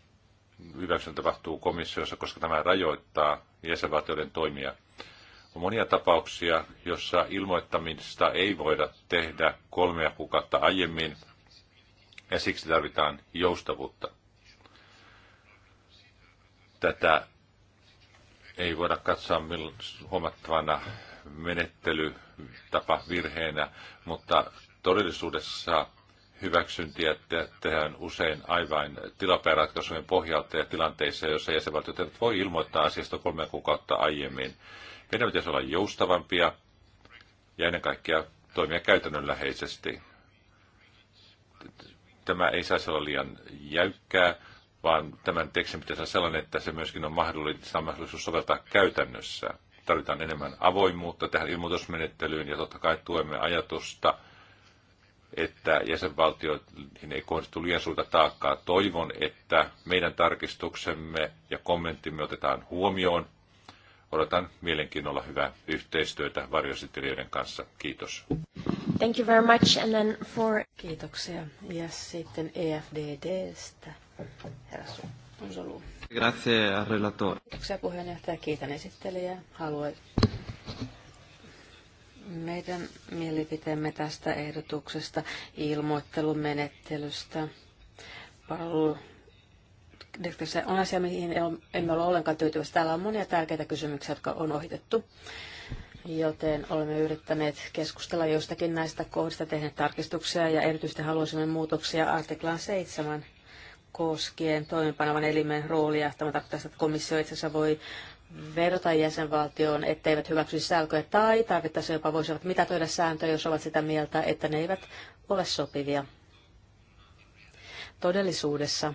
hyväksyntä tapahtuu komissiossa, koska tämä rajoittaa jäsenvaltioiden toimia. On monia tapauksia, jossa ilmoittamista ei voida tehdä kolmea kuukautta aiemmin, ja siksi tarvitaan joustavuutta. Tätä ei voida katsoa huomattavana menettelytapa virheenä, mutta todellisuudessa hyväksyntiä tehdään usein aivan tilapäiratkaisujen pohjalta ja tilanteissa, joissa jäsenvaltiot eivät voi ilmoittaa asiasta kolme kuukautta aiemmin. Meidän pitäisi olla joustavampia ja ennen kaikkea toimia käytännönläheisesti. Tämä ei saisi olla liian jäykkää, vaan tämän tekstin pitäisi olla sellainen, että se myöskin on mahdollisuus soveltaa käytännössä. Tarvitaan enemmän avoimuutta tähän ilmoitusmenettelyyn ja totta kai tuemme ajatusta – että jäsenvaltioihin ei kohdistu liian suurta taakkaa. Toivon, että meidän tarkistuksemme ja kommenttimme otetaan huomioon. Odotan mielenkiinnolla hyvää yhteistyötä varjosittelijöiden kanssa. Kiitos. Thank you very much. And then for... Kiitoksia. Ja sitten EFDDstä. Herra Solu. Grazie, relatore. Kiitoksia puheenjohtaja. Kiitän esittelijää. Haluan meidän mielipiteemme tästä ehdotuksesta ilmoittelumenettelystä. Palvelu on asia, mihin emme ole ollenkaan tyytyväisiä. Täällä on monia tärkeitä kysymyksiä, jotka on ohitettu joten olemme yrittäneet keskustella joistakin näistä kohdista, tehneet tarkistuksia ja erityisesti haluaisimme muutoksia artiklaan 7 koskien toimenpanovan elimen roolia. Tämä tarkoittaa, että komissio itse asiassa voi vedota jäsenvaltioon, etteivät hyväksyisi sääntöjä tai tarvittaessa jopa voisivat mitätöidä sääntöjä, jos ovat sitä mieltä, että ne eivät ole sopivia. Todellisuudessa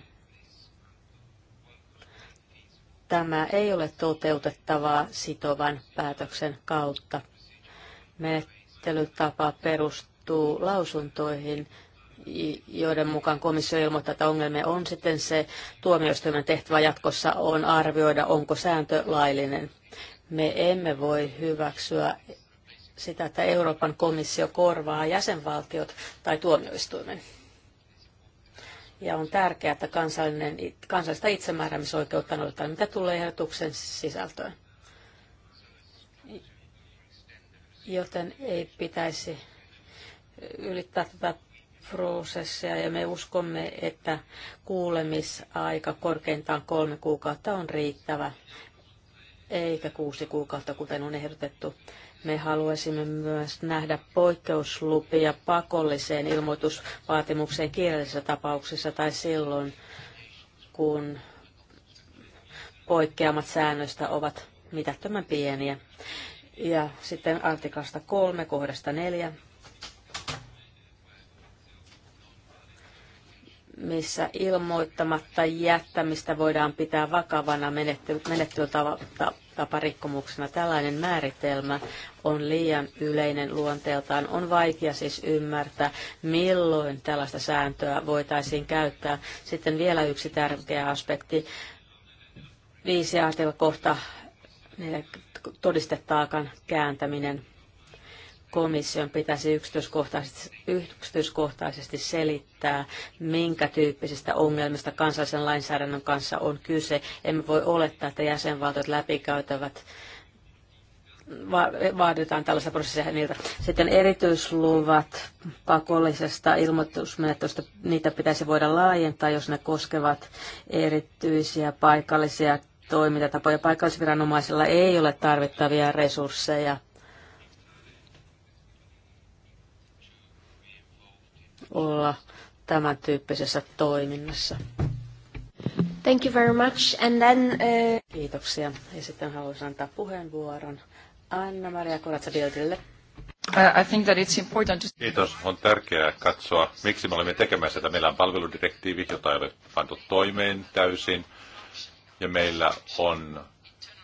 tämä ei ole toteutettavaa sitovan päätöksen kautta. Menettelytapa perustuu lausuntoihin, joiden mukaan komissio ilmoittaa, että ongelmia on sitten se tuomioistuimen tehtävä jatkossa on arvioida, onko sääntö laillinen. Me emme voi hyväksyä sitä, että Euroopan komissio korvaa jäsenvaltiot tai tuomioistuimen. Ja on tärkeää, että kansallinen, kansallista itsemääräämisoikeutta noudatetaan, mitä tulee ehdotuksen sisältöön. Joten ei pitäisi ylittää tätä prosessia ja me uskomme, että kuulemisaika korkeintaan kolme kuukautta on riittävä, eikä kuusi kuukautta, kuten on ehdotettu. Me haluaisimme myös nähdä poikkeuslupia pakolliseen ilmoitusvaatimukseen kielellisissä tapauksissa tai silloin, kun poikkeamat säännöistä ovat mitättömän pieniä. Ja sitten artiklasta 3, kohdasta 4 missä ilmoittamatta jättämistä voidaan pitää vakavana menettelytaparikkomuksena. Tällainen määritelmä on liian yleinen luonteeltaan. On vaikea siis ymmärtää, milloin tällaista sääntöä voitaisiin käyttää. Sitten vielä yksi tärkeä aspekti. Viisi artikla kohta todistetaakan kääntäminen komission pitäisi yksityiskohtaisesti, yksityiskohtaisesti selittää, minkä tyyppisistä ongelmista kansallisen lainsäädännön kanssa on kyse. Emme voi olettaa, että jäsenvaltiot läpikäytävät vaaditaan tällaista prosessia niiltä. Sitten erityisluvat pakollisesta ilmoitusmenettelystä, niitä pitäisi voida laajentaa, jos ne koskevat erityisiä paikallisia toimintatapoja. Paikallisviranomaisilla ei ole tarvittavia resursseja olla tämän tyyppisessä toiminnassa. Thank you very much. And then, uh... Kiitoksia. Ja sitten haluaisin antaa puheenvuoron Anna-Maria koratsa biltille uh, I think that it's important to... Kiitos. On tärkeää katsoa, miksi me olemme tekemässä sitä. Meillä on palveludirektiivi, jota ei ole pantu toimeen täysin, ja meillä on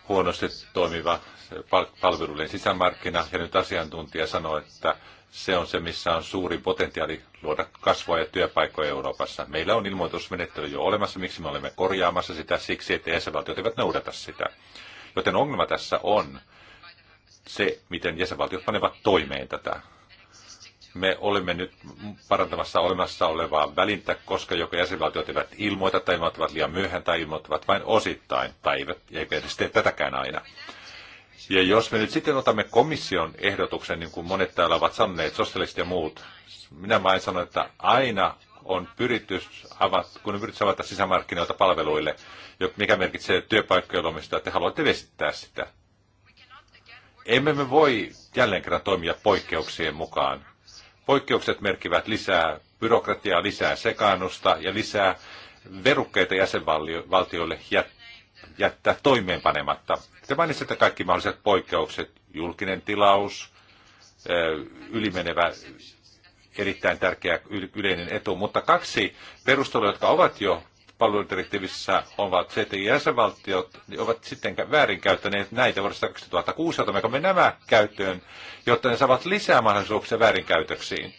huonosti toimiva palveluiden sisämarkkina, ja nyt asiantuntija sanoo, että se on se, missä on suuri potentiaali luoda kasvua ja työpaikkoja Euroopassa. Meillä on ilmoitusmenettely jo olemassa. Miksi me olemme korjaamassa sitä? Siksi, että jäsenvaltiot eivät noudata sitä. Joten ongelma tässä on se, miten jäsenvaltiot panevat toimeen tätä me olemme nyt parantamassa olemassa olevaa välintä, koska joko jäsenvaltiot eivät ilmoita tai ilmoittavat liian myöhään tai ilmoittavat vain osittain tai eivät, eivät edes tee tätäkään aina. Ja jos me nyt sitten otamme komission ehdotuksen, niin kuin monet täällä ovat sanneet, sosialistit ja muut, minä vain sanon, että aina on pyritys avata, kun yritys avata sisämarkkinoita palveluille, mikä merkitsee työpaikkojen luomista, että te haluatte vesittää sitä. Emme me voi jälleen kerran toimia poikkeuksien mukaan. Poikkeukset merkivät lisää byrokratiaa, lisää sekaannusta ja lisää verukkeita jäsenvaltioille ja jättää toimeenpanematta. Te mainitsitte kaikki mahdolliset poikkeukset, julkinen tilaus, ylimenevä erittäin tärkeä yleinen etu, mutta kaksi perustelua, jotka ovat jo palveludirektiivissä ovat se, että jäsenvaltiot ovat sitten väärinkäyttäneet näitä vuodesta 2006, me nämä käyttöön, jotta ne saavat lisää mahdollisuuksia väärinkäytöksiin.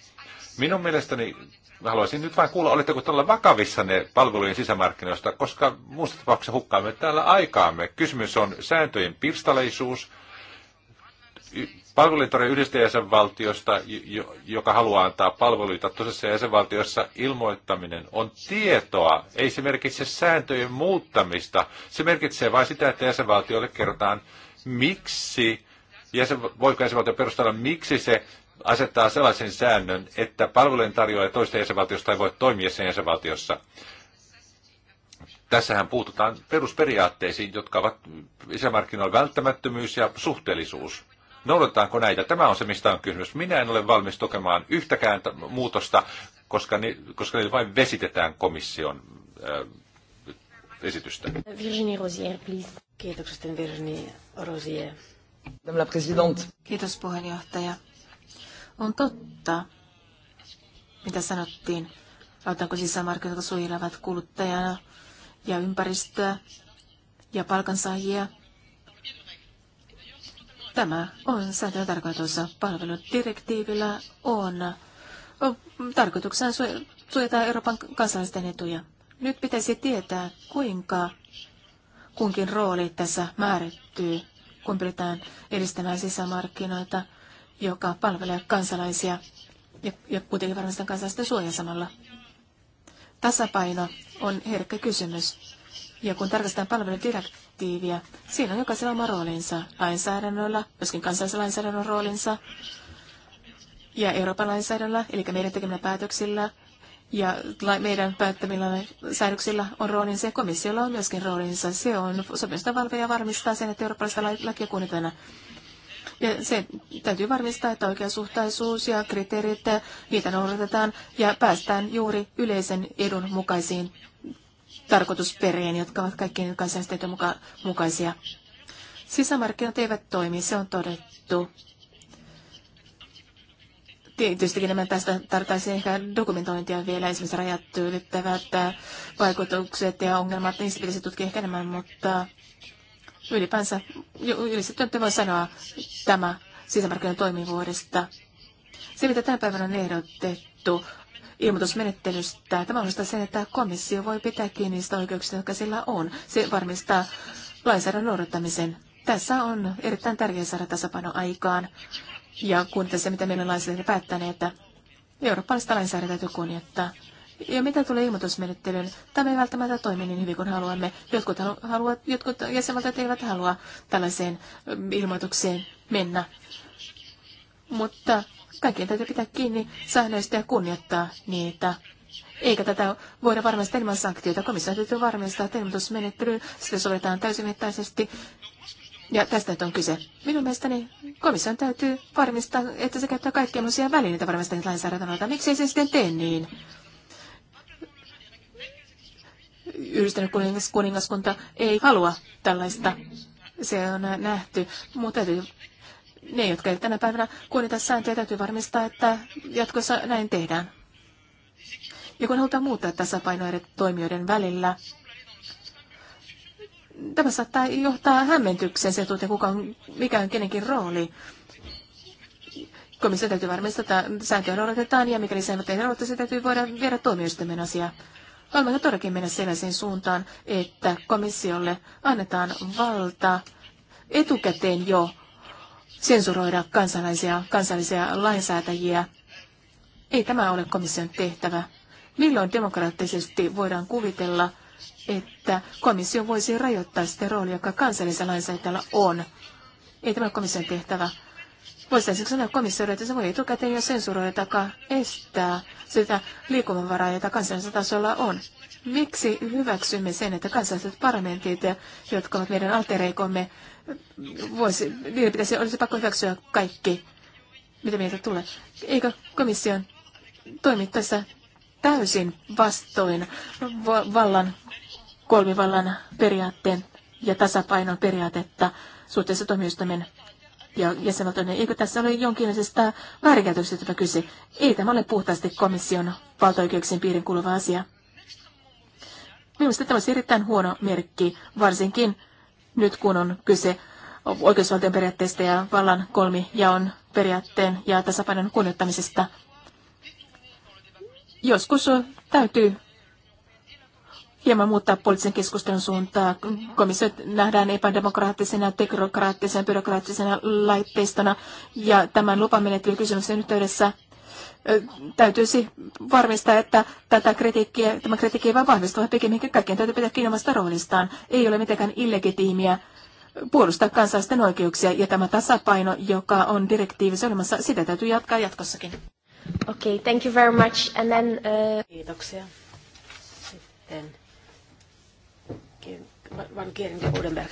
Minun mielestäni Mä haluaisin nyt vain kuulla, oletteko todella vakavissa ne palvelujen sisämarkkinoista, koska muusta tapauksessa hukkaamme täällä aikaamme. Kysymys on sääntöjen pirstaleisuus, palvelujen yhdestä jäsenvaltiosta, joka haluaa antaa palveluita toisessa jäsenvaltiossa, ilmoittaminen on tietoa. Ei se merkitse sääntöjen muuttamista. Se merkitsee vain sitä, että jäsenvaltiolle kerrotaan, miksi jäsen, voiko jäsenvaltio perustella, miksi se asettaa sellaisen säännön, että palvelujen tarjoaja toista jäsenvaltiosta ei voi toimia sen jäsenvaltiossa. Tässähän puututaan perusperiaatteisiin, jotka ovat isämarkkinoilla välttämättömyys ja suhteellisuus. Noudatetaanko näitä? Tämä on se, mistä on kysymys. Minä en ole valmis tokemaan yhtäkään muutosta, koska ne, koska ne vain vesitetään komission äh, esitystä. Virginie Rosier, please. Kiitokset, Virginie Rosier. Kiitos puheenjohtaja. On totta, mitä sanottiin. Autanko sisämarkkinoita suojelevat kuluttajana ja ympäristöä ja palkansaajia? Tämä on sääntöjen tarkoitus. Palveludirektiivillä on, on tarkoituksena suojata Euroopan kansalaisten etuja. Nyt pitäisi tietää, kuinka kunkin rooli tässä määrittyy, kun pyritään edistämään sisämarkkinoita – joka palvelee kansalaisia ja, ja kuitenkin varmistaa kansalaisten suojan samalla. Tasapaino on herkkä kysymys. Ja kun tarkastetaan palveludirektiiviä, siinä on jokaisella oma roolinsa lainsäädännöllä, myöskin kansallislainsäädännön roolinsa ja Euroopan lainsäädännöllä, eli meidän tekemillä päätöksillä ja meidän päättämillä säädöksillä on roolinsa ja komissiolla on myöskin roolinsa. Se on sopimusta valvoja varmistaa sen, että eurooppalaista lakia kunnitetaan. Ja se täytyy varmistaa, että oikeasuhtaisuus ja kriteerit, eh, niitä noudatetaan ja päästään juuri yleisen edun mukaisiin tarkoitusperiin, jotka ovat kaikkien kansallisten muka- mukaisia. Sisämarkkinat eivät toimi, se on todettu. Tietysti enemmän tästä tarvitaan ehkä dokumentointia vielä, esimerkiksi rajat ylittävät eh, vaikutukset ja ongelmat, niistä pitäisi tutkia ehkä enemmän, mutta ylipäänsä, ylistetty voi sanoa tämä sisämarkkinoiden toimivuudesta. Se, mitä tämän päivänä on ehdotettu ilmoitusmenettelystä, tämä mahdollistaa sen, että komissio voi pitää kiinni niistä oikeuksista, jotka sillä on. Se varmistaa lainsäädännön noudattamisen. Tässä on erittäin tärkeää saada tasapaino aikaan. Ja kun tässä, mitä meillä on lainsäädäntö päättäneet, että eurooppalaista lainsäädäntöä täytyy kunnioittaa. Ja mitä tulee ilmoitusmenettelyyn, tämä ei välttämättä toimi niin hyvin kuin haluamme. Jotkut, halu, haluat, jotkut jäsenvaltiot eivät halua tällaiseen ähm, ilmoitukseen mennä. Mutta kaikkien täytyy pitää kiinni säännöistä ja kunnioittaa niitä. Eikä tätä voida varmistaa ilman sanktioita. Komissio täytyy varmistaa, että ilmoitusmenettely sitä täysimittaisesti. Ja tästä on kyse. Minun mielestäni komission täytyy varmistaa, että se käyttää kaikkia välineitä varmistaa lainsäädännöltä. Miksi ei se sitten tee niin? yhdistynyt kuningas, kuningaskunta ei halua tällaista. Se on nähty, mutta täytyy ne, jotka eivät tänä päivänä kuunnita sääntöjä, täytyy varmistaa, että jatkossa näin tehdään. Ja kun halutaan muuttaa tasapainoa eri toimijoiden välillä, tämä saattaa johtaa hämmentykseen se, että kuka on, mikä on kenenkin rooli. Komissio täytyy varmistaa, että sääntöjä noudatetaan ja mikäli säännöt ei noudata, niin se täytyy voida viedä tuomioistuimen asia Haluamme todellakin mennä sellaiseen suuntaan, että komissiolle annetaan valta etukäteen jo sensuroida kansalaisia, kansallisia lainsäätäjiä. Ei tämä ole komission tehtävä. Milloin demokraattisesti voidaan kuvitella, että komissio voisi rajoittaa sitä roolia, joka kansallisella lainsäätäjällä on? Ei tämä ole komission tehtävä. Voisin sanoa komissiolle, että se voi etukäteen jo sensuroida tai estää sitä liikkumavaraa, jota kansallisella tasolla on. Miksi hyväksymme sen, että kansalliset parlamentit, jotka ovat meidän altereikomme, voisi, niiden pitäisi, olisi pakko hyväksyä kaikki, mitä meiltä tulee? Eikö komission toimi tässä täysin vastoin vallan, kolmivallan periaatteen ja tasapainon periaatetta suhteessa tuomioistuimen ja niin Eikö tässä ole jonkinlaisesta väärinkäytöksestä tuota kyse? Ei tämä ole puhtaasti komission valtoikeuksien piirin kuuluva asia. Minusta tämä olisi erittäin huono merkki, varsinkin nyt kun on kyse oikeusvaltion periaatteesta ja vallan kolmi on periaatteen ja tasapainon kunnioittamisesta. Joskus täytyy hieman muuttaa poliittisen keskustelun suuntaa. Komissiot nähdään epädemokraattisena, teknokraattisena, byrokraattisena laitteistona ja tämän lupamenettelykysymyksen yhteydessä täytyisi varmistaa, että tätä kritiikkiä, tämä kritiikki ei vaan vahvistua pikemminkin. Kaikkien täytyy pitää kiinni omasta roolistaan. Ei ole mitenkään illegitiimiä puolustaa kansalaisten oikeuksia ja tämä tasapaino, joka on direktiivissä olemassa, sitä täytyy jatkaa jatkossakin. Okei, okay, thank you very much. And then, uh... Kiitoksia. Sitten Van Kiering ja Uudenberg.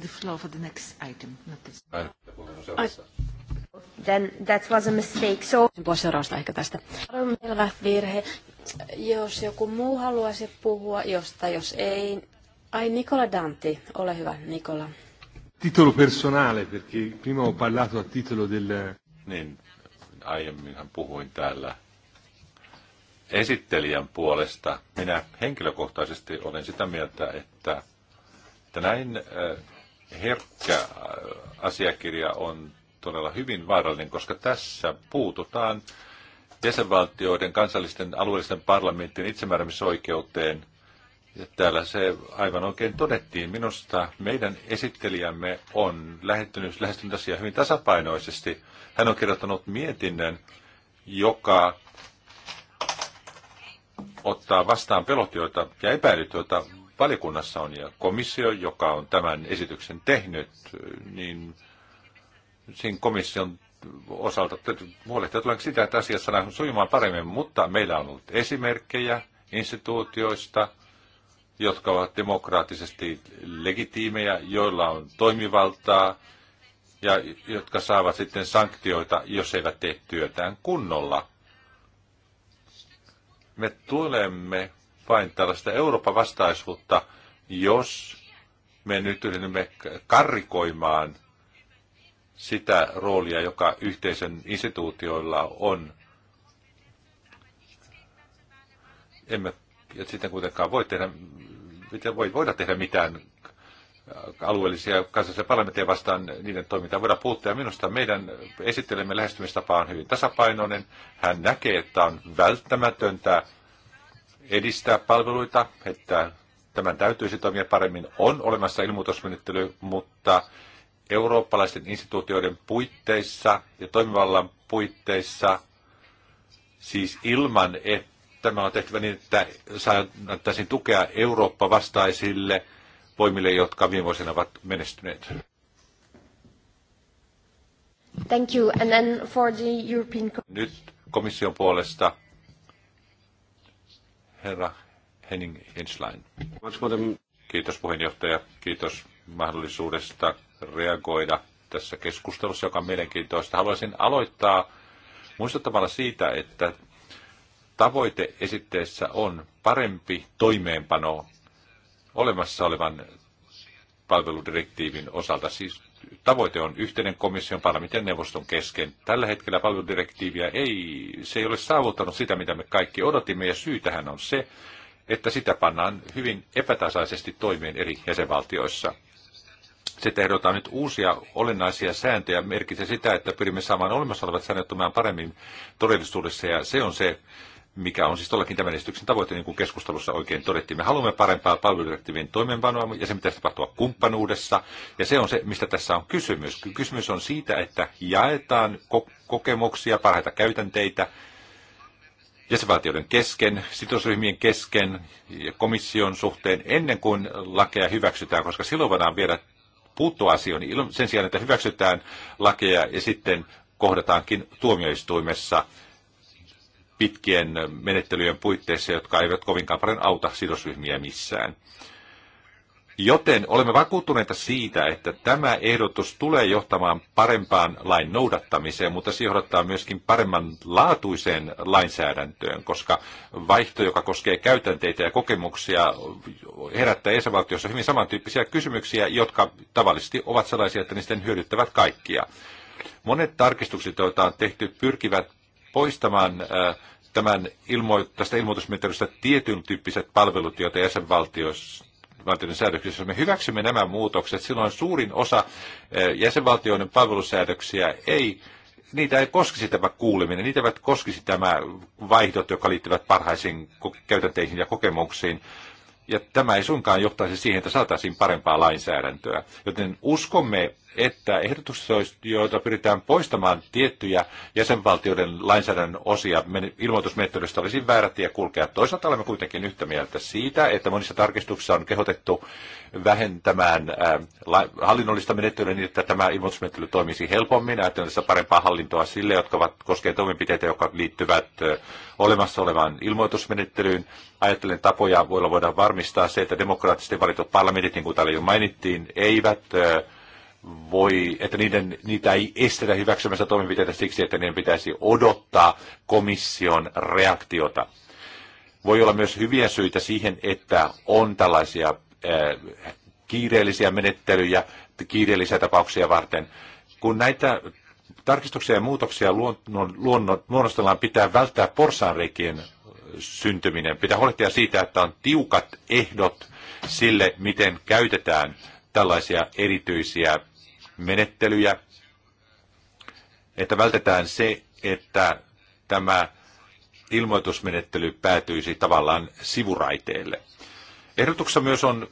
The floor for the next item, not this. Ai. Then that was a mistake. So... Pois seuraavasta ehkä tästä. Selvä virhe. Jos joku muu haluaisi puhua josta, jos ei... Ai Nicola Danti, ole hyvä Nicola. Titolo personale, perché prima ho parlato a titolo del... Niin, aiemminhan puhuin täällä esittelijän puolesta. Minä henkilökohtaisesti olen sitä mieltä, että että näin äh, herkkä äh, asiakirja on todella hyvin vaarallinen, koska tässä puututaan jäsenvaltioiden kansallisten alueellisten parlamenttien itsemääräämisoikeuteen. Ja täällä se aivan oikein todettiin. Minusta meidän esittelijämme on lähestynyt, lähestynyt asiaa hyvin tasapainoisesti. Hän on kirjoittanut mietinnön, joka ottaa vastaan pelot joita, ja epäilyt, joita valiokunnassa on ja komissio, joka on tämän esityksen tehnyt, niin siinä komission osalta huolehtia tulee sitä, että asiat saadaan sujumaan paremmin, mutta meillä on ollut esimerkkejä instituutioista, jotka ovat demokraattisesti legitiimejä, joilla on toimivaltaa ja jotka saavat sitten sanktioita, jos eivät tee työtään kunnolla. Me tulemme vain tällaista Euroopan vastaisuutta, jos me nyt yritämme karrikoimaan sitä roolia, joka yhteisen instituutioilla on. Emme sitten kuitenkaan voi tehdä, voi, voida tehdä mitään alueellisia kansallisia parlamentteja vastaan niiden toimintaa voidaan puuttua. minusta meidän esittelemme lähestymistapa on hyvin tasapainoinen. Hän näkee, että on välttämätöntä edistää palveluita, että tämän täytyisi toimia paremmin. On olemassa ilmoitusmenettely, mutta eurooppalaisten instituutioiden puitteissa ja toimivallan puitteissa, siis ilman, että tämä on tehtävä niin, että saataisiin tukea Eurooppa-vastaisille voimille, jotka viime vuosina ovat menestyneet. Thank you. And then for the European... Nyt komission puolesta herra Henning Henschlein. Kiitos puheenjohtaja. Kiitos mahdollisuudesta reagoida tässä keskustelussa, joka on mielenkiintoista. Haluaisin aloittaa muistuttamalla siitä, että tavoite esitteessä on parempi toimeenpano olemassa olevan palveludirektiivin osalta, siis tavoite on yhteinen komission parlamentin neuvoston kesken. Tällä hetkellä palveludirektiiviä ei, se ei ole saavuttanut sitä, mitä me kaikki odotimme, ja syy tähän on se, että sitä pannaan hyvin epätasaisesti toimeen eri jäsenvaltioissa. Se tehdään nyt uusia olennaisia sääntöjä, merkitsee sitä, että pyrimme saamaan olemassa olevat säännöt paremmin todellisuudessa, ja se on se mikä on siis tuollakin tämän esityksen tavoite, niin kuin keskustelussa oikein todettiin. Me haluamme parempaa palveludirektiivien toimeenpanoa, ja se pitäisi tapahtua kumppanuudessa, ja se on se, mistä tässä on kysymys. Kysymys on siitä, että jaetaan kokemuksia, parhaita käytänteitä, jäsenvaltioiden kesken, sitosryhmien kesken ja komission suhteen ennen kuin lakeja hyväksytään, koska silloin voidaan viedä puuttua asioon sen sijaan, että hyväksytään lakeja ja sitten kohdataankin tuomioistuimessa – pitkien menettelyjen puitteissa, jotka eivät kovinkaan paljon auta sidosryhmiä missään. Joten olemme vakuuttuneita siitä, että tämä ehdotus tulee johtamaan parempaan lain noudattamiseen, mutta se johdattaa myöskin paremman laatuiseen lainsäädäntöön, koska vaihto, joka koskee käytänteitä ja kokemuksia, herättää jäsenvaltiossa hyvin samantyyppisiä kysymyksiä, jotka tavallisesti ovat sellaisia, että niistä hyödyttävät kaikkia. Monet tarkistukset, joita on tehty, pyrkivät poistamaan äh, tämän ilmo- tästä ilmoitusmenettelystä tietyn tyyppiset palvelut, joita jäsenvaltioissa jäsenvaltioiden säädöksissä. me hyväksymme nämä muutokset, silloin suurin osa äh, jäsenvaltioiden palvelusäädöksiä ei, niitä ei koskisi tämä kuuleminen, niitä eivät koskisi tämä vaihdot, jotka liittyvät parhaisiin käytänteihin ja kokemuksiin. Ja tämä ei suinkaan johtaisi siihen, että saataisiin parempaa lainsäädäntöä. Joten uskomme että ehdotus, joita pyritään poistamaan tiettyjä jäsenvaltioiden lainsäädännön osia ilmoitusmenettelystä, olisi väärä tie kulkea. Toisaalta olemme kuitenkin yhtä mieltä siitä, että monissa tarkistuksissa on kehotettu vähentämään hallinnollista menettelyä niin, että tämä ilmoitusmenettely toimisi helpommin, ajattelen parempaa hallintoa sille, jotka ovat, koskevat toimenpiteitä, jotka liittyvät olemassa olevaan ilmoitusmenettelyyn. Ajattelen tapoja, joilla voidaan varmistaa se, että demokraattisesti valitut parlamentit, niin kuin täällä jo mainittiin, eivät voi, että niiden, niitä ei estetä hyväksymästä toimenpiteitä siksi, että niiden pitäisi odottaa komission reaktiota. Voi olla myös hyviä syitä siihen, että on tällaisia äh, kiireellisiä menettelyjä, kiireellisiä tapauksia varten. Kun näitä tarkistuksia ja muutoksia luon, luon, luonnostellaan, pitää välttää porsaanreikien syntyminen. Pitää huolehtia siitä, että on tiukat ehdot sille, miten käytetään tällaisia erityisiä menettelyjä, että vältetään se, että tämä ilmoitusmenettely päätyisi tavallaan sivuraiteelle. Ehdotuksessa myös on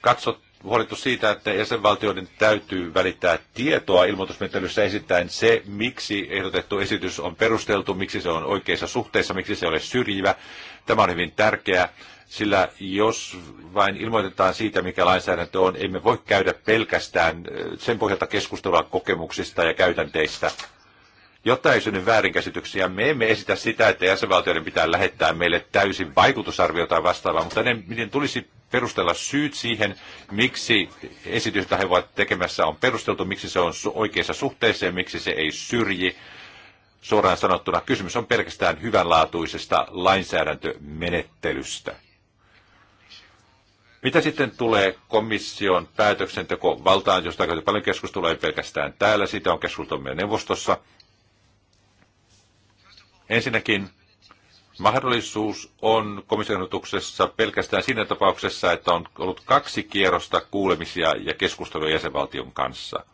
katsottu huolittu siitä, että jäsenvaltioiden täytyy välittää tietoa ilmoitusmenettelyssä esittäen se, miksi ehdotettu esitys on perusteltu, miksi se on oikeissa suhteissa, miksi se ei ole syrjivä. Tämä on hyvin tärkeää, sillä jos vain ilmoitetaan siitä, mikä lainsäädäntö on, emme voi käydä pelkästään sen pohjalta keskustelua kokemuksista ja käytänteistä. Jotta ei synny väärinkäsityksiä, me emme esitä sitä, että jäsenvaltioiden pitää lähettää meille täysin vaikutusarviota vastaavaa, mutta ne, miten tulisi perustella syyt siihen, miksi esitys, jota he ovat tekemässä, on perusteltu, miksi se on oikeassa suhteessa ja miksi se ei syrji. Suoraan sanottuna kysymys on pelkästään hyvänlaatuisesta lainsäädäntömenettelystä. Mitä sitten tulee komission päätöksenteko valtaan, josta on käyty paljon keskustelua, ei pelkästään täällä, siitä on keskusteltu meidän neuvostossa. Ensinnäkin mahdollisuus on komission pelkästään siinä tapauksessa, että on ollut kaksi kierrosta kuulemisia ja keskustelua jäsenvaltion kanssa –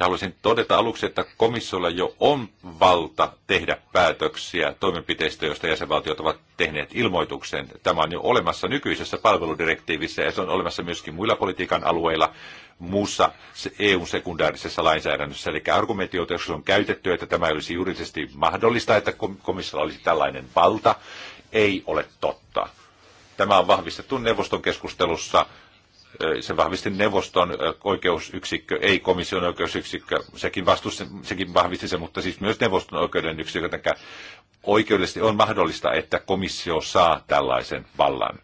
ja haluaisin todeta aluksi, että komissiolla jo on valta tehdä päätöksiä toimenpiteistä, joista jäsenvaltiot ovat tehneet ilmoituksen. Tämä on jo olemassa nykyisessä palveludirektiivissä ja se on olemassa myöskin muilla politiikan alueilla muussa EUn e sekundaarisessa lainsäädännössä. Eli argumentioita, jos on käytetty, että tämä olisi juridisesti mahdollista, että komissiolla olisi tällainen valta, ei ole totta. Tämä on vahvistettu neuvoston keskustelussa se vahvisti neuvoston oikeusyksikkö, ei komission oikeusyksikkö. Sekin, vastusti, sekin vahvisti se, mutta siis myös neuvoston oikeuden yksikkö. Oikeudellisesti on mahdollista, että komissio saa tällaisen vallan.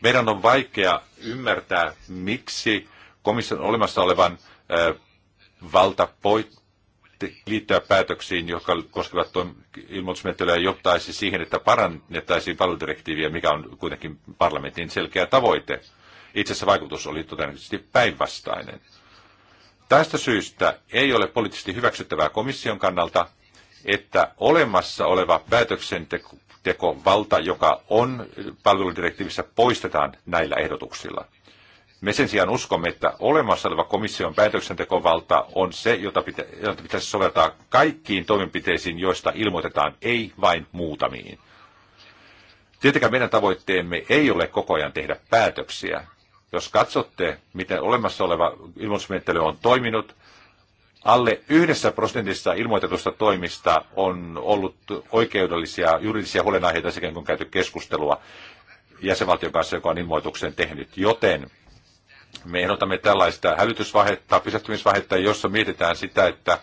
Meidän on vaikea ymmärtää, miksi komission olemassa olevan valta liittyä päätöksiin, jotka koskevat ilmoitusmenettelyä, johtaisi siihen, että parannettaisiin valodirektiiviä, mikä on kuitenkin parlamentin selkeä tavoite. Itse asiassa vaikutus oli todennäköisesti päinvastainen. Tästä syystä ei ole poliittisesti hyväksyttävää komission kannalta, että olemassa oleva päätöksentekovalta, joka on palveludirektiivissä, poistetaan näillä ehdotuksilla. Me sen sijaan uskomme, että olemassa oleva komission päätöksentekovalta on se, jota, pitä, jota pitäisi soveltaa kaikkiin toimenpiteisiin, joista ilmoitetaan, ei vain muutamiin. Tietenkään meidän tavoitteemme ei ole koko ajan tehdä päätöksiä. Jos katsotte, miten olemassa oleva ilmoitusmenettely on toiminut, alle yhdessä prosentissa ilmoitetusta toimista on ollut oikeudellisia, juridisia huolenaiheita sekä kun on käyty keskustelua jäsenvaltion kanssa, joka on ilmoituksen tehnyt. Joten me ehdotamme tällaista hälytysvaihetta, pysähtymisvaihetta, jossa mietitään sitä, että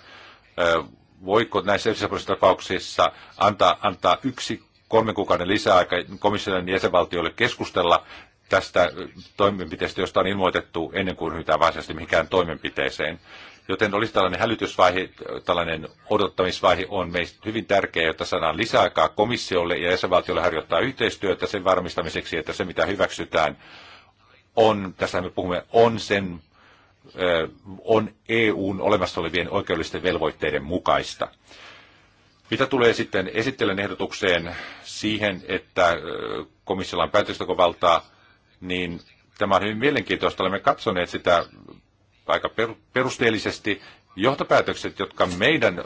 voiko näissä tapauksissa antaa, antaa yksi kolmen kuukauden lisäaika komission jäsenvaltioille keskustella tästä toimenpiteestä, josta on ilmoitettu ennen kuin ryhdytään varsinaisesti mihinkään toimenpiteeseen. Joten olisi tällainen hälytysvaihe, tällainen odottamisvaihe on meistä hyvin tärkeä, jotta saadaan lisäaikaa komissiolle ja jäsenvaltiolle harjoittaa yhteistyötä sen varmistamiseksi, että se mitä hyväksytään on, tässä me puhumme, on sen on EUn olemassa olevien oikeudellisten velvoitteiden mukaista. Mitä tulee sitten esittelen ehdotukseen siihen, että komissiolla on päätöksentekovaltaa, niin tämä on hyvin mielenkiintoista. Olemme katsoneet sitä aika perusteellisesti. Johtopäätökset, jotka meidän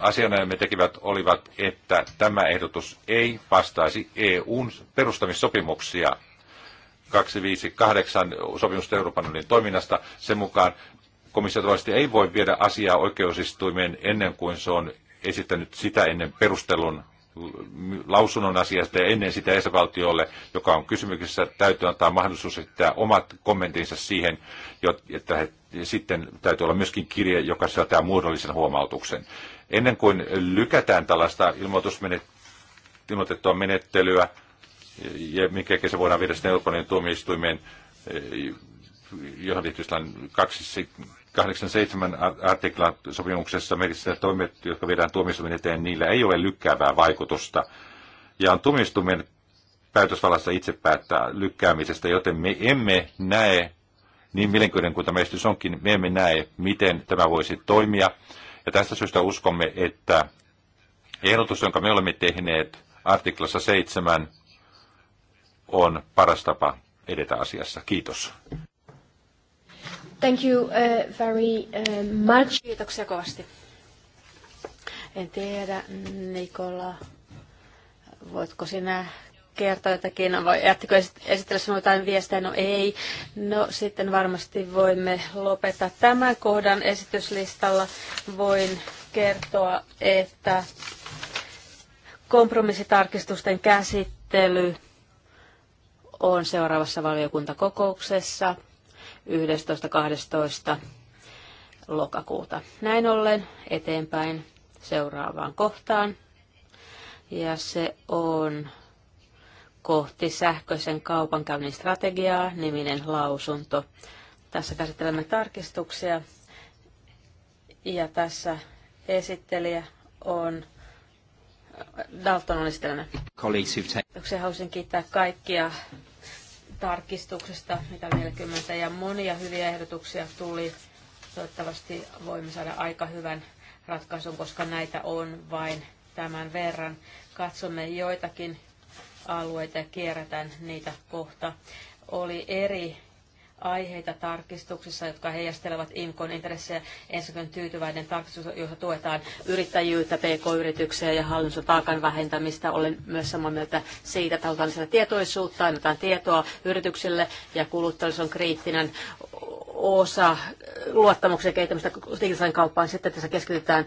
asianajamme tekivät, olivat, että tämä ehdotus ei vastaisi EUn perustamissopimuksia 258 sopimusta Euroopan unionin toiminnasta. Sen mukaan komissiotuvalisesti ei voi viedä asiaa oikeusistuimeen ennen kuin se on esittänyt sitä ennen perustelun lausunnon asiasta ja ennen sitä esivaltiolle, joka on kysymyksessä, täytyy antaa mahdollisuus esittää omat kommentinsa siihen, että he, sitten täytyy olla myöskin kirje, joka sisältää muodollisen huomautuksen. Ennen kuin lykätään tällaista ilmoitettua menettelyä, ja minkä se voidaan viedä sitten Euroopan tuomioistuimeen, johon liittyy 87 artikla sopimuksessa merissä toimet, jotka viedään tuomistuminen eteen, niillä ei ole lykkäävää vaikutusta. Ja on tuomistuminen päätösvallassa itse päättää lykkäämisestä, joten me emme näe, niin mielenkiintoinen kuin tämä esitys onkin, me emme näe, miten tämä voisi toimia. Ja tästä syystä uskomme, että ehdotus, jonka me olemme tehneet artiklassa 7, on paras tapa edetä asiassa. Kiitos. Thank you uh, very uh, much. Kiitoksia kovasti. En tiedä, Nikola, voitko sinä kertoa jotakin, vai jättikö esitellä sinulle jotain viestejä, no ei. No sitten varmasti voimme lopettaa tämän kohdan esityslistalla. Voin kertoa, että kompromissitarkistusten käsittely on seuraavassa valiokuntakokouksessa. 11.12. lokakuuta. Näin ollen eteenpäin seuraavaan kohtaan. Ja se on kohti sähköisen kaupankäynnin strategiaa niminen lausunto. Tässä käsittelemme tarkistuksia ja tässä esittelijä on Dalton on esitellinen. Haluaisin kiittää kaikkia tarkistuksesta, mitä 40, ja monia hyviä ehdotuksia tuli. Toivottavasti voimme saada aika hyvän ratkaisun, koska näitä on vain tämän verran. Katsomme joitakin alueita ja kierrätään niitä kohta. Oli eri aiheita tarkistuksissa, jotka heijastelevat IMKon intressejä. Ensinnäkin tyytyväinen tarkistus, jossa tuetaan yrittäjyyttä, pk-yrityksiä ja hallinnon taakan vähentämistä. Olen myös samaa mieltä siitä, että halutaan lisätä tietoisuutta, annetaan tietoa yrityksille ja kuluttajille on kriittinen osa luottamuksen kehittämistä digitaalisen kauppaan. Sitten tässä keskitytään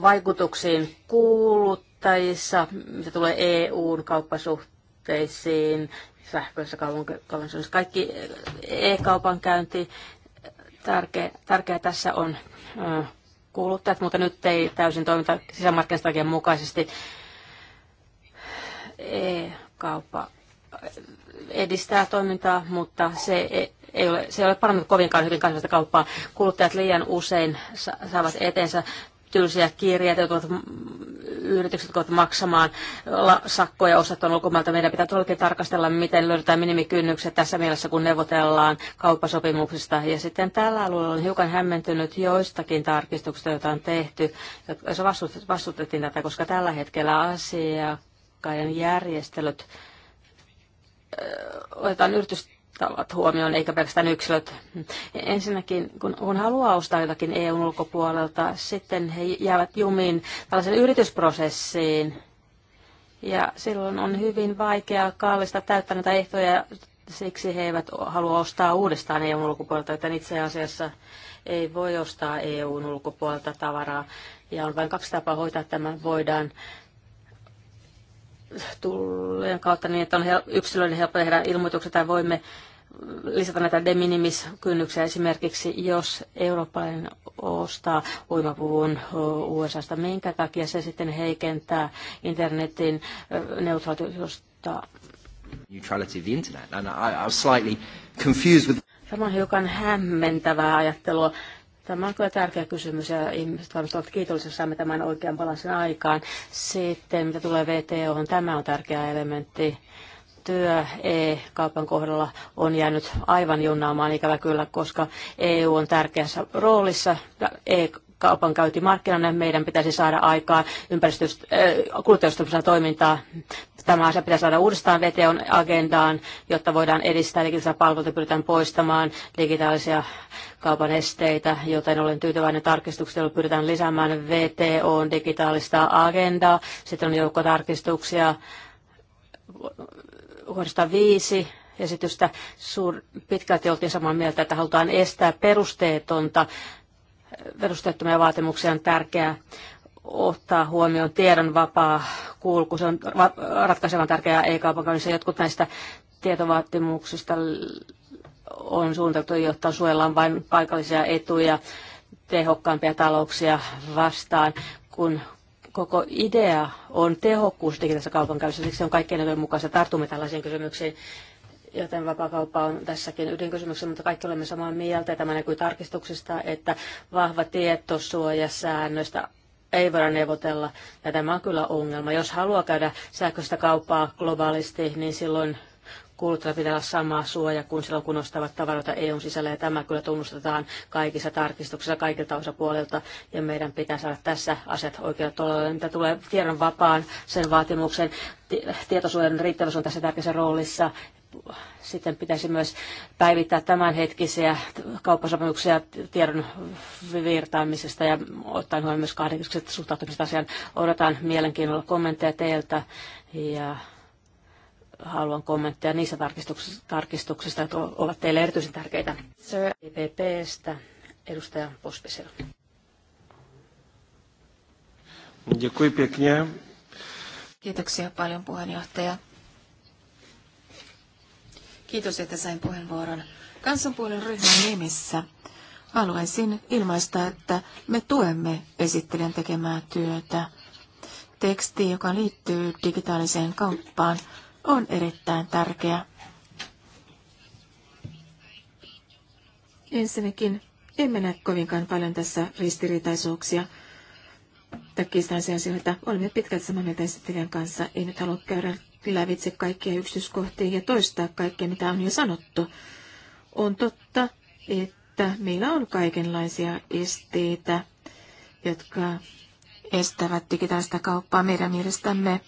vaikutuksiin kuluttajissa, mitä tulee EUn kauppasuhteen tuotteisiin, sähköisessä kaupankäynnissä. Kaikki eh, e-kaupan käynti, tärkeä, tärkeä tässä on kuluttajat, mutta nyt ei täysin toiminta sisämarkkinastrategian mukaisesti. E-kauppa edistää toimintaa, mutta se e, ei ole, se ei ole parannut kovinkaan hyvin kansallista kauppaa. Kuluttajat liian usein saavat eteensä tylsiä kirjeitä, joutuvat yritykset ovat maksamaan sakkoja osaton ulkomailta. Meidän pitää todellakin tarkastella, miten löydetään minimikynnykset tässä mielessä, kun neuvotellaan kauppasopimuksista. Ja sitten tällä alueella on hiukan hämmentynyt joistakin tarkistuksista, joita on tehty, joissa vastustettiin tätä, koska tällä hetkellä asiakkaiden järjestelyt otetaan yritystä ottavat huomioon, eikä pelkästään yksilöt. Ensinnäkin, kun, kun haluaa ostaa jotakin EUn ulkopuolelta, sitten he jäävät jumiin tällaisen yritysprosessiin. Ja silloin on hyvin vaikea kallista täyttää näitä ehtoja, siksi he eivät halua ostaa uudestaan EUn ulkopuolelta, joten itse asiassa ei voi ostaa EUn ulkopuolelta tavaraa. Ja on vain kaksi tapaa hoitaa tämä. Voidaan tulleen kautta niin, että on yksilöiden helppo tehdä ilmoituksia tai voimme lisätä näitä de minimis kynnyksiä esimerkiksi, jos eurooppalainen ostaa uimapuvun USAsta, minkä takia se sitten heikentää internetin neutraalisuutta. Neutrality of the internet, and I, I was slightly confused with... Tämä on hiukan hämmentävää ajattelua Tämä on kyllä tärkeä kysymys ja ihmiset varmasti ovat kiitollisia, saamme tämän oikean balanssin aikaan. Sitten mitä tulee VTO, tämä on tärkeä elementti työ e-kaupan kohdalla on jäänyt aivan junnaamaan ikävä kyllä, koska EU on tärkeässä roolissa markkinoille, meidän pitäisi saada aikaan äh, kuluttajaystävällisellä toimintaa. Tämä asia pitää saada uudestaan VTOn agendaan, jotta voidaan edistää digitaalisia palveluita, pyritään poistamaan digitaalisia kaupan esteitä, joten olen tyytyväinen tarkistuksesta, joilla pyritään lisäämään VTOn digitaalista agendaa. Sitten on joukko tarkistuksia kohdasta viisi esitystä. Suur, pitkälti oltiin samaa mieltä, että halutaan estää perusteetonta perusteettomia vaatimuksia on tärkeää ottaa huomioon tiedon vapaa kulku. Se on ratkaisevan tärkeää e-kaupankäynnissä. Jotkut näistä tietovaatimuksista on suunniteltu, jotta suojellaan vain paikallisia etuja tehokkaampia talouksia vastaan, kun koko idea on tehokkuus digitaalisessa kaupankäynnissä. Siksi on kaikkein mukaista tartumme tällaisiin kysymyksiin joten vapaakauppa on tässäkin ydinkysymyksessä, mutta kaikki olemme samaa mieltä, tämä näkyy tarkistuksista, että vahva tietosuojasäännöistä ei voida neuvotella, ja tämä on kyllä ongelma. Jos haluaa käydä sähköistä kauppaa globaalisti, niin silloin kuluttajilla pitää olla sama suoja kuin silloin, kun ostavat tavaroita EUn sisällä, ja tämä kyllä tunnustetaan kaikissa tarkistuksissa kaikilta osapuolilta, ja meidän pitää saada tässä asiat oikealla tolalle, Mitä tulee tiedon vapaan sen vaatimuksen, tietosuojan riittävyys on tässä tärkeässä roolissa, sitten pitäisi myös päivittää tämänhetkisiä kauppasopimuksia tiedon virtaamisesta ja ottaen huomioon myös kahdenkeskiset suhtautumiset asiaan. Odotan mielenkiinnolla kommentteja teiltä ja haluan kommentteja niistä tarkistuksista, jotka ovat teille erityisen tärkeitä. Sir. EPPstä edustaja Pospisil. Kiitoksia paljon puheenjohtaja. Kiitos, että sain puheenvuoron. Kansanpuolen ryhmän nimissä haluaisin ilmaista, että me tuemme esittelijän tekemää työtä. Teksti, joka liittyy digitaaliseen kauppaan, on erittäin tärkeä. Ensinnäkin emme näe kovinkaan paljon tässä ristiriitaisuuksia tai kiistanisia asioita. Olemme pitkälti samaa mieltä esittelijän kanssa. Ei nyt halua käydä lävitse kaikkia yksityiskohtia ja toistaa kaikkea, mitä on jo sanottu. On totta, että meillä on kaikenlaisia esteitä, jotka estävät digitaalista kauppaa meidän mielestämme.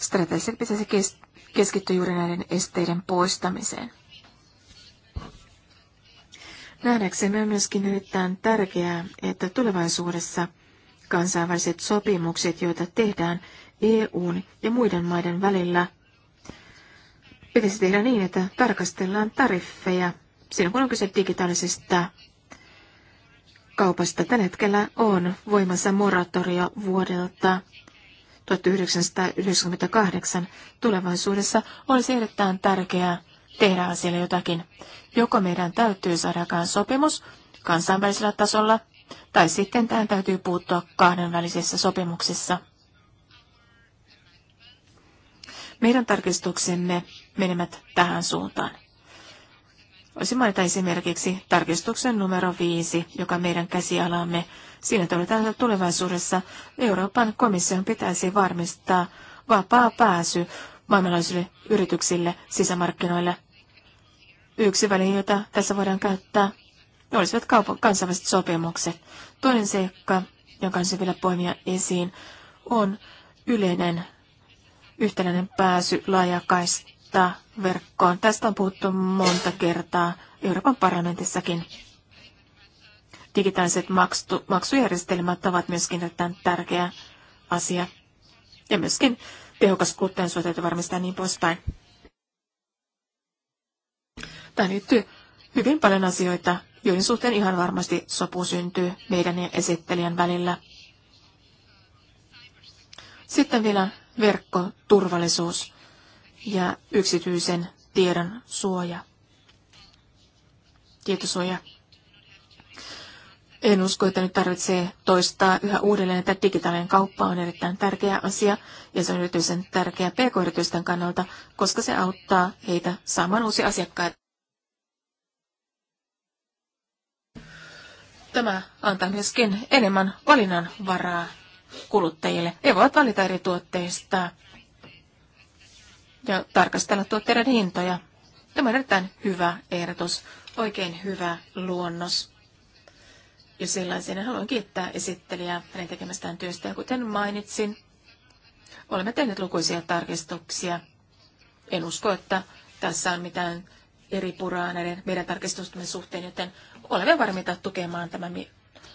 Strategisesti pitäisi keskittyä juuri näiden esteiden poistamiseen. Nähdäksemme on myöskin erittäin tärkeää, että tulevaisuudessa kansainväliset sopimukset, joita tehdään, EUn ja muiden maiden välillä pitäisi tehdä niin, että tarkastellaan tariffeja siinä kun on kyse digitaalisesta kaupasta. Tällä hetkellä on voimassa moratorio vuodelta 1998. Tulevaisuudessa olisi erittäin tärkeää tehdä asialle jotakin. Joko meidän täytyy saada sopimus kansainvälisellä tasolla, tai sitten tähän täytyy puuttua kahdenvälisissä sopimuksissa – Meidän tarkistuksemme menemät tähän suuntaan. Voisin mainita esimerkiksi tarkistuksen numero viisi, joka meidän käsialamme. Siinä todetaan, että tulevaisuudessa Euroopan komission pitäisi varmistaa vapaa pääsy maailmanlaisille yrityksille sisämarkkinoille. Yksi väli, jota tässä voidaan käyttää, olisivat kaupan kansainväliset sopimukset. Toinen seikka, jonka on vielä poimia esiin, on yleinen yhtenäinen pääsy laajakaista verkkoon. Tästä on puhuttu monta kertaa Euroopan parlamentissakin. Digitaaliset maksu- maksujärjestelmät ovat myöskin erittäin tärkeä asia. Ja myöskin tehokas kuluttajansuoja täytyy varmistaa niin poispäin. Tämä liittyy hyvin paljon asioita, joiden suhteen ihan varmasti sopu syntyy meidän ja esittelijän välillä. Sitten vielä verkkoturvallisuus ja yksityisen tiedon suoja, tietosuoja. En usko, että nyt tarvitsee toistaa yhä uudelleen, että digitaalinen kauppa on erittäin tärkeä asia ja se on erityisen tärkeä pk-yritysten kannalta, koska se auttaa heitä saamaan uusia asiakkaita. Tämä antaa myöskin enemmän valinnan varaa kuluttajille. He voivat valita eri tuotteista ja tarkastella tuotteiden hintoja. Tämä on erittäin hyvä ehdotus, oikein hyvä luonnos. Ja sellaisen haluan kiittää esittelijää hänen tekemästään työstä. Ja kuten mainitsin, olemme tehneet lukuisia tarkistuksia. En usko, että tässä on mitään eri puraa näiden meidän tarkistustamme suhteen, joten olemme varmiita tukemaan tämän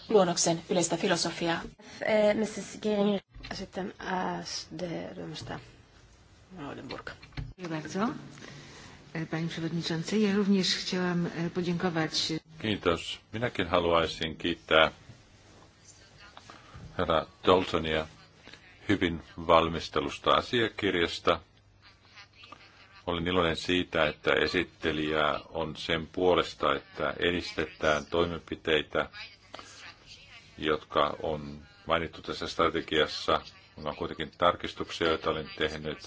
luonnoksen yleistä filosofiaa. Eh, Mrs. Gering. Sitten äh, SD-ryhmästä Rodenburg. E, Pani ja e, Kiitos. Minäkin haluaisin kiittää herra Daltonia hyvin valmistelusta asiakirjasta. Olen iloinen siitä, että esittelijä on sen puolesta, että edistetään toimenpiteitä, jotka on mainittu tässä strategiassa. Minulla on kuitenkin tarkistuksia, joita olen tehnyt.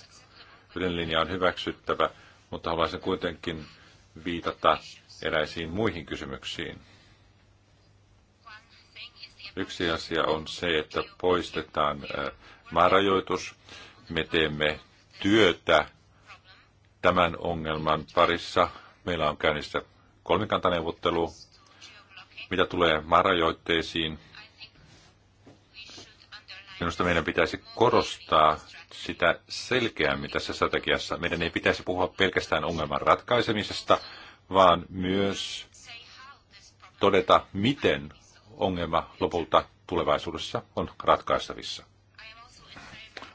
Yhden linja on hyväksyttävä, mutta haluaisin kuitenkin viitata eräisiin muihin kysymyksiin. Yksi asia on se, että poistetaan äh, maarajoitus. Me teemme työtä tämän ongelman parissa. Meillä on käynnissä kolmikantaneuvottelu, mitä tulee maarajoitteisiin. Minusta meidän pitäisi korostaa sitä selkeämmin tässä strategiassa. Meidän ei pitäisi puhua pelkästään ongelman ratkaisemisesta, vaan myös todeta, miten ongelma lopulta tulevaisuudessa on ratkaistavissa.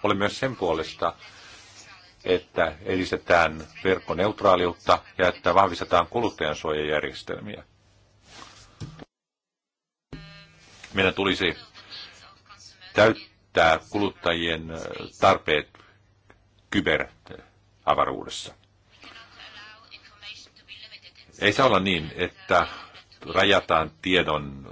Olen myös sen puolesta, että edistetään verkkoneutraaliutta ja että vahvistetaan kuluttajansuojajärjestelmiä. Meidän tulisi täyttää täyttää kuluttajien äh, tarpeet kyberavaruudessa. Ei saa olla niin, että rajataan tiedon,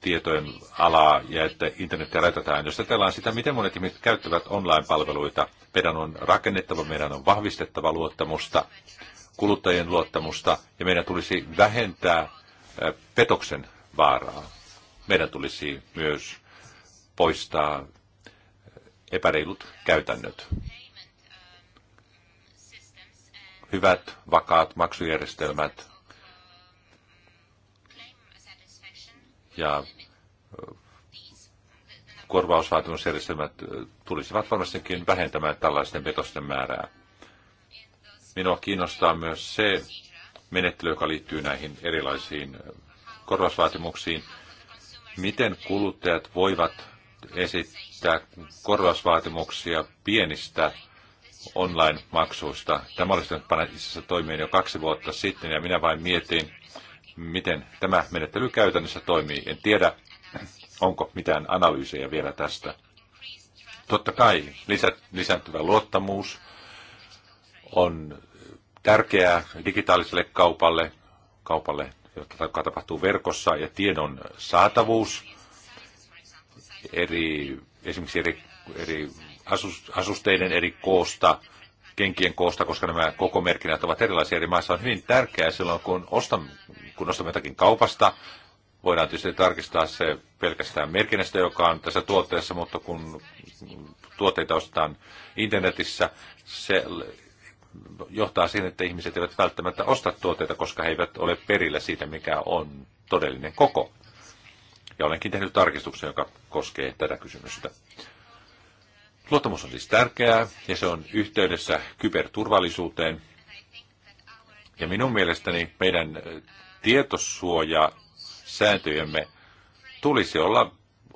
tietojen alaa ja että internetiä rajataan. Jos ajatellaan sitä, miten monet ihmiset käyttävät online-palveluita, meidän on rakennettava, meidän on vahvistettava luottamusta, kuluttajien luottamusta ja meidän tulisi vähentää äh, petoksen vaaraa. Meidän tulisi myös poistaa epäreilut käytännöt. Hyvät, vakaat maksujärjestelmät ja korvausvaatimusjärjestelmät tulisivat varmastikin vähentämään tällaisten petosten määrää. Minua kiinnostaa myös se menettely, joka liittyy näihin erilaisiin korvausvaatimuksiin. Miten kuluttajat voivat esittää esittää korvausvaatimuksia pienistä online-maksuista. Tämä olisi nyt panna itse asiassa toimeen jo kaksi vuotta sitten, ja minä vain mietin, miten tämä menettely käytännössä toimii. En tiedä, onko mitään analyysejä vielä tästä. Totta kai lisä, lisääntyvä luottamus on tärkeää digitaaliselle kaupalle, kaupalle, joka tapahtuu verkossa, ja tiedon saatavuus eri esimerkiksi eri, eri asusteiden eri koosta, kenkien koosta, koska nämä koko merkinnät ovat erilaisia eri maissa, on hyvin tärkeää silloin, kun ostamme, kun ostamme jotakin kaupasta. Voidaan tietysti tarkistaa se pelkästään merkinnästä, joka on tässä tuotteessa, mutta kun tuotteita ostetaan internetissä, se johtaa siihen, että ihmiset eivät välttämättä osta tuotteita, koska he eivät ole perillä siitä, mikä on todellinen koko. Ja olenkin tehnyt tarkistuksen, joka koskee tätä kysymystä. Luottamus on siis tärkeää ja se on yhteydessä kyberturvallisuuteen. Ja minun mielestäni meidän tietosuojasääntöjemme tulisi olla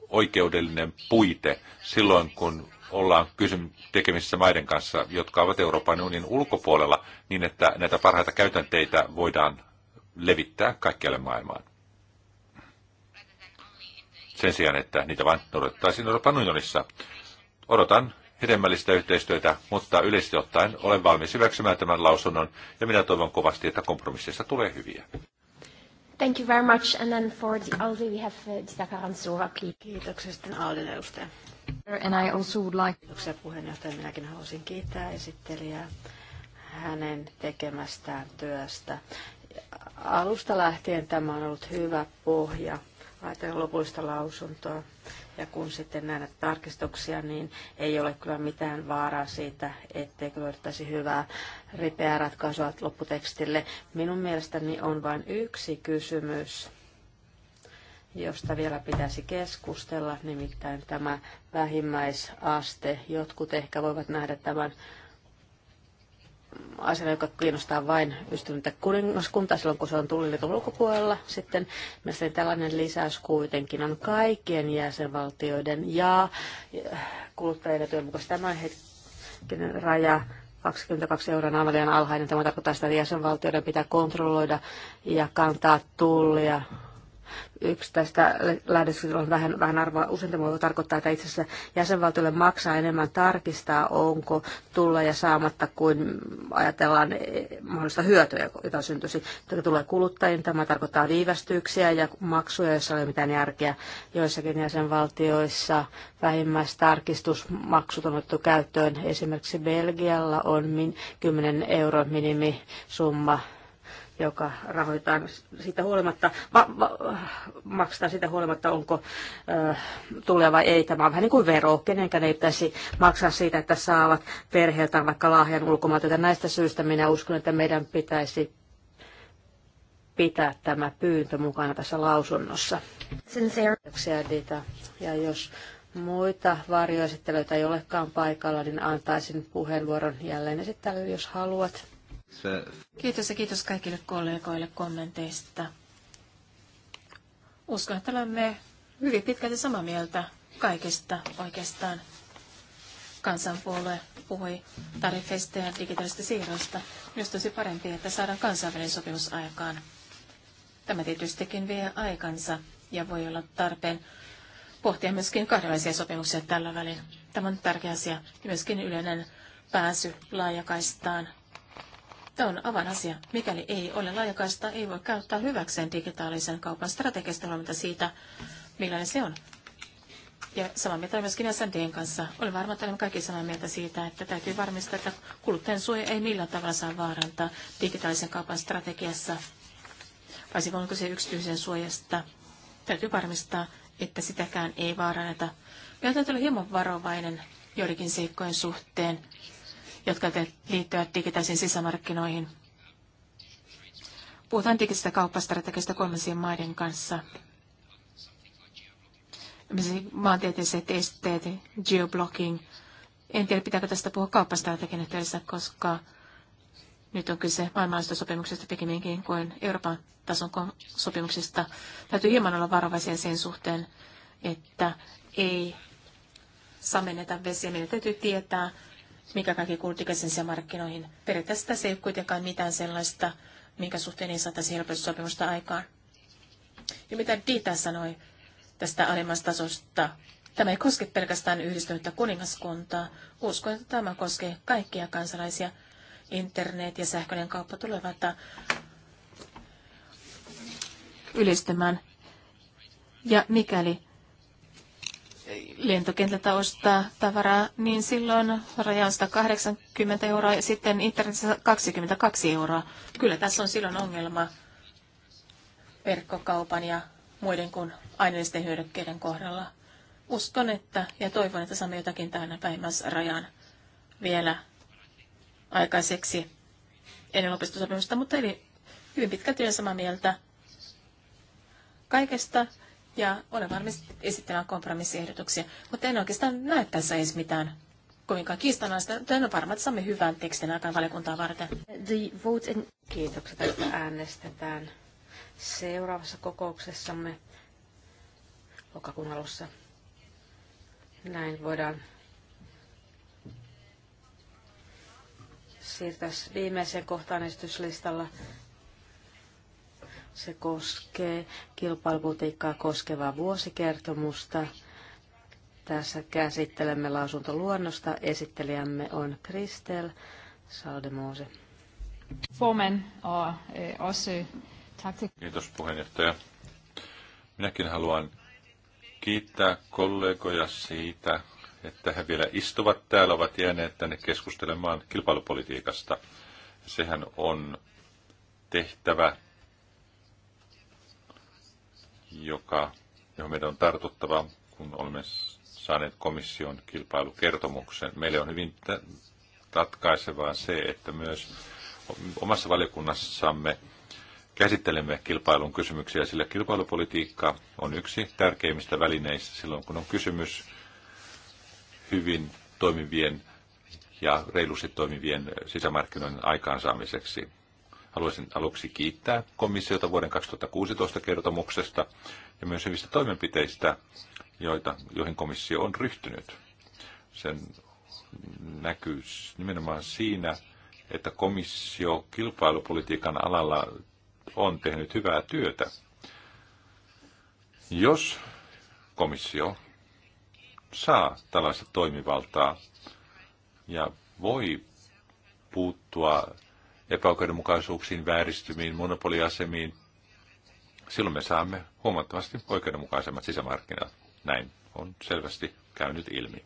oikeudellinen puite silloin, kun ollaan kysym- tekemisissä maiden kanssa, jotka ovat Euroopan unionin ulkopuolella, niin että näitä parhaita käytänteitä voidaan levittää kaikkialle maailmaan sen sijaan, että niitä vain noudattaisiin Euroopan unionissa. Odotan hedelmällistä yhteistyötä, mutta yleisesti ottaen olen valmis hyväksymään tämän lausunnon ja minä toivon kovasti, että kompromisseista tulee hyviä. Thank you very much. And then for the Aldi, we have uh, Dita Karantsova, please. Kiitoksia sitten Aldin edustaja. And I also would like... Kiitoksia puheenjohtaja. Minäkin haluaisin kiittää esittelijää hänen tekemästään työstä. Alusta lähtien tämä on ollut hyvä pohja ajatellen lopullista lausuntoa. Ja kun sitten näitä tarkistuksia, niin ei ole kyllä mitään vaaraa siitä, etteikö löydettäisi hyvää ripeää ratkaisua lopputekstille. Minun mielestäni on vain yksi kysymys, josta vielä pitäisi keskustella, nimittäin tämä vähimmäisaste. Jotkut ehkä voivat nähdä tämän asiana, joka kiinnostaa vain ystävyyttä kuningaskuntaa silloin, kun se on tulliliiton ulkopuolella. Sitten mielestäni tällainen lisäys kuitenkin on kaikkien jäsenvaltioiden ja äh, kuluttajien työn mukaisesti hetkinen raja 22 euron alhainen. Tämä tarkoittaa sitä, että jäsenvaltioiden pitää kontrolloida ja kantaa tullia yksittäistä lähdöstä on vähän, vähän arvoa. useinta voi tarkoittaa, että itse asiassa jäsenvaltiolle maksaa enemmän tarkistaa, onko tulla ja saamatta kuin ajatellaan eh, mahdollista hyötyä, jota syntyisi. Tämä tulee kuluttajien, tämä tarkoittaa viivästyksiä ja maksuja, joissa ei ole mitään järkeä. Joissakin jäsenvaltioissa vähimmäistarkistusmaksut on otettu käyttöön. Esimerkiksi Belgialla on 10 euron minimisumma joka rahoitetaan sitä huolimatta, ma- ma- maksetaan sitä huolimatta, onko äh, tulee vai ei. Tämä on vähän niin kuin vero. Kenenkään ei pitäisi maksaa siitä, että saavat perheeltään vaikka lahjan ulkomailta. Joten näistä syistä minä uskon, että meidän pitäisi pitää tämä pyyntö mukana tässä lausunnossa. Kiitoksia Dita. Ja jos muita varjoesittelyitä ei olekaan paikalla, niin antaisin puheenvuoron jälleen esittelyyn, jos haluat. Kiitos ja kiitos kaikille kollegoille kommenteista. Uskon, että olemme hyvin pitkälti samaa mieltä kaikesta oikeastaan. Kansanpuolue puhui tarifeista ja digitaalisesta siirrosta. Myös tosi parempi, että saadaan kansainvälinen sopimus aikaan. Tämä tietystikin vie aikansa ja voi olla tarpeen pohtia myöskin kahdenlaisia sopimuksia tällä välin. Tämä on tärkeä asia. Myöskin yleinen pääsy laajakaistaan Tämä on avainasia. Mikäli ei ole laajakaista, ei voi käyttää hyväkseen digitaalisen kaupan strategista huomiota siitä, millainen se on. Ja samaa mieltä myöskin SNDn kanssa. Olen varma, että olemme kaikki samaa mieltä siitä, että täytyy varmistaa, että kuluttajan suoja ei millään tavalla saa vaarantaa digitaalisen kaupan strategiassa, varsinkin onko se yksityisen suojasta. Täytyy varmistaa, että sitäkään ei vaaranneta. Meidän täytyy olla hieman varovainen joidenkin seikkojen suhteen jotka liittyvät digitaalisiin sisämarkkinoihin. Puhutaan digitalista kauppastrategiasta kolmansien maiden kanssa. Maantieteelliset esteet, geoblocking. En tiedä, pitääkö tästä puhua kauppastrategian yhteydessä, koska nyt on kyse maailmanlaajuisesta pikemminkin kuin Euroopan tason sopimuksista. Täytyy hieman olla varovaisia sen suhteen, että ei saa menetä vesiä. Meidän täytyy tietää, mikä kaikki kuulutti käsensä markkinoihin. Periaatteessa tässä ei ole kuitenkaan mitään sellaista, minkä suhteen ei saataisi helpotussopimusta aikaan. Ja mitä Dita sanoi tästä alemmasta tasosta, tämä ei koske pelkästään yhdistynyttä kuningaskuntaa. Uskon, että tämä koskee kaikkia kansalaisia. Internet ja sähköinen kauppa tulevat yleistymään. Ja mikäli lentokentältä ostaa tavaraa, niin silloin raja on 180 euroa ja sitten internetissä 22 euroa. Kyllä tässä on silloin ongelma verkkokaupan ja muiden kuin aineellisten hyödykkeiden kohdalla. Uskon, että ja toivon, että saamme jotakin tänä rajan vielä aikaiseksi ennen lopistusopimusta, mutta eli hyvin pitkälti olen samaa mieltä kaikesta ja olen valmis esittämään kompromissiehdotuksia, mutta en oikeastaan näe tässä edes mitään kovinkaan kiistanaista. mutta en ole varma, että saamme hyvän tekstin aikaan valiokuntaa varten. The vote in... Kiitokset, että äänestetään seuraavassa kokouksessamme lokakuun alussa. Näin voidaan siirtää viimeiseen kohtaan esityslistalla, se koskee kilpailupolitiikkaa koskevaa vuosikertomusta. Tässä käsittelemme lausuntoluonnosta. Esittelijämme on Kristel Saldemose. Formen og øh, Kiitos puheenjohtaja. Minäkin haluan kiittää kollegoja siitä, että he vielä istuvat täällä, ovat jääneet tänne keskustelemaan kilpailupolitiikasta. Sehän on tehtävä, joka, johon meidän on tartuttava, kun olemme saaneet komission kilpailukertomuksen. Meille on hyvin ratkaisevaa se, että myös omassa valiokunnassamme käsittelemme kilpailun kysymyksiä, sillä kilpailupolitiikka on yksi tärkeimmistä välineistä silloin, kun on kysymys hyvin toimivien ja reilusti toimivien sisämarkkinoiden aikaansaamiseksi. Haluaisin aluksi kiittää komissiota vuoden 2016 kertomuksesta ja myös hyvistä toimenpiteistä, joita, joihin komissio on ryhtynyt. Sen näkyy nimenomaan siinä, että komissio kilpailupolitiikan alalla on tehnyt hyvää työtä. Jos komissio saa tällaista toimivaltaa ja voi puuttua epäoikeudenmukaisuuksiin, vääristymiin, monopoliasemiin, silloin me saamme huomattavasti oikeudenmukaisemmat sisämarkkinat. Näin on selvästi käynyt ilmi.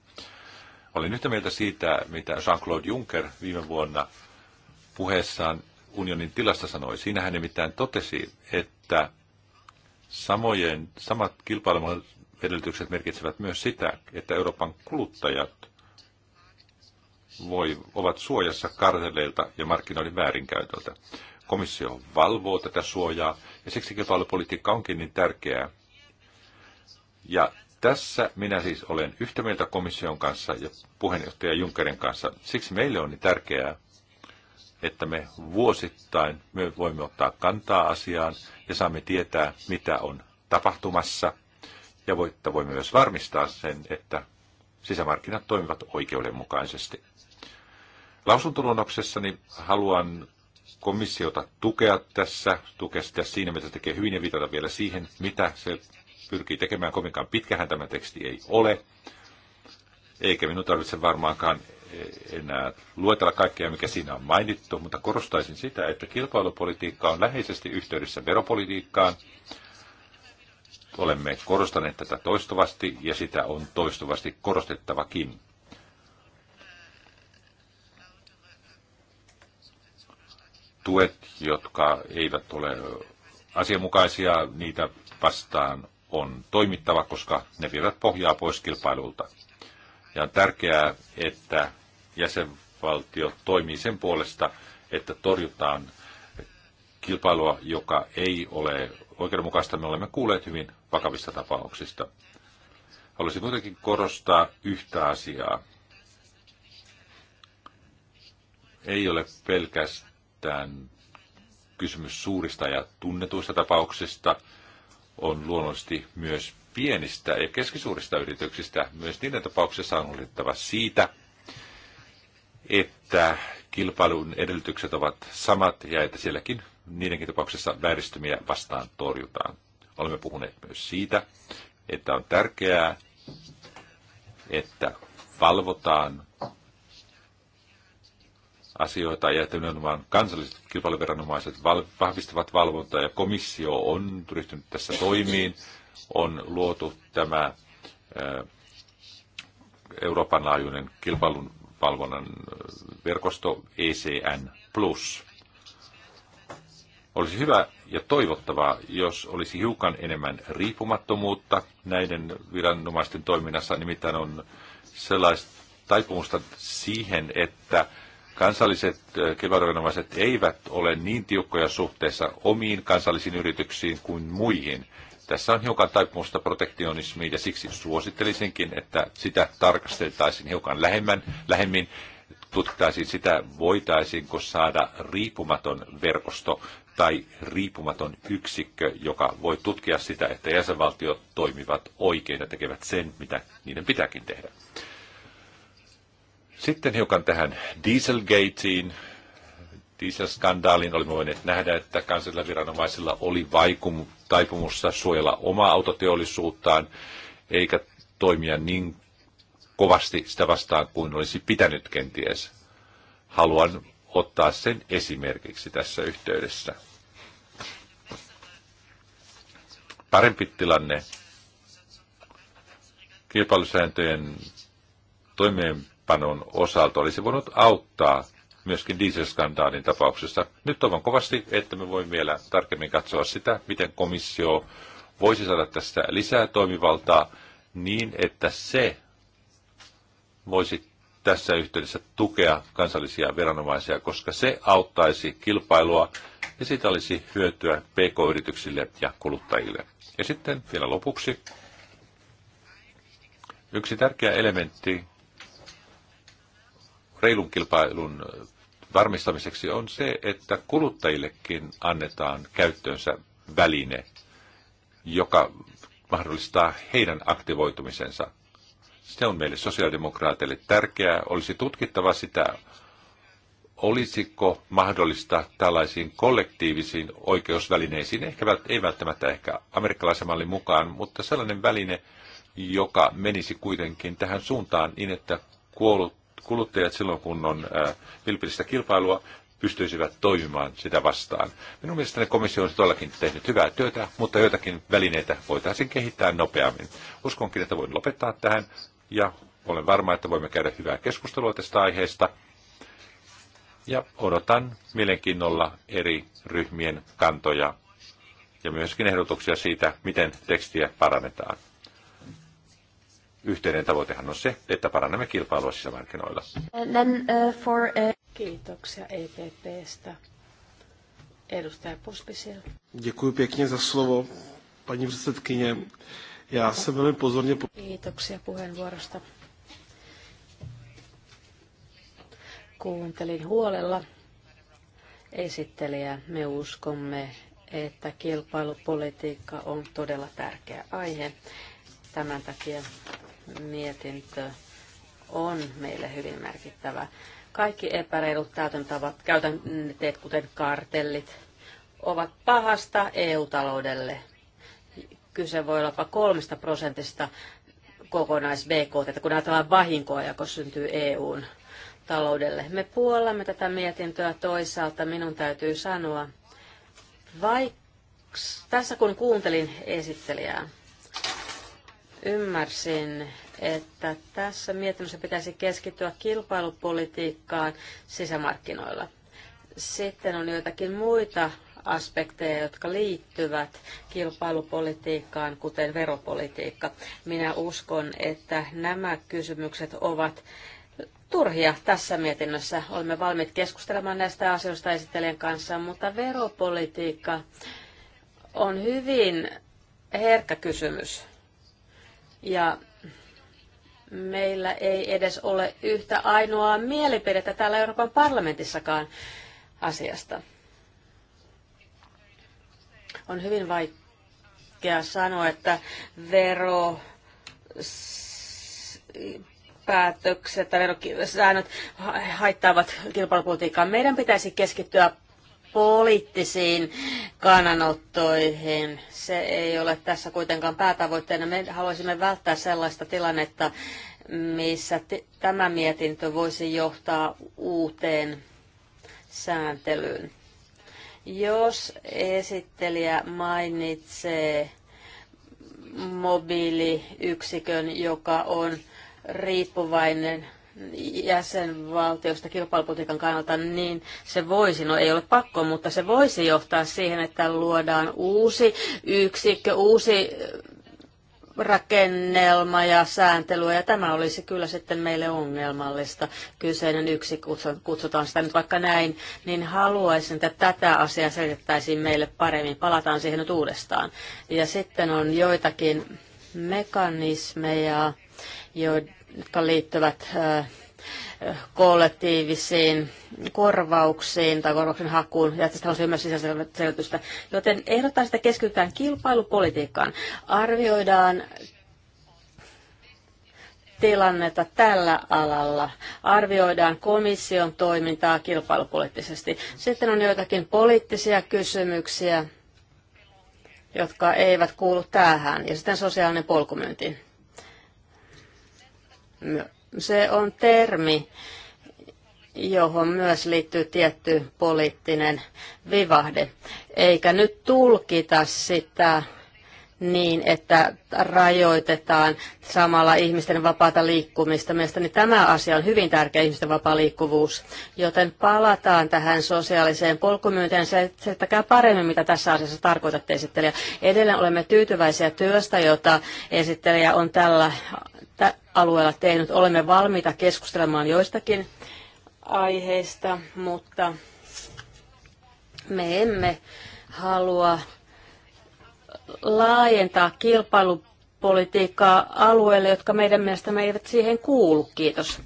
Olin yhtä mieltä siitä, mitä Jean-Claude Juncker viime vuonna puheessaan unionin tilasta sanoi. Siinä hän nimittäin totesi, että samojen, samat edellytykset merkitsevät myös sitä, että Euroopan kuluttajat voi, ovat suojassa kartelleilta ja markkinoiden väärinkäytöltä. Komissio valvoo tätä suojaa ja siksi kilpailupolitiikka onkin niin tärkeää. Ja tässä minä siis olen yhtä mieltä komission kanssa ja puheenjohtaja Junckerin kanssa. Siksi meille on niin tärkeää, että me vuosittain me voimme ottaa kantaa asiaan ja saamme tietää, mitä on tapahtumassa. Ja voimme myös varmistaa sen, että sisämarkkinat toimivat oikeudenmukaisesti. Lausuntoluonnoksessani haluan komissiota tukea tässä, tukea sitä siinä, mitä se tekee hyvin ja viitata vielä siihen, mitä se pyrkii tekemään. Kovinkaan pitkähän tämä teksti ei ole, eikä minun tarvitse varmaankaan enää luetella kaikkea, mikä siinä on mainittu, mutta korostaisin sitä, että kilpailupolitiikka on läheisesti yhteydessä veropolitiikkaan. Olemme korostaneet tätä toistuvasti ja sitä on toistuvasti korostettavakin. tuet, jotka eivät ole asianmukaisia, niitä vastaan on toimittava, koska ne vievät pohjaa pois kilpailulta. Ja on tärkeää, että jäsenvaltio toimii sen puolesta, että torjutaan kilpailua, joka ei ole oikeudenmukaista. Me olemme kuulleet hyvin vakavista tapauksista. Haluaisin kuitenkin korostaa yhtä asiaa. Ei ole pelkästään nimittäin kysymys suurista ja tunnetuista tapauksista on luonnollisesti myös pienistä ja keskisuurista yrityksistä. Myös niiden tapauksessa on huolittava siitä, että kilpailun edellytykset ovat samat ja että sielläkin niidenkin tapauksessa vääristymiä vastaan torjutaan. Olemme puhuneet myös siitä, että on tärkeää, että valvotaan asioita ja että nimenomaan kansalliset kilpailuviranomaiset val- vahvistavat valvontaa ja komissio on ryhtynyt tässä toimiin, on luotu tämä Euroopan laajuinen kilpailun valvonnan verkosto ECN+. Olisi hyvä ja toivottavaa, jos olisi hiukan enemmän riippumattomuutta näiden viranomaisten toiminnassa, nimittäin on sellaista taipumusta siihen, että Kansalliset kilpailuviranomaiset eivät ole niin tiukkoja suhteessa omiin kansallisiin yrityksiin kuin muihin. Tässä on hiukan taipumusta protektionismiin ja siksi suosittelisinkin, että sitä tarkasteltaisiin hiukan lähemmän, lähemmin. Tutkittaisiin sitä, voitaisiinko saada riippumaton verkosto tai riippumaton yksikkö, joka voi tutkia sitä, että jäsenvaltiot toimivat oikein ja tekevät sen, mitä niiden pitääkin tehdä. Sitten hiukan tähän Dieselgateen, dieselskandaaliin olimme voineet nähdä, että kansallisilla viranomaisilla oli vaikum, taipumusta suojella omaa autoteollisuuttaan, eikä toimia niin kovasti sitä vastaan kuin olisi pitänyt kenties. Haluan ottaa sen esimerkiksi tässä yhteydessä. Parempi tilanne kilpailusääntöjen toimeen täytäntöönpanon osalta olisi voinut auttaa myöskin dieselskandaalin tapauksessa. Nyt toivon kovasti, että me voimme vielä tarkemmin katsoa sitä, miten komissio voisi saada tästä lisää toimivaltaa niin, että se voisi tässä yhteydessä tukea kansallisia viranomaisia, koska se auttaisi kilpailua ja siitä olisi hyötyä pk-yrityksille ja kuluttajille. Ja sitten vielä lopuksi. Yksi tärkeä elementti reilun kilpailun varmistamiseksi on se, että kuluttajillekin annetaan käyttöönsä väline, joka mahdollistaa heidän aktivoitumisensa. Se on meille sosiaalidemokraateille tärkeää. Olisi tutkittava sitä, olisiko mahdollista tällaisiin kollektiivisiin oikeusvälineisiin, ehkä ei välttämättä ehkä amerikkalaisen mallin mukaan, mutta sellainen väline, joka menisi kuitenkin tähän suuntaan niin, että kuollut kuluttajat silloin, kun on äh, vilpillistä kilpailua, pystyisivät toimimaan sitä vastaan. Minun mielestäni komissio on todellakin tehnyt hyvää työtä, mutta joitakin välineitä voitaisiin kehittää nopeammin. Uskonkin, että voin lopettaa tähän ja olen varma, että voimme käydä hyvää keskustelua tästä aiheesta. Ja odotan mielenkiinnolla eri ryhmien kantoja ja myöskin ehdotuksia siitä, miten tekstiä parannetaan. Yhteinen tavoitehan on se, että parannamme kilpailua sisämarkkinoilla. Then, uh, for, uh... Kiitoksia EPPstä. Edustaja Puspisil. Děkuji pěkně za slovo, paní předsedkyně. Já se velmi pozorně... Kiitoksia puheenvuorosta. Kuuntelin huolella esittelijä. Me uskomme, että kilpailupolitiikka on todella tärkeä aihe. Tämän takia mietintö on meille hyvin merkittävä. Kaikki epäreilut täytäntävät käytänteet, kuten kartellit, ovat pahasta EU-taloudelle. Kyse voi olla jopa kolmesta prosentista kokonais BKT, kun ajatellaan vahinkoa, joka syntyy EUn taloudelle. Me puollamme tätä mietintöä toisaalta, minun täytyy sanoa, vaikka tässä kun kuuntelin esittelijää, Ymmärsin, että tässä mietinnössä pitäisi keskittyä kilpailupolitiikkaan sisämarkkinoilla. Sitten on joitakin muita aspekteja, jotka liittyvät kilpailupolitiikkaan, kuten veropolitiikka. Minä uskon, että nämä kysymykset ovat turhia tässä mietinnössä. Olemme valmiit keskustelemaan näistä asioista esittelijän kanssa, mutta veropolitiikka on hyvin herkkä kysymys. Ja meillä ei edes ole yhtä ainoaa mielipidettä täällä Euroopan parlamentissakaan asiasta. On hyvin vaikea sanoa, että vero päätökset tai verosäännöt haittaavat kilpailupolitiikkaa. Meidän pitäisi keskittyä poliittisiin kannanottoihin. Se ei ole tässä kuitenkaan päätavoitteena. Me haluaisimme välttää sellaista tilannetta, missä tämä mietintö voisi johtaa uuteen sääntelyyn. Jos esittelijä mainitsee mobiiliyksikön, joka on riippuvainen jäsenvaltiosta kilpailupolitiikan kannalta, niin se voisi, no ei ole pakko, mutta se voisi johtaa siihen, että luodaan uusi yksikkö, uusi rakennelma ja sääntelyä, ja tämä olisi kyllä sitten meille ongelmallista. Kyseinen yksi, kutsutaan sitä nyt vaikka näin, niin haluaisin, että tätä asiaa selitettäisiin meille paremmin. Palataan siihen nyt uudestaan. Ja sitten on joitakin mekanismeja, joiden jotka liittyvät kollektiivisiin korvauksiin tai korvauksen hakuun, ja tästä on myös sisäselvitystä. Joten ehdotan sitä keskitytään kilpailupolitiikkaan. Arvioidaan tilannetta tällä alalla. Arvioidaan komission toimintaa kilpailupoliittisesti. Sitten on joitakin poliittisia kysymyksiä, jotka eivät kuulu tähän, ja sitten sosiaalinen polkumyynti se on termi, johon myös liittyy tietty poliittinen vivahde, eikä nyt tulkita sitä niin, että rajoitetaan samalla ihmisten vapaata liikkumista. Mielestäni tämä asia on hyvin tärkeä, ihmisten vapaa liikkuvuus. Joten palataan tähän sosiaaliseen polkumyyteen, että käy paremmin, mitä tässä asiassa tarkoitatte esittelijä. Edelleen olemme tyytyväisiä työstä, jota esittelijä on tällä alueella tehnyt. Olemme valmiita keskustelemaan joistakin aiheista, mutta me emme halua laajentaa kilpailupolitiikkaa alueille, jotka meidän mielestämme eivät siihen kuulu. Kiitos.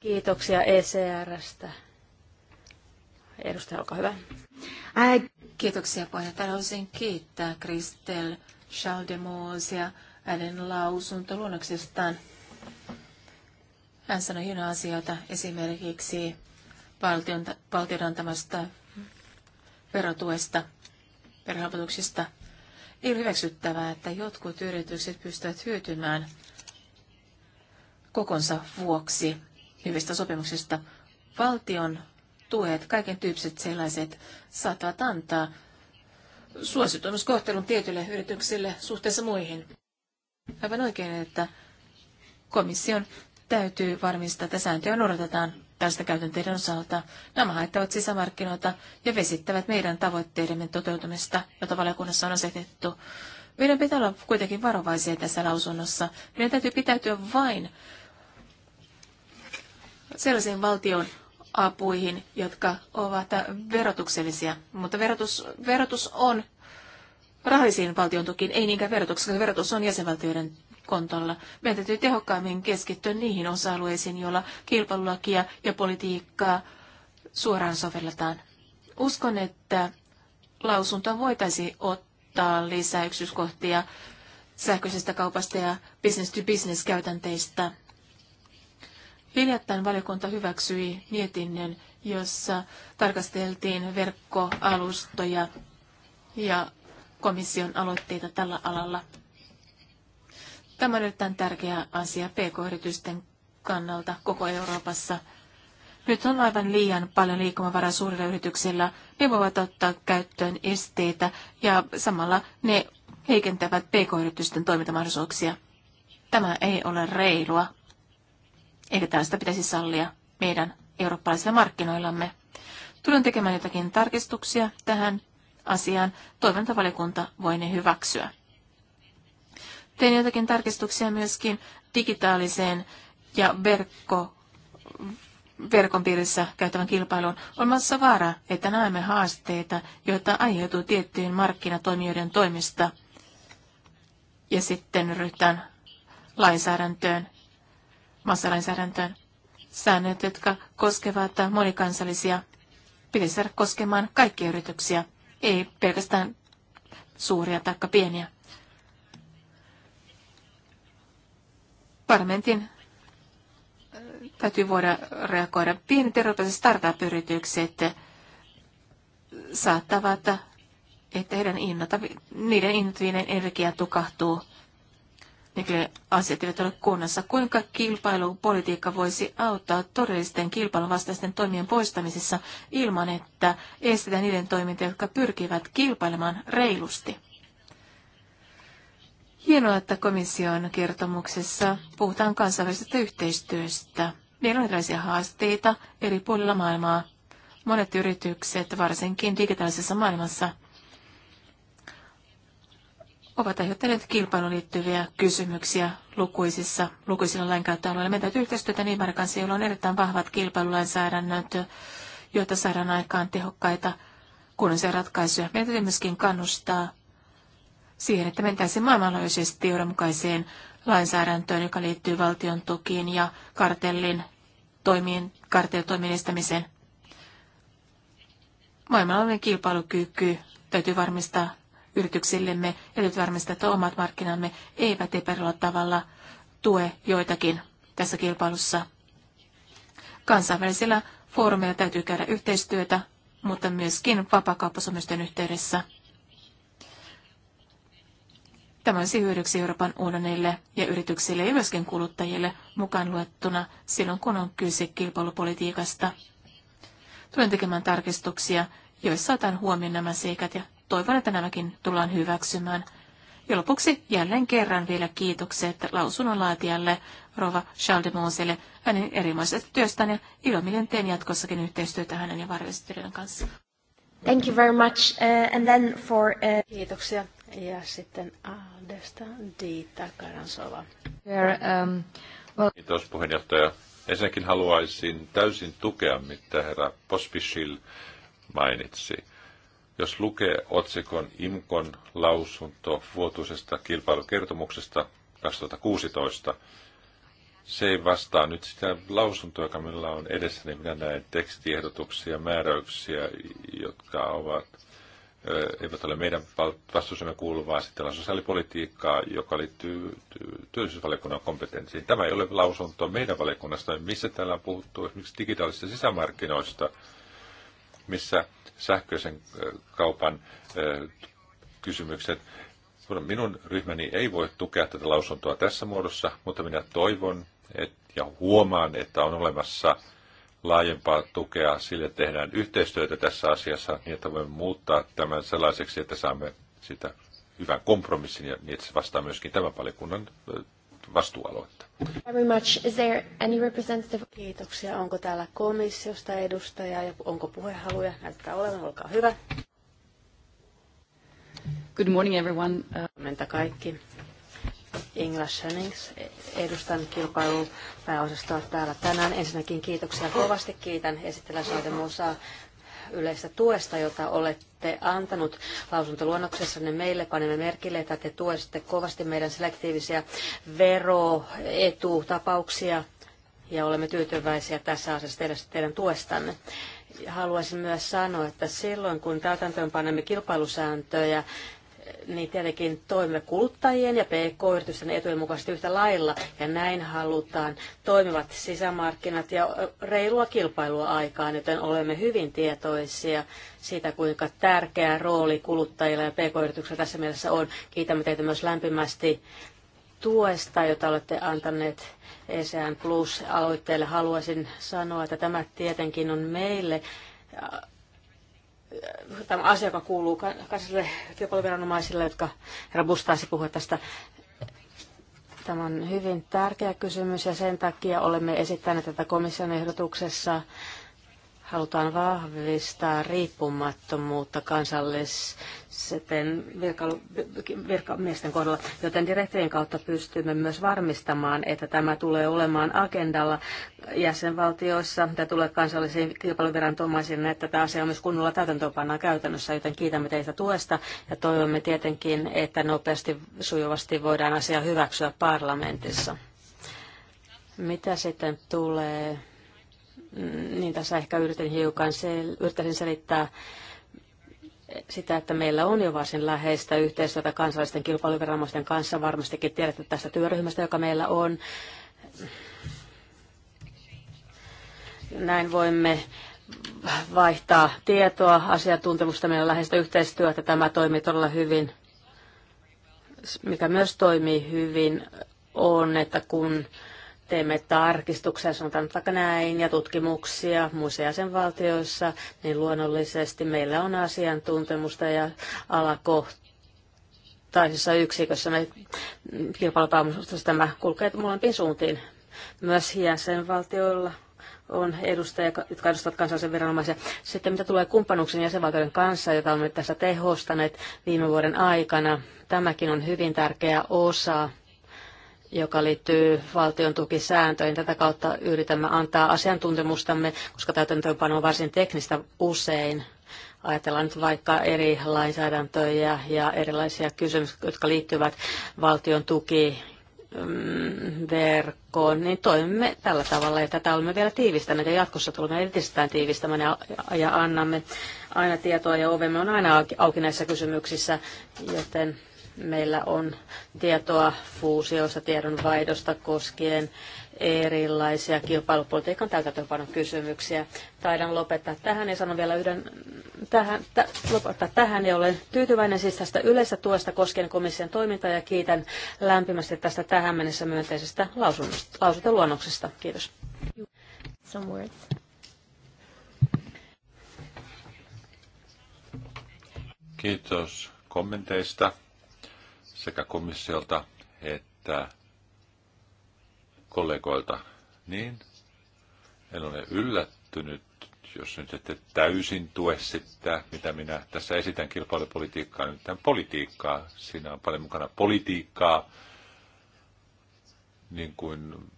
Kiitoksia ECRstä. Edustaja, olkaa hyvä. Ai, kiitoksia puheenjohtaja. Haluaisin kiittää Kristel Schaldemoosia hänen lausuntoluonnoksestaan. Hän sanoi hienoja asioita esimerkiksi valtion, valtion antamasta verotuesta, verohelpotuksista. Ei ole hyväksyttävää, että jotkut yritykset pystyvät hyötymään kokonsa vuoksi hyvistä sopimuksista. Valtion tuet, kaiken tyyppiset sellaiset, saattavat antaa suosituimuskohtelun tietylle yritykselle suhteessa muihin. Aivan oikein, että komission täytyy varmistaa, että sääntöjä noudatetaan tästä käytänteiden osalta. Nämä haittavat sisämarkkinoita ja vesittävät meidän tavoitteidemme toteutumista, jota valiokunnassa on asetettu. Meidän pitää olla kuitenkin varovaisia tässä lausunnossa. Meidän täytyy pitäytyä vain sellaisiin valtion apuihin, jotka ovat verotuksellisia. Mutta verotus, verotus on rahallisiin valtion tukiin, ei niinkään verotuksessa, koska verotus on jäsenvaltioiden kontolla. Meidän täytyy tehokkaammin keskittyä niihin osa-alueisiin, joilla kilpailulakia ja politiikkaa suoraan sovelletaan. Uskon, että lausuntoon voitaisiin ottaa lisää yksityiskohtia sähköisestä kaupasta ja business-to-business-käytänteistä. Hiljattain valiokunta hyväksyi mietinnön, jossa tarkasteltiin verkkoalustoja ja komission aloitteita tällä alalla. Tämä on erittäin tärkeä asia pk-yritysten kannalta koko Euroopassa. Nyt on aivan liian paljon liikkumavaraa suurilla yrityksillä. Ne voivat ottaa käyttöön esteitä ja samalla ne heikentävät pk-yritysten toimintamahdollisuuksia. Tämä ei ole reilua, eikä tällaista pitäisi sallia meidän eurooppalaisilla markkinoillamme. Tulen tekemään jotakin tarkistuksia tähän asiaan. Toivon, että valiokunta voi ne hyväksyä. Tein jotakin tarkistuksia myöskin digitaaliseen ja verkko, verkon piirissä käytävän kilpailuun. On massa vaara, että näemme haasteita, joita aiheutuu tiettyjen markkinatoimijoiden toimista ja sitten ryhtään lainsäädäntöön, massalainsäädäntöön. Säännöt, jotka koskevat monikansallisia, pitäisi saada koskemaan kaikkia yrityksiä, ei pelkästään suuria tai pieniä. Parlamentin äh, täytyy voida reagoida. Pienet eurooppalaiset startup-yritykset äh, saattavat, äh, että heidän innota, niiden innotiivinen energia tukahtuu. Niin asiat eivät ole kunnossa, kuinka kilpailupolitiikka voisi auttaa todellisten kilpailuvastaisten toimien poistamisessa ilman, että estetään niiden toiminta, jotka pyrkivät kilpailemaan reilusti? Hienoa, että komission kertomuksessa puhutaan kansainvälisestä yhteistyöstä. Meillä on erilaisia haasteita eri puolilla maailmaa. Monet yritykset, varsinkin digitaalisessa maailmassa, ovat aiheuttaneet kilpailuun liittyviä kysymyksiä lukuisissa, lukuisilla lainkäyttöalueilla. Meidän täytyy yhteistyötä niin kanssa, joilla on erittäin vahvat kilpailulainsäädännöt, joita saadaan aikaan tehokkaita kunnallisia ratkaisuja. Meidän täytyy myöskin kannustaa siihen, että mentäisiin maailmanlaajuisesti johdonmukaiseen lainsäädäntöön, joka liittyy valtion tukiin ja kartellin toimien, kartellitoimien estämiseen. Maailmanlainen kilpailukyky täytyy varmistaa yrityksillemme ja täytyy varmistaa, että omat markkinamme eivät epäröllä tavalla tue joitakin tässä kilpailussa. Kansainvälisillä foorumeilla täytyy käydä yhteistyötä, mutta myöskin vapaakauppasopimusten yhteydessä – Tämä olisi hyödyksi Euroopan unionille ja yrityksille ja myöskin kuluttajille mukaan luettuna silloin, kun on kyse kilpailupolitiikasta. Tulen tekemään tarkistuksia, joissa otan huomioon nämä seikat ja toivon, että nämäkin tullaan hyväksymään. Ja lopuksi jälleen kerran vielä kiitokset lausunnonlaatijalle Rova Schaldemoselle hänen erimoisesta työstään ja ilomielen teen jatkossakin yhteistyötä hänen ja varjoesittelijän kanssa. Thank you very much. Uh, and then for, uh... Kiitoksia. Ja sitten Aldesta Diita Karansova. Um, Kiitos puheenjohtaja. Ensinnäkin haluaisin täysin tukea, mitä herra Pospisil mainitsi. Jos lukee otsikon IMKON lausunto vuotuisesta kilpailukertomuksesta 2016, se ei vastaa nyt sitä lausuntoa, joka meillä on edessä, niin minä näen tekstiehdotuksia, määräyksiä, jotka ovat eivät ole meidän vastuusemme kuuluvaa. Sitten on sosiaalipolitiikkaa, joka liittyy työllisyysvaliokunnan kompetenssiin. Tämä ei ole lausunto meidän valiokunnasta, missä täällä on puhuttu esimerkiksi digitaalisista sisämarkkinoista, missä sähköisen kaupan kysymykset. Minun ryhmäni ei voi tukea tätä lausuntoa tässä muodossa, mutta minä toivon et, ja huomaan, että on olemassa laajempaa tukea sille, tehdään yhteistyötä tässä asiassa, niin että voimme muuttaa tämän sellaiseksi, että saamme sitä hyvän kompromissin ja niin, että se vastaa myöskin tämän valiokunnan vastuualoitta. Very much. Is there any representative? Kiitoksia. Onko täällä komissiosta edustajaa ja onko puhehaluja? Näyttää olevan. Olkaa hyvä. Good morning everyone. Uh, kaikki. Ingla Hennings. Edustan pääosastoa täällä tänään. Ensinnäkin kiitoksia kovasti. Kiitän esittelä Soidemusaa yleistä tuesta, jota olette antanut lausuntoluonnoksessanne meille. Panemme merkille, että te tuesitte kovasti meidän selektiivisiä veroetutapauksia ja olemme tyytyväisiä tässä asiassa teidän, teidän tuestanne. Haluaisin myös sanoa, että silloin kun täytäntöön panemme kilpailusääntöjä, niin tietenkin toimimme kuluttajien ja PK-yritysten etujen mukaisesti yhtä lailla. Ja näin halutaan toimivat sisämarkkinat ja reilua kilpailua aikaan, joten olemme hyvin tietoisia siitä, kuinka tärkeä rooli kuluttajilla ja PK-yrityksillä tässä mielessä on. Kiitämme teitä myös lämpimästi tuesta, jota olette antaneet ECN Plus-aloitteelle. Haluaisin sanoa, että tämä tietenkin on meille tämä asia, joka kuuluu kansallisille työpalveluviranomaisille, jotka herra Bustaisi puhui tästä. Tämä on hyvin tärkeä kysymys ja sen takia olemme esittäneet tätä komission ehdotuksessa halutaan vahvistaa riippumattomuutta kansallisten virkamiesten kohdalla, joten direktiivin kautta pystymme myös varmistamaan, että tämä tulee olemaan agendalla jäsenvaltioissa, mitä tulee kansallisiin kilpailuviranomaisiin, että tämä asia on myös kunnolla täytäntöönpannaan käytännössä, joten kiitämme teitä tuesta ja toivomme tietenkin, että nopeasti sujuvasti voidaan asia hyväksyä parlamentissa. Mitä sitten tulee Mm, niin tässä ehkä yritin hiukan sel, yrittäisin selittää sitä, että meillä on jo varsin läheistä yhteistyötä kansallisten kilpailuviranomaisten kanssa. Varmastikin tiedätte tästä työryhmästä, joka meillä on. Näin voimme vaihtaa tietoa, asiantuntemusta, meillä läheistä yhteistyötä. Tämä toimii todella hyvin. Mikä myös toimii hyvin on, että kun teemme tarkistuksia, sanotaan vaikka näin, ja tutkimuksia muissa jäsenvaltioissa, niin luonnollisesti meillä on asiantuntemusta ja alakohtaisessa yksikössä me kilpailupääomassa tämä kulkee molempiin suuntiin. Myös jäsenvaltioilla on edustajia, jotka edustavat kansallisen viranomaisia. Sitten mitä tulee kumppanuksen jäsenvaltioiden kanssa, jota olemme tässä tehostaneet viime vuoden aikana, tämäkin on hyvin tärkeä osa joka liittyy valtion tukisääntöihin. Tätä kautta yritämme antaa asiantuntemustamme, koska täytäntöönpano on varsin teknistä usein. Ajatellaan nyt vaikka eri lainsäädäntöjä ja erilaisia kysymyksiä, jotka liittyvät valtion tuki mm, niin toimimme tällä tavalla ja tätä olemme vielä tiivistäneet ja jatkossa tulemme entisestään tiivistämään ja, ja annamme aina tietoa ja ovemme on aina auki näissä kysymyksissä, joten Meillä on tietoa fuusioista, tiedonvaihdosta koskien erilaisia kilpailupolitiikan täytäntöönpanon kysymyksiä. Taidan lopettaa tähän ja sanon vielä yhden tähän, tä, lopettaa tähän ja olen tyytyväinen siis tästä yleistä tuesta koskien komission toimintaa ja kiitän lämpimästi tästä tähän mennessä myönteisestä lausuntoluonnoksesta. Kiitos. Some words. Kiitos kommenteista sekä komissiolta että kollegoilta. Niin, en ole yllättynyt, jos nyt ette täysin tue sitä, mitä minä tässä esitän kilpailupolitiikkaa, nyt tämän politiikkaa. Siinä on paljon mukana politiikkaa, niin kuin,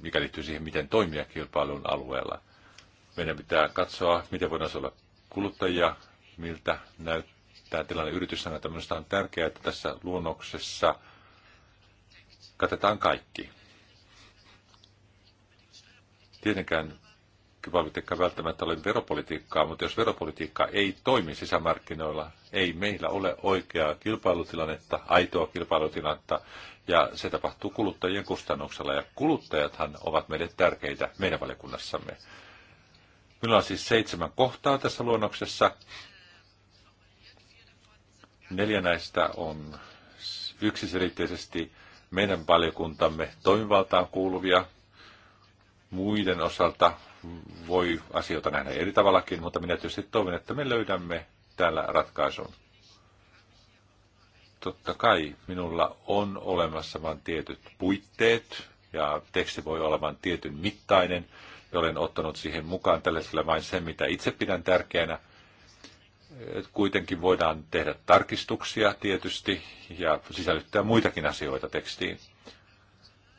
mikä liittyy siihen, miten toimia kilpailun alueella. Meidän pitää katsoa, miten voidaan olla kuluttajia, miltä näyttää tämä tilanne yrityssana. Minusta on tärkeää, että tässä luonnoksessa katetaan kaikki. Tietenkään kilpailupolitiikka välttämättä ole veropolitiikkaa, mutta jos veropolitiikka ei toimi sisämarkkinoilla, ei meillä ole oikeaa kilpailutilannetta, aitoa kilpailutilannetta, ja se tapahtuu kuluttajien kustannuksella, ja kuluttajathan ovat meille tärkeitä meidän valikunnassamme. Minulla on siis seitsemän kohtaa tässä luonnoksessa. Neljä näistä on yksiselitteisesti meidän valiokuntamme toimivaltaan kuuluvia. Muiden osalta voi asioita nähdä eri tavallakin, mutta minä tietysti toivon, että me löydämme täällä ratkaisun. Totta kai minulla on olemassa vain tietyt puitteet, ja teksti voi olla vain tietyn mittainen, ja olen ottanut siihen mukaan tällaisella vain sen, mitä itse pidän tärkeänä – Kuitenkin voidaan tehdä tarkistuksia tietysti ja sisällyttää muitakin asioita tekstiin.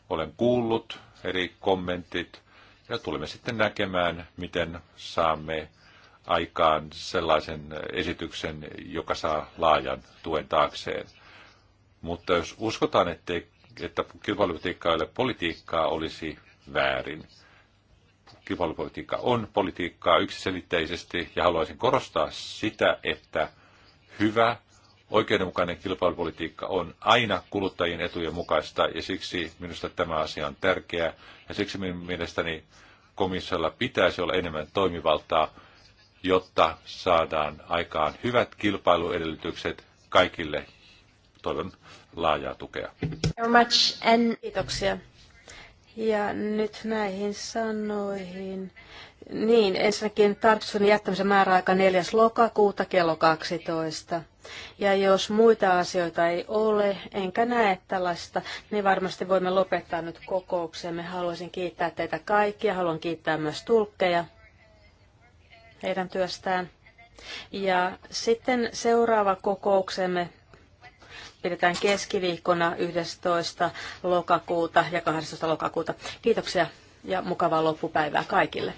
Olen kuullut eri kommentit ja tulemme sitten näkemään, miten saamme aikaan sellaisen esityksen, joka saa laajan tuen taakseen. Mutta jos uskotaan, ettei, että kilpailupolitiikka ei ole politiikkaa, olisi väärin kilpailupolitiikka on politiikkaa yksiselitteisesti ja haluaisin korostaa sitä, että hyvä oikeudenmukainen kilpailupolitiikka on aina kuluttajien etujen mukaista ja siksi minusta tämä asia on tärkeä ja siksi minun mielestäni komissiolla pitäisi olla enemmän toimivaltaa, jotta saadaan aikaan hyvät kilpailuedellytykset kaikille. Toivon laajaa tukea. Kiitoksia. Ja nyt näihin sanoihin. Niin, ensinnäkin tarkistuksen jättämisen määräaika 4. lokakuuta kello 12. Ja jos muita asioita ei ole, enkä näe tällaista, niin varmasti voimme lopettaa nyt kokouksemme. Haluaisin kiittää teitä kaikkia, haluan kiittää myös tulkkeja heidän työstään. Ja sitten seuraava kokouksemme pidetään keskiviikkona 11. lokakuuta ja 12. lokakuuta. Kiitoksia ja mukavaa loppupäivää kaikille.